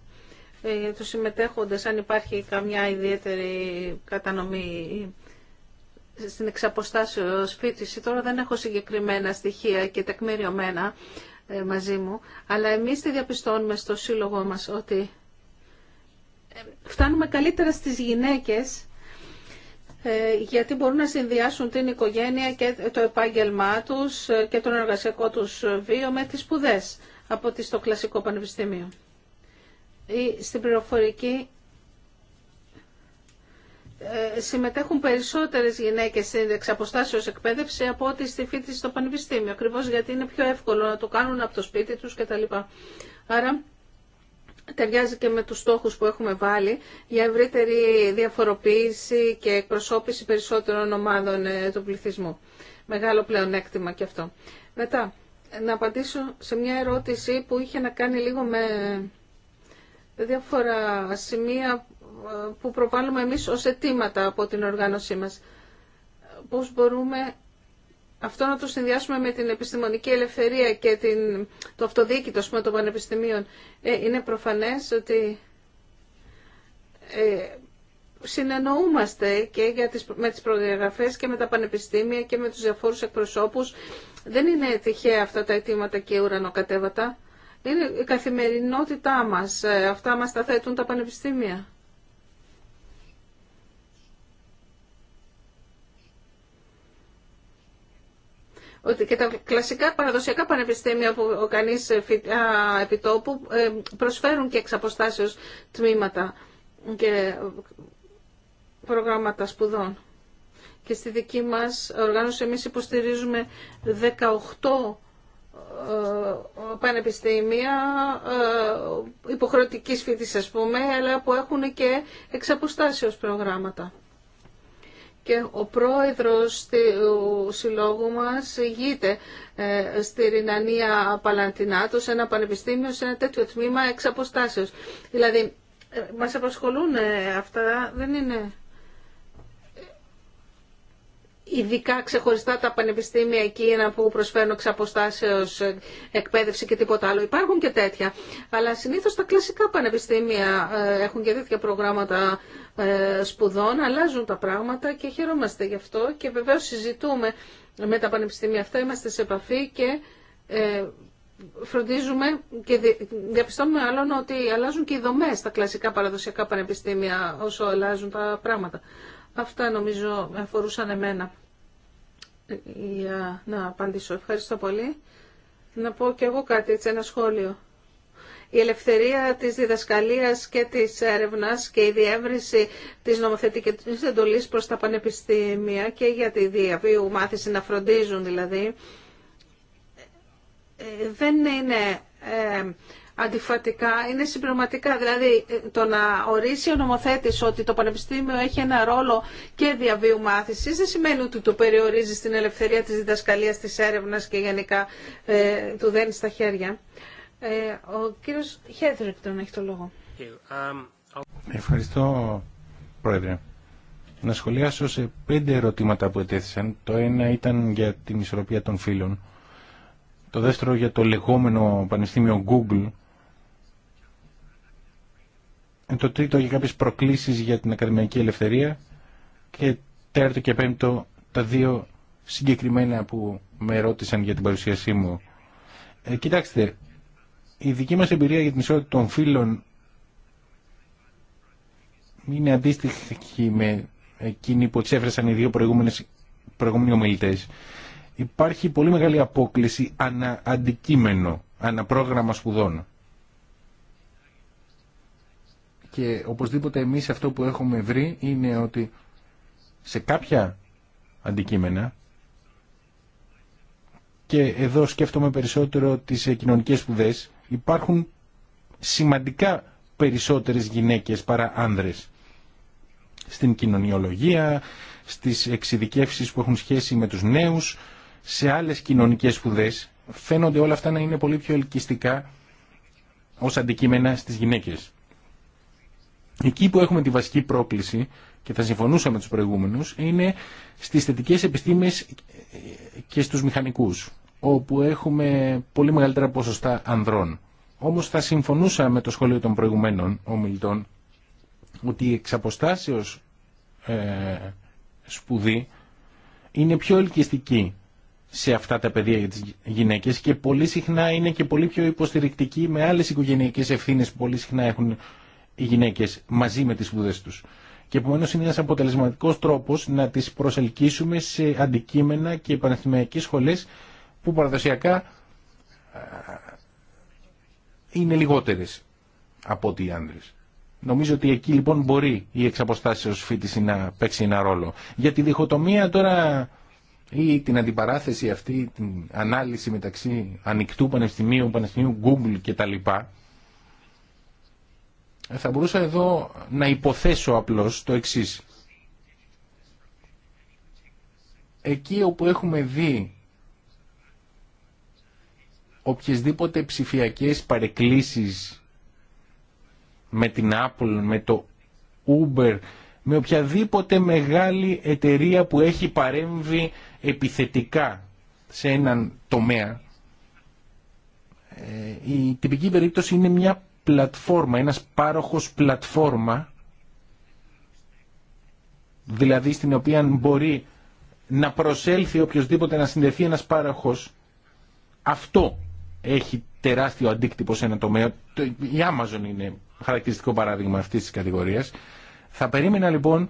ε, για τους συμμετέχοντες, αν υπάρχει καμιά ιδιαίτερη κατανομή στην εξαποστάσεω σπίτι. Τώρα δεν έχω συγκεκριμένα στοιχεία και τεκμηριωμένα, ε, μαζί μου, αλλά εμείς τη διαπιστώνουμε στο σύλλογό μας ότι ε, φτάνουμε καλύτερα στις γυναίκες ε, γιατί μπορούν να συνδυάσουν την οικογένεια και το επάγγελμά τους και τον εργασιακό τους βίο με τις σπουδέ από τη στο κλασικό πανεπιστήμιο. Ή στην πληροφορική ε, συμμετέχουν περισσότερες γυναίκες στην εξαποστάσεως εκπαίδευση από ό,τι στη φοιτηση στο πανεπιστήμιο, ακριβώς γιατί είναι πιο εύκολο να το κάνουν από το σπίτι τους κτλ. Άρα ταιριάζει και με τους στόχους που έχουμε βάλει για ευρύτερη διαφοροποίηση και εκπροσώπηση περισσότερων ομάδων ε, του πληθυσμού. Μεγάλο πλεονέκτημα και αυτό. Μετά, να απαντήσω σε μια ερώτηση που είχε να κάνει λίγο με διάφορα σημεία που προβάλλουμε εμείς ως αιτήματα από την οργάνωσή μας. Πώς μπορούμε αυτό να το συνδυάσουμε με την επιστημονική ελευθερία και την, το αυτοδίκητο πούμε, των πανεπιστημίων. Ε, είναι προφανές ότι ε, συνεννοούμαστε και για τις, με τις προδιαγραφές και με τα πανεπιστήμια και με τους διαφόρους εκπροσώπους. Δεν είναι τυχαία αυτά τα αιτήματα και ουρανοκατέβατα. Είναι η καθημερινότητά μας. Ε, αυτά μας τα θέτουν τα πανεπιστήμια. ότι και τα κλασικά παραδοσιακά πανεπιστήμια που ο ε, επιτόπου ε, προσφέρουν και εξ αποστάσεως τμήματα και προγράμματα σπουδών. Και στη δική μας οργάνωση εμείς υποστηρίζουμε 18 ε, πανεπιστήμια υποχρεωτικής φοιτής ας πούμε, αλλά που έχουν και εξ αποστάσεως προγράμματα και ο πρόεδρος του συλλόγου μας ηγείται ε, στη Ρινανία Παλαντινάτου σε ένα πανεπιστήμιο, σε ένα τέτοιο τμήμα εξ αποστάσεως. Δηλαδή, ε, μας απασχολούν ε, αυτά, δεν είναι ειδικά ξεχωριστά τα πανεπιστήμια εκείνα που προσφέρουν εξ αποστάσεως ε, εκπαίδευση και τίποτα άλλο. Υπάρχουν και τέτοια. Αλλά συνήθως τα κλασικά πανεπιστήμια ε, έχουν και τέτοια προγράμματα ε, σπουδών, αλλάζουν τα πράγματα και χαιρόμαστε γι' αυτό και βεβαίως συζητούμε με τα πανεπιστήμια αυτά, είμαστε σε επαφή και φροντίζουμε και διαπιστώνουμε άλλον ότι αλλάζουν και οι δομές στα κλασικά παραδοσιακά πανεπιστήμια όσο αλλάζουν τα πράγματα. Αυτά νομίζω αφορούσαν εμένα για να απαντήσω. Ευχαριστώ πολύ. Να πω και εγώ κάτι, έτσι ένα σχόλιο. Η ελευθερία της διδασκαλίας και της έρευνας και η διεύρυνση της νομοθετικής εντολής προς τα πανεπιστήμια και για τη διαβίου μάθηση να φροντίζουν δηλαδή, ε, δεν είναι ε, αντιφατικά, είναι συμπληρωματικά. Δηλαδή ε, το να ορίσει ο νομοθέτης ότι το πανεπιστήμιο έχει ένα ρόλο και διαβίου μάθηση, δεν σημαίνει ότι το περιορίζει στην ελευθερία τη διδασκαλία τη έρευνα και γενικά ε, του δένει στα χέρια. Ε, ο κύριο Χέδρικ τον έχει το λόγο. Ευχαριστώ, Πρόεδρε. Να σχολιάσω σε πέντε ερωτήματα που ετέθησαν. Το ένα ήταν για την ισορροπία των φύλων. Το δεύτερο για το λεγόμενο πανεπιστήμιο Google ε, το τρίτο για κάποιες προκλήσεις για την ακαδημαϊκή ελευθερία και τέταρτο και πέμπτο τα δύο συγκεκριμένα που με ρώτησαν για την παρουσίασή μου. Ε, κοιτάξτε, η δική μας εμπειρία για την ισότητα των φύλων είναι αντίστοιχη με εκείνη που εξέφρασαν οι δύο προηγούμενες, προηγούμενοι ομιλητές. Υπάρχει πολύ μεγάλη απόκληση ανά αντικείμενο, ανά πρόγραμμα σπουδών και οπωσδήποτε εμείς αυτό που έχουμε βρει είναι ότι σε κάποια αντικείμενα και εδώ σκέφτομαι περισσότερο τις κοινωνικές σπουδέ, υπάρχουν σημαντικά περισσότερες γυναίκες παρά άνδρες στην κοινωνιολογία, στις εξειδικεύσεις που έχουν σχέση με τους νέους, σε άλλες κοινωνικές σπουδέ. φαίνονται όλα αυτά να είναι πολύ πιο ελκυστικά ως αντικείμενα στις γυναίκες. Εκεί που έχουμε τη βασική πρόκληση, και θα συμφωνούσα με τους προηγούμενους, είναι στις θετικές επιστήμες και στους μηχανικούς, όπου έχουμε πολύ μεγαλύτερα ποσοστά ανδρών. Όμως θα συμφωνούσα με το σχολείο των προηγουμένων ομιλητών ότι η εξαποστάσεως ε, σπουδή είναι πιο ελκυστική σε αυτά τα παιδεία για τις γυναίκες και πολύ συχνά είναι και πολύ πιο υποστηρικτική με άλλες οικογενειακές ευθύνες που πολύ συχνά έχουν οι γυναίκες μαζί με τι σπουδέ του. Και επομένω είναι ένας αποτελεσματικός τρόπος να τις προσελκύσουμε σε αντικείμενα και πανεπιστημιακές σχολέ που παραδοσιακά ε, είναι λιγότερε από ότι οι άνδρες. Νομίζω ότι εκεί λοιπόν μπορεί η ω φίτηση να παίξει ένα ρόλο. Για τη διχοτομία τώρα ή την αντιπαράθεση αυτή, την ανάλυση μεταξύ ανοιχτού πανεπιστημίου, πανεπιστημίου Google κτλ. Θα μπορούσα εδώ να υποθέσω απλώς το εξής. Εκεί όπου έχουμε δει οποιασδήποτε ψηφιακές παρεκκλήσεις με την Apple, με το Uber, με οποιαδήποτε μεγάλη εταιρεία που έχει παρέμβει επιθετικά σε έναν τομέα. Ε, η τυπική περίπτωση είναι μια πλατφόρμα, ένας πάροχος πλατφόρμα, δηλαδή στην οποία μπορεί να προσέλθει οποιοδήποτε να συνδεθεί ένας πάροχος, αυτό έχει τεράστιο αντίκτυπο σε ένα τομέα. Η Amazon είναι χαρακτηριστικό παράδειγμα αυτής της κατηγορίας. Θα περίμενα λοιπόν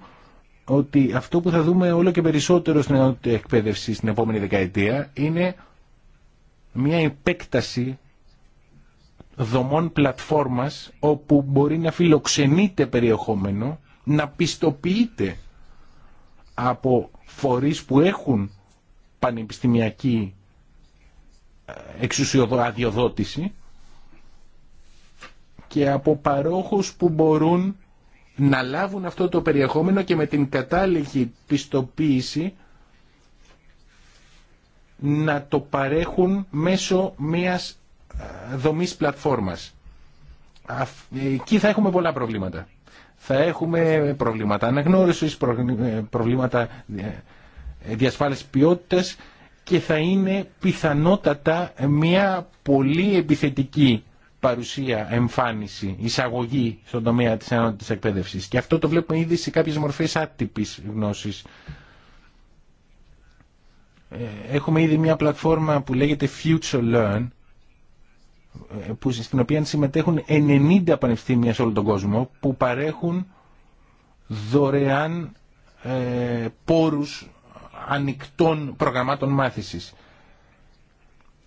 ότι αυτό που θα δούμε όλο και περισσότερο στην εκπαίδευση στην επόμενη δεκαετία είναι μια επέκταση δομών πλατφόρμας όπου μπορεί να φιλοξενείται περιεχόμενο, να πιστοποιείται από φορείς που έχουν πανεπιστημιακή ε, αδειοδότηση και από παρόχους που μπορούν να λάβουν αυτό το περιεχόμενο και με την κατάλληλη πιστοποίηση να το παρέχουν μέσω μιας δομής πλατφόρμας. Εκεί θα έχουμε πολλά προβλήματα. Θα έχουμε προβλήματα αναγνώρισης, ε, προβλήματα ε, διασφάλισης ποιότητας και θα είναι πιθανότατα μια πολύ επιθετική παρουσία, εμφάνιση, εισαγωγή στον τομέα της ανώτητης εκπαίδευσης. Και αυτό το βλέπουμε ήδη σε κάποιες μορφές άτυπης γνώσης. Ε, έχουμε ήδη μια πλατφόρμα που λέγεται Future Learn, που, στην οποία συμμετέχουν 90 πανεπιστήμια σε όλο τον κόσμο που παρέχουν δωρεάν ε, πόρους ανοιχτών προγραμμάτων μάθησης.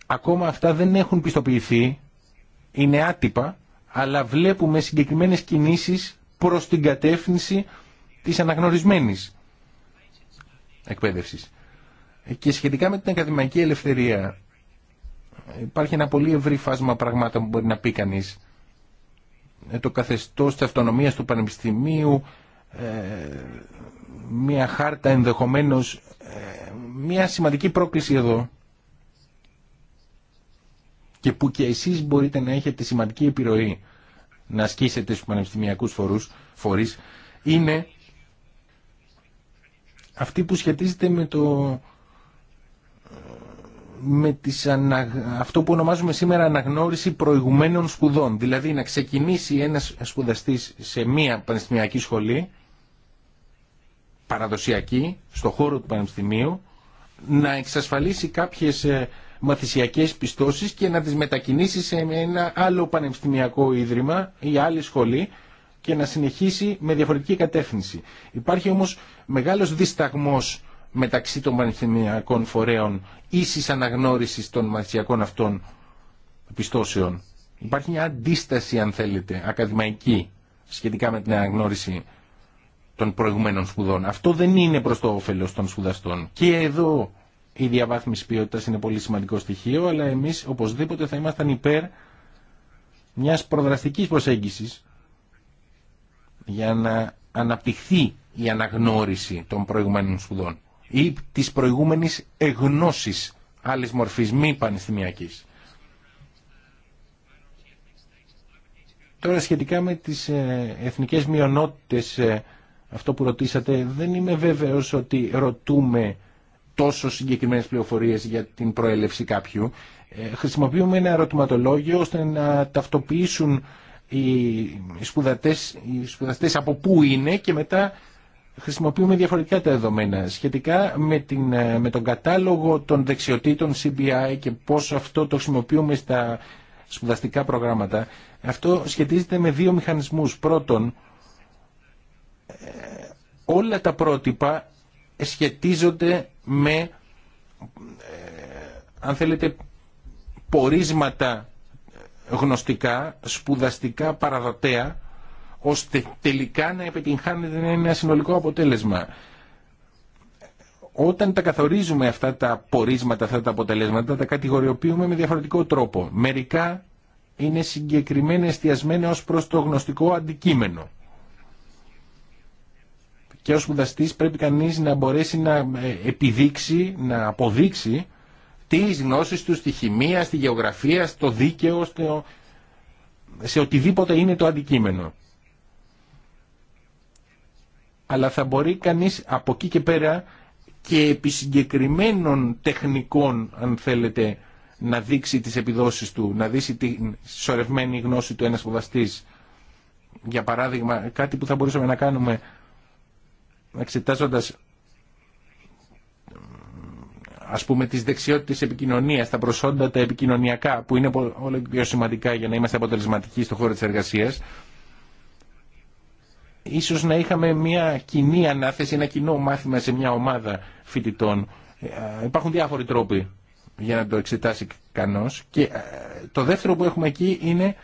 Ακόμα αυτά δεν έχουν πιστοποιηθεί, είναι άτυπα, αλλά βλέπουμε συγκεκριμένες κινήσεις προς την κατεύθυνση της αναγνωρισμένης εκπαίδευσης. Και σχετικά με την ακαδημαϊκή ελευθερία, Υπάρχει ένα πολύ ευρύ φάσμα πραγμάτων που μπορεί να πει κανείς. Ε, το καθεστώς της αυτονομίας του πανεπιστημίου, ε, μια χάρτα ενδεχομένως, ε, μια σημαντική πρόκληση εδώ και που και εσείς μπορείτε να έχετε σημαντική επιρροή να ασκήσετε στους πανεπιστημιακούς φορούς, φορείς είναι αυτή που σχετίζεται με το με τις αυτό που ονομάζουμε σήμερα αναγνώριση προηγουμένων σπουδών. Δηλαδή να ξεκινήσει ένας σπουδαστής σε μία πανεπιστημιακή σχολή, παραδοσιακή, στο χώρο του πανεπιστημίου, να εξασφαλίσει κάποιες ε, μαθησιακές πιστώσεις και να τις μετακινήσει σε ένα άλλο πανεπιστημιακό ίδρυμα ή άλλη σχολή και να συνεχίσει με διαφορετική κατεύθυνση. Υπάρχει όμως μεγάλος δισταγμός μεταξύ των πανεπιστημιακών φορέων ίσης αναγνώρισης των μαθησιακών αυτών πιστώσεων. Υπάρχει μια αντίσταση, αν θέλετε, ακαδημαϊκή σχετικά με την αναγνώριση των προηγουμένων σπουδών. Αυτό δεν είναι προς το όφελος των σπουδαστών. Και εδώ η διαβάθμιση ποιότητας είναι πολύ σημαντικό στοιχείο, αλλά εμείς οπωσδήποτε θα ήμασταν υπέρ μιας προδραστικής προσέγγισης για να αναπτυχθεί η αναγνώριση των προηγουμένων σπουδών ή της προηγούμενης εγνώσης άλλης μορφής μη Τώρα σχετικά με τις ε, εθνικές μειονότητες, ε, αυτό που ρωτήσατε, δεν είμαι βέβαιος ότι ρωτούμε τόσο συγκεκριμένες πληροφορίες για την προέλευση κάποιου. Ε, χρησιμοποιούμε ένα ερωτηματολόγιο ώστε να ταυτοποιήσουν οι σπουδατές, οι σπουδαστές από πού είναι και μετά χρησιμοποιούμε διαφορετικά τα δεδομένα σχετικά με, την, ε, με τον κατάλογο των δεξιοτήτων CBI και πώς αυτό το χρησιμοποιούμε στα σπουδαστικά προγράμματα. Αυτό σχετίζεται με δύο μηχανισμούς. Πρώτον, ε, όλα τα πρότυπα σχετίζονται με ε, αν θέλετε πορίσματα γνωστικά, σπουδαστικά, παραδοτέα ώστε τελικά να επιτυγχάνεται ένα συνολικό αποτέλεσμα. Όταν τα καθορίζουμε αυτά τα πορίσματα, αυτά τα αποτελέσματα, τα κατηγοριοποιούμε με διαφορετικό τρόπο. Μερικά είναι συγκεκριμένα εστιασμένα ως προς το γνωστικό αντικείμενο. Και ως σπουδαστή πρέπει κανείς να μπορέσει να ε, επιδείξει, να αποδείξει τις γνώσεις του στη χημεία, στη γεωγραφία, στο δίκαιο, στο... σε οτιδήποτε είναι το αντικείμενο αλλά θα μπορεί κανείς από εκεί και πέρα και επί συγκεκριμένων τεχνικών, αν θέλετε, να δείξει τις επιδόσεις του, να δείξει τη σωρευμένη γνώση του ένας φοβαστής. Για παράδειγμα, κάτι που θα μπορούσαμε να κάνουμε εξετάζοντας ας πούμε τις δεξιότητες επικοινωνίας, τα προσόντα τα επικοινωνιακά που είναι όλο και πιο σημαντικά για να είμαστε αποτελεσματικοί στον χώρο της εργασίας ίσως να είχαμε μια κοινή ανάθεση, ένα κοινό μάθημα σε μια ομάδα φοιτητών. Ε, υπάρχουν διάφοροι τρόποι για να το εξετάσει κανός και ε, το δεύτερο που έχουμε εκεί είναι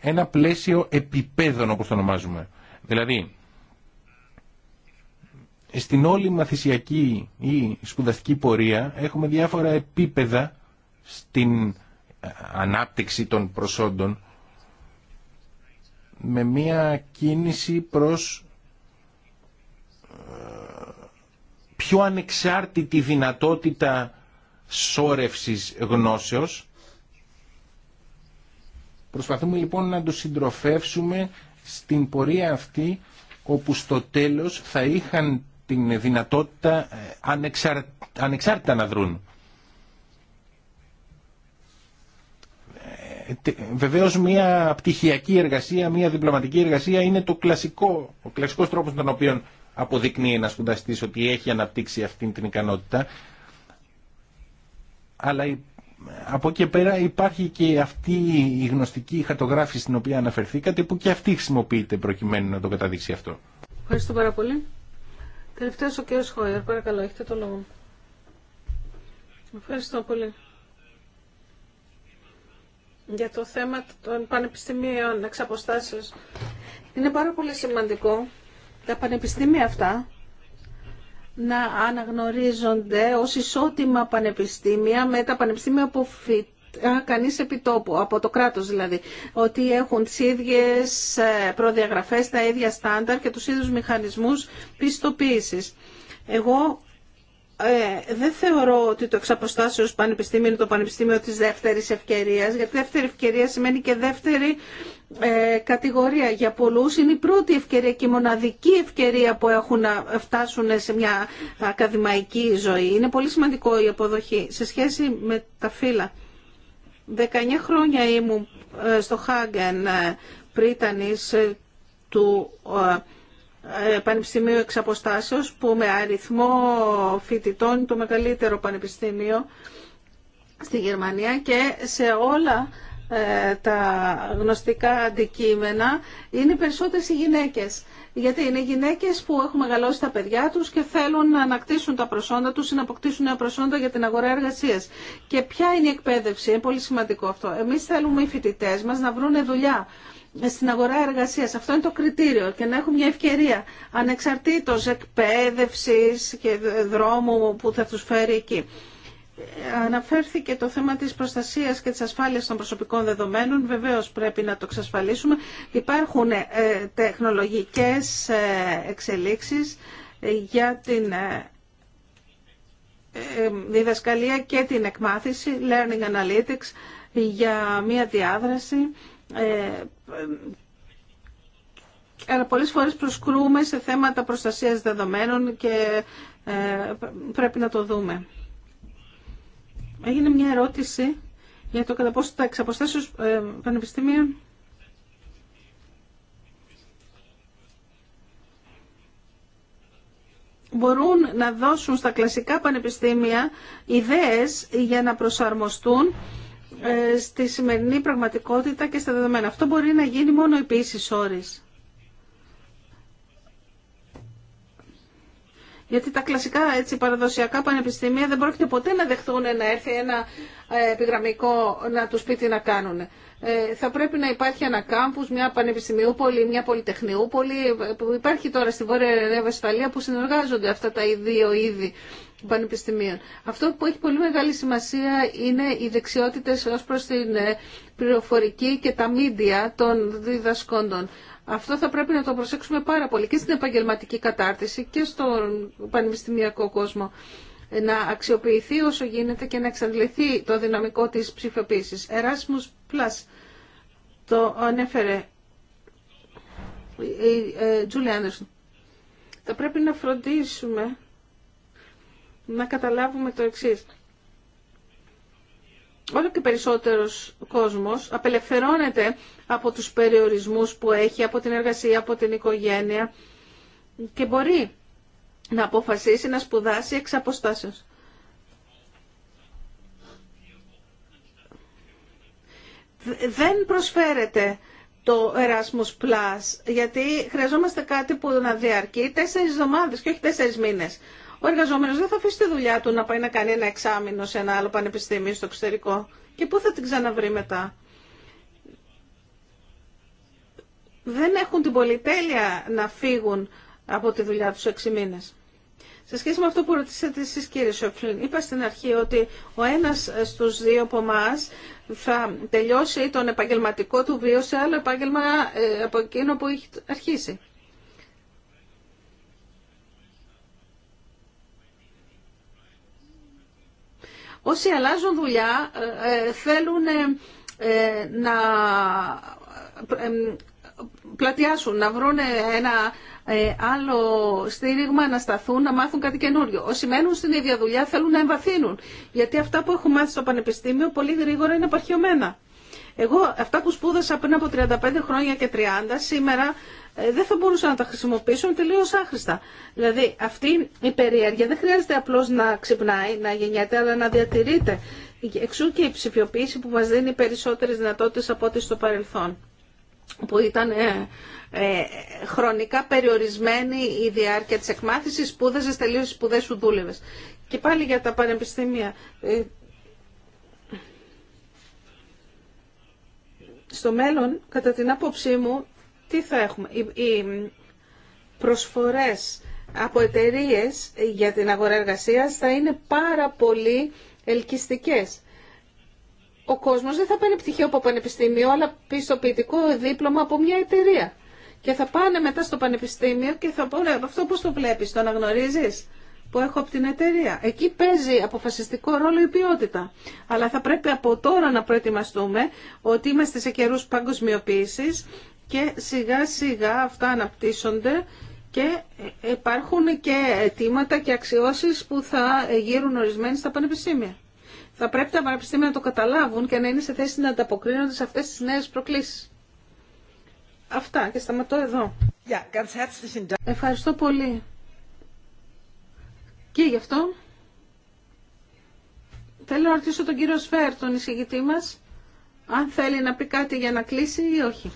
ένα πλαίσιο επιπέδων όπως το ονομάζουμε. Δηλαδή, στην όλη μαθησιακή ή σπουδαστική πορεία έχουμε διάφορα επίπεδα στην ε, ανάπτυξη των προσόντων με μια κίνηση προς ε, πιο ανεξάρτητη δυνατότητα σόρευσης γνώσεως. Προσπαθούμε λοιπόν να το συντροφεύσουμε στην πορεία αυτή όπου στο τέλος θα είχαν την δυνατότητα ε, ανεξάρτητα να δρουν. Ε, Βεβαίω, μια πτυχιακή εργασία, μια διπλωματική εργασία είναι το κλασικό, ο κλασικός τρόπος τον οποίο αποδεικνύει ένας σπουδαστή ότι έχει αναπτύξει αυτή την ικανότητα. Αλλά από εκεί πέρα υπάρχει και αυτή η γνωστική χαρτογράφηση στην οποία αναφερθήκατε που και αυτή χρησιμοποιείται προκειμένου να το καταδείξει αυτό. Ευχαριστώ πάρα πολύ. Τελευταίος ο κ. Χόιερ, παρακαλώ, έχετε το λόγο. Ευχαριστώ πολύ για το θέμα των πανεπιστημίων εξ αποστάσεως. Είναι πάρα πολύ σημαντικό τα πανεπιστήμια αυτά να αναγνωρίζονται ως ισότιμα πανεπιστήμια με τα πανεπιστήμια που φυτά κανείς επιτόπου, από το κράτος δηλαδή, ότι έχουν τις ίδιες ε, προδιαγραφές, τα ίδια στάνταρ και τους ίδιους μηχανισμούς πιστοποίησης. Εγώ ε, δεν θεωρώ ότι το εξαποστάσεως πανεπιστήμιο είναι το πανεπιστήμιο της δεύτερης ευκαιρίας, γιατί δεύτερη ευκαιρία σημαίνει και δεύτερη ε, κατηγορία. Για πολλούς είναι η πρώτη ευκαιρία και η μοναδική ευκαιρία που έχουν να φτάσουν σε μια ακαδημαϊκή ζωή. Είναι πολύ σημαντικό η αποδοχή σε σχέση με τα φύλλα. 19 χρόνια ήμουν ε, στο Χάγκεν ε, Πρίτανης του ε, πανεπιστημίου εξ που με αριθμό φοιτητών είναι το μεγαλύτερο πανεπιστήμιο στη Γερμανία και σε όλα ε, τα γνωστικά αντικείμενα είναι περισσότερες οι γυναίκες. Γιατί είναι γυναίκες που έχουν μεγαλώσει τα παιδιά τους και θέλουν να ανακτήσουν τα προσόντα τους ή να αποκτήσουν νέα προσόντα για την αγορά εργασίας. Και ποια είναι η εκπαίδευση, είναι πολύ σημαντικό αυτό. Εμείς θέλουμε οι φοιτητέ μας να βρουν δουλειά στην αγορά εργασίας. Αυτό είναι το κριτήριο και να έχουν μια ευκαιρία ανεξαρτήτως εκπαίδευσης και δρόμου που θα τους φέρει εκεί. Αναφέρθηκε το θέμα της προστασίας και της ασφάλειας των προσωπικών δεδομένων. Βεβαίως πρέπει να το εξασφαλίσουμε. Υπάρχουν ε, τεχνολογικές ε, εξελίξεις ε, για την διδασκαλία και την εκμάθηση, learning analytics, για μια διάδραση ε, αλλά πολλές φορές προσκρούμε σε θέματα προστασίας δεδομένων και ε, πρέπει να το δούμε. Έγινε μια ερώτηση για το κατά πόσο τα εξαποστάσεως ε, πανεπιστήμιων μπορούν να δώσουν στα κλασικά πανεπιστήμια ιδέες για να προσαρμοστούν ε, στη σημερινή πραγματικότητα και στα δεδομένα. Αυτό μπορεί να γίνει μόνο επίσης όρης. Γιατί τα κλασικά έτσι, παραδοσιακά πανεπιστήμια δεν πρόκειται ποτέ να δεχτούν να έρθει ένα ε, επιγραμμικό να του πει τι να κάνουν. Ε, θα πρέπει να υπάρχει ένα κάμπους, μια πανεπιστημιούπολη, μια πολυτεχνιούπολη ε, που υπάρχει τώρα στη Βόρεια Νέα που συνεργάζονται αυτά τα δύο είδη πανεπιστημίων. Αυτό που έχει πολύ μεγάλη σημασία είναι οι δεξιότητες ως προς την πληροφορική και τα μίντια των διδασκόντων. Αυτό θα πρέπει να το προσέξουμε πάρα πολύ και στην επαγγελματική κατάρτιση και στον πανεπιστημιακό κόσμο να αξιοποιηθεί όσο γίνεται και να εξαντληθεί το δυναμικό της ψηφιοποίησης. Erasmus Plus το ανέφερε η Τζούλη ε, Άντερσον. Θα πρέπει να φροντίσουμε να καταλάβουμε το εξής. Όλο και περισσότερος κόσμος απελευθερώνεται από τους περιορισμούς που έχει, από την εργασία, από την οικογένεια και μπορεί να αποφασίσει να σπουδάσει εξ αποστάσεως. Δεν προσφέρεται το Erasmus Plus, γιατί χρειαζόμαστε κάτι που να διαρκεί τέσσερις εβδομάδες και όχι τέσσερις μήνες. Ο εργαζόμενος δεν θα αφήσει τη δουλειά του να πάει να κάνει ένα εξάμεινο σε ένα άλλο πανεπιστήμιο στο εξωτερικό. Και πού θα την ξαναβρει μετά. Δεν έχουν την πολυτέλεια να φύγουν από τη δουλειά τους έξι μήνες. Σε σχέση με αυτό που ρωτήσατε εσεί κύριε Σόφλιν, είπα στην αρχή ότι ο ένας στους δύο από εμά θα τελειώσει τον επαγγελματικό του βίο σε άλλο επάγγελμα ε, από εκείνο που έχει αρχίσει. Όσοι αλλάζουν δουλειά ε, ε, θέλουν να πλατιάσουν, να βρουν ένα ε, άλλο στήριγμα να σταθούν, να μάθουν κάτι καινούριο. Όσοι μένουν στην ίδια δουλειά θέλουν να εμβαθύνουν, γιατί αυτά που έχουν μάθει στο πανεπιστήμιο πολύ γρήγορα είναι απαρχιωμένα. Εγώ αυτά που σπούδασα πριν από 35 χρόνια και 30 σήμερα ε, δεν θα μπορούσα να τα χρησιμοποιήσω, είναι τελείως άχρηστα. Δηλαδή αυτή η περιέργεια δεν χρειάζεται απλώς να ξυπνάει, να γεννιέται, αλλά να διατηρείται. Εξού και η ψηφιοποίηση που μας δίνει περισσότερες δυνατότητες από ό,τι στο παρελθόν που ήταν ε, ε, χρονικά περιορισμένη η διάρκεια της εκμάθησης, σπούδαζες, τελείωσες σπουδέ σου δούλευε. Και πάλι για τα πανεπιστήμια. Ε, στο μέλλον, κατά την άποψή μου, τι θα έχουμε. Οι προσφορές από εταιρείε για την αγορά εργασίας θα είναι πάρα πολύ ελκυστικές. Ο κόσμος δεν θα παίρνει πτυχίο από πανεπιστήμιο, αλλά πιστοποιητικό δίπλωμα από μια εταιρεία. Και θα πάνε μετά στο πανεπιστήμιο και θα πούνε αυτό πώς το βλέπεις, το αναγνωρίζεις που έχω από την εταιρεία. Εκεί παίζει αποφασιστικό ρόλο η ποιότητα. Αλλά θα πρέπει από τώρα να προετοιμαστούμε ότι είμαστε σε καιρούς παγκοσμιοποίηση και σιγά σιγά αυτά αναπτύσσονται και υπάρχουν και αιτήματα και αξιώσεις που θα γύρουν ορισμένοι στα πανεπιστήμια. Θα πρέπει τα πανεπιστήμια να το καταλάβουν και να είναι σε θέση να ανταποκρίνονται σε αυτές τις νέες προκλήσεις. Αυτά και σταματώ εδώ. Ευχαριστώ πολύ. Και γι' αυτό θέλω να ρωτήσω τον κύριο Σφέρ, τον εισηγητή μας, αν θέλει να πει κάτι για να κλείσει ή όχι.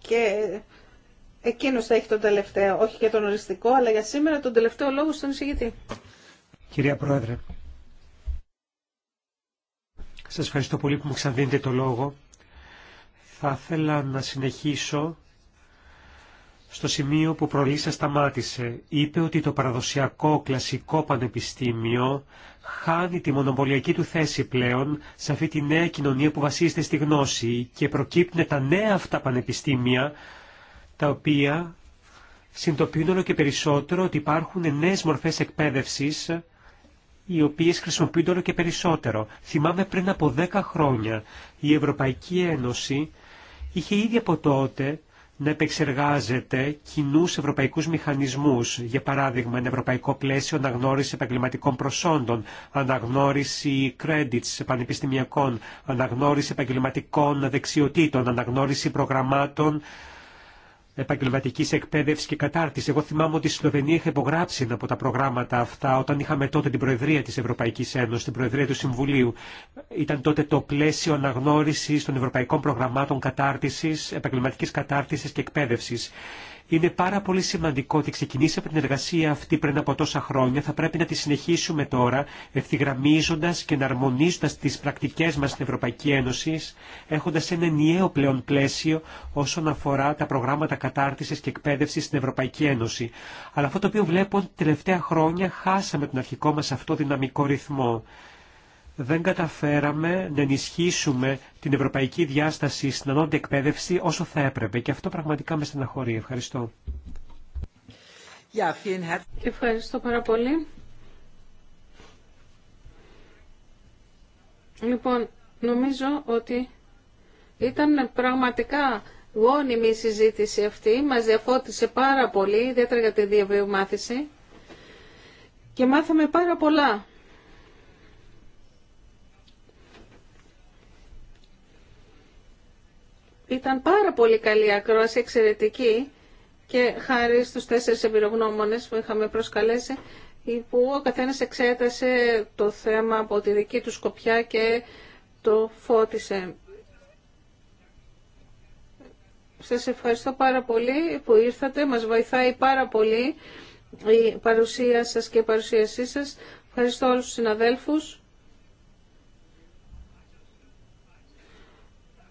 Και εκείνος θα έχει τον τελευταίο, όχι για τον οριστικό, αλλά για σήμερα τον τελευταίο λόγο στον εισηγητή. Κυρία Πρόεδρε, σας ευχαριστώ πολύ που μου ξαναδίνετε το λόγο. Θα ήθελα να συνεχίσω στο σημείο που προλύσα σταμάτησε. Είπε ότι το παραδοσιακό κλασικό πανεπιστήμιο χάνει τη μονοπωλιακή του θέση πλέον σε αυτή τη νέα κοινωνία που βασίζεται στη γνώση και προκύπτουν τα νέα αυτά πανεπιστήμια τα οποία συντοποιούν όλο και περισσότερο ότι υπάρχουν νέες μορφές εκπαίδευσης οι οποίες χρησιμοποιούνται όλο και περισσότερο. Θυμάμαι πριν από 10 χρόνια η Ευρωπαϊκή Ένωση είχε ήδη από τότε να επεξεργάζεται κοινού ευρωπαϊκού μηχανισμού. Για παράδειγμα, ένα ευρωπαϊκό πλαίσιο αναγνώριση επαγγελματικών προσόντων, αναγνώριση credits πανεπιστημιακών, αναγνώριση επαγγελματικών δεξιοτήτων, αναγνώριση προγραμμάτων επαγγελματική εκπαίδευση και κατάρτιση. Εγώ θυμάμαι ότι η Σλοβενία είχε υπογράψει ένα από τα προγράμματα αυτά όταν είχαμε τότε την Προεδρία τη Ευρωπαϊκή Ένωση, την Προεδρία του Συμβουλίου. Ήταν τότε το πλαίσιο αναγνώριση των ευρωπαϊκών προγραμμάτων κατάρτιση, επαγγελματική κατάρτιση και εκπαίδευση. Είναι πάρα πολύ σημαντικό ότι ξεκινήσαμε την εργασία αυτή πριν από τόσα χρόνια. Θα πρέπει να τη συνεχίσουμε τώρα, ευθυγραμμίζοντα και να εναρμονίζοντα τι πρακτικέ μα στην Ευρωπαϊκή Ένωση, έχοντα ένα ενιαίο πλέον πλαίσιο όσον αφορά τα προγράμματα κατάρτιση και εκπαίδευση στην Ευρωπαϊκή Ένωση. Αλλά αυτό το οποίο βλέπω τελευταία χρόνια χάσαμε τον αρχικό μα αυτό δυναμικό ρυθμό δεν καταφέραμε να ενισχύσουμε την ευρωπαϊκή διάσταση στην ανώτερη εκπαίδευση όσο θα έπρεπε. Και αυτό πραγματικά με στεναχωρεί. Ευχαριστώ. Ευχαριστώ πάρα πολύ. Λοιπόν, νομίζω ότι ήταν πραγματικά γόνιμη η συζήτηση αυτή. Μας διαφώτισε πάρα πολύ, ιδιαίτερα για τη διαβίου Και μάθαμε πάρα πολλά Ήταν πάρα πολύ καλή ακρόαση, εξαιρετική και χάρη στους τέσσερις εμπειρογνώμονες που είχαμε προσκαλέσει που ο καθένας εξέτασε το θέμα από τη δική του σκοπιά και το φώτισε. Σας ευχαριστώ πάρα πολύ που ήρθατε. Μας βοηθάει πάρα πολύ η παρουσία σας και η παρουσίασή σας. Ευχαριστώ όλους τους συναδέλφους.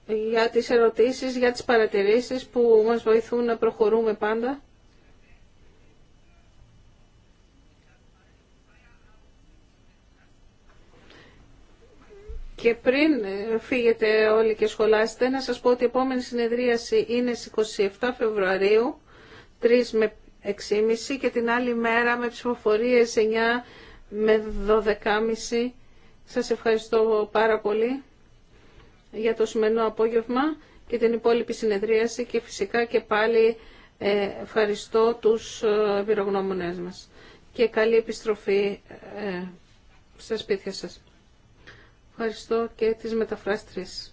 για τις ερωτήσεις, για τις παρατηρήσεις που μας βοηθούν να προχωρούμε πάντα. Και πριν ε, φύγετε όλοι και σχολάστε, να σας πω ότι η επόμενη συνεδρίαση είναι στις 27 Φεβρουαρίου, 3 με 6.30 και την άλλη μέρα με ψηφοφορίες 9 με 12.30. Σας ευχαριστώ πάρα πολύ για το σημερινό απόγευμα και την υπόλοιπη συνεδρίαση και φυσικά και πάλι ε, ευχαριστώ τους ε, πυρογνώμονές μας και καλή επιστροφή ε, στα σπίτια σας. Ευχαριστώ και τις μεταφράστριες.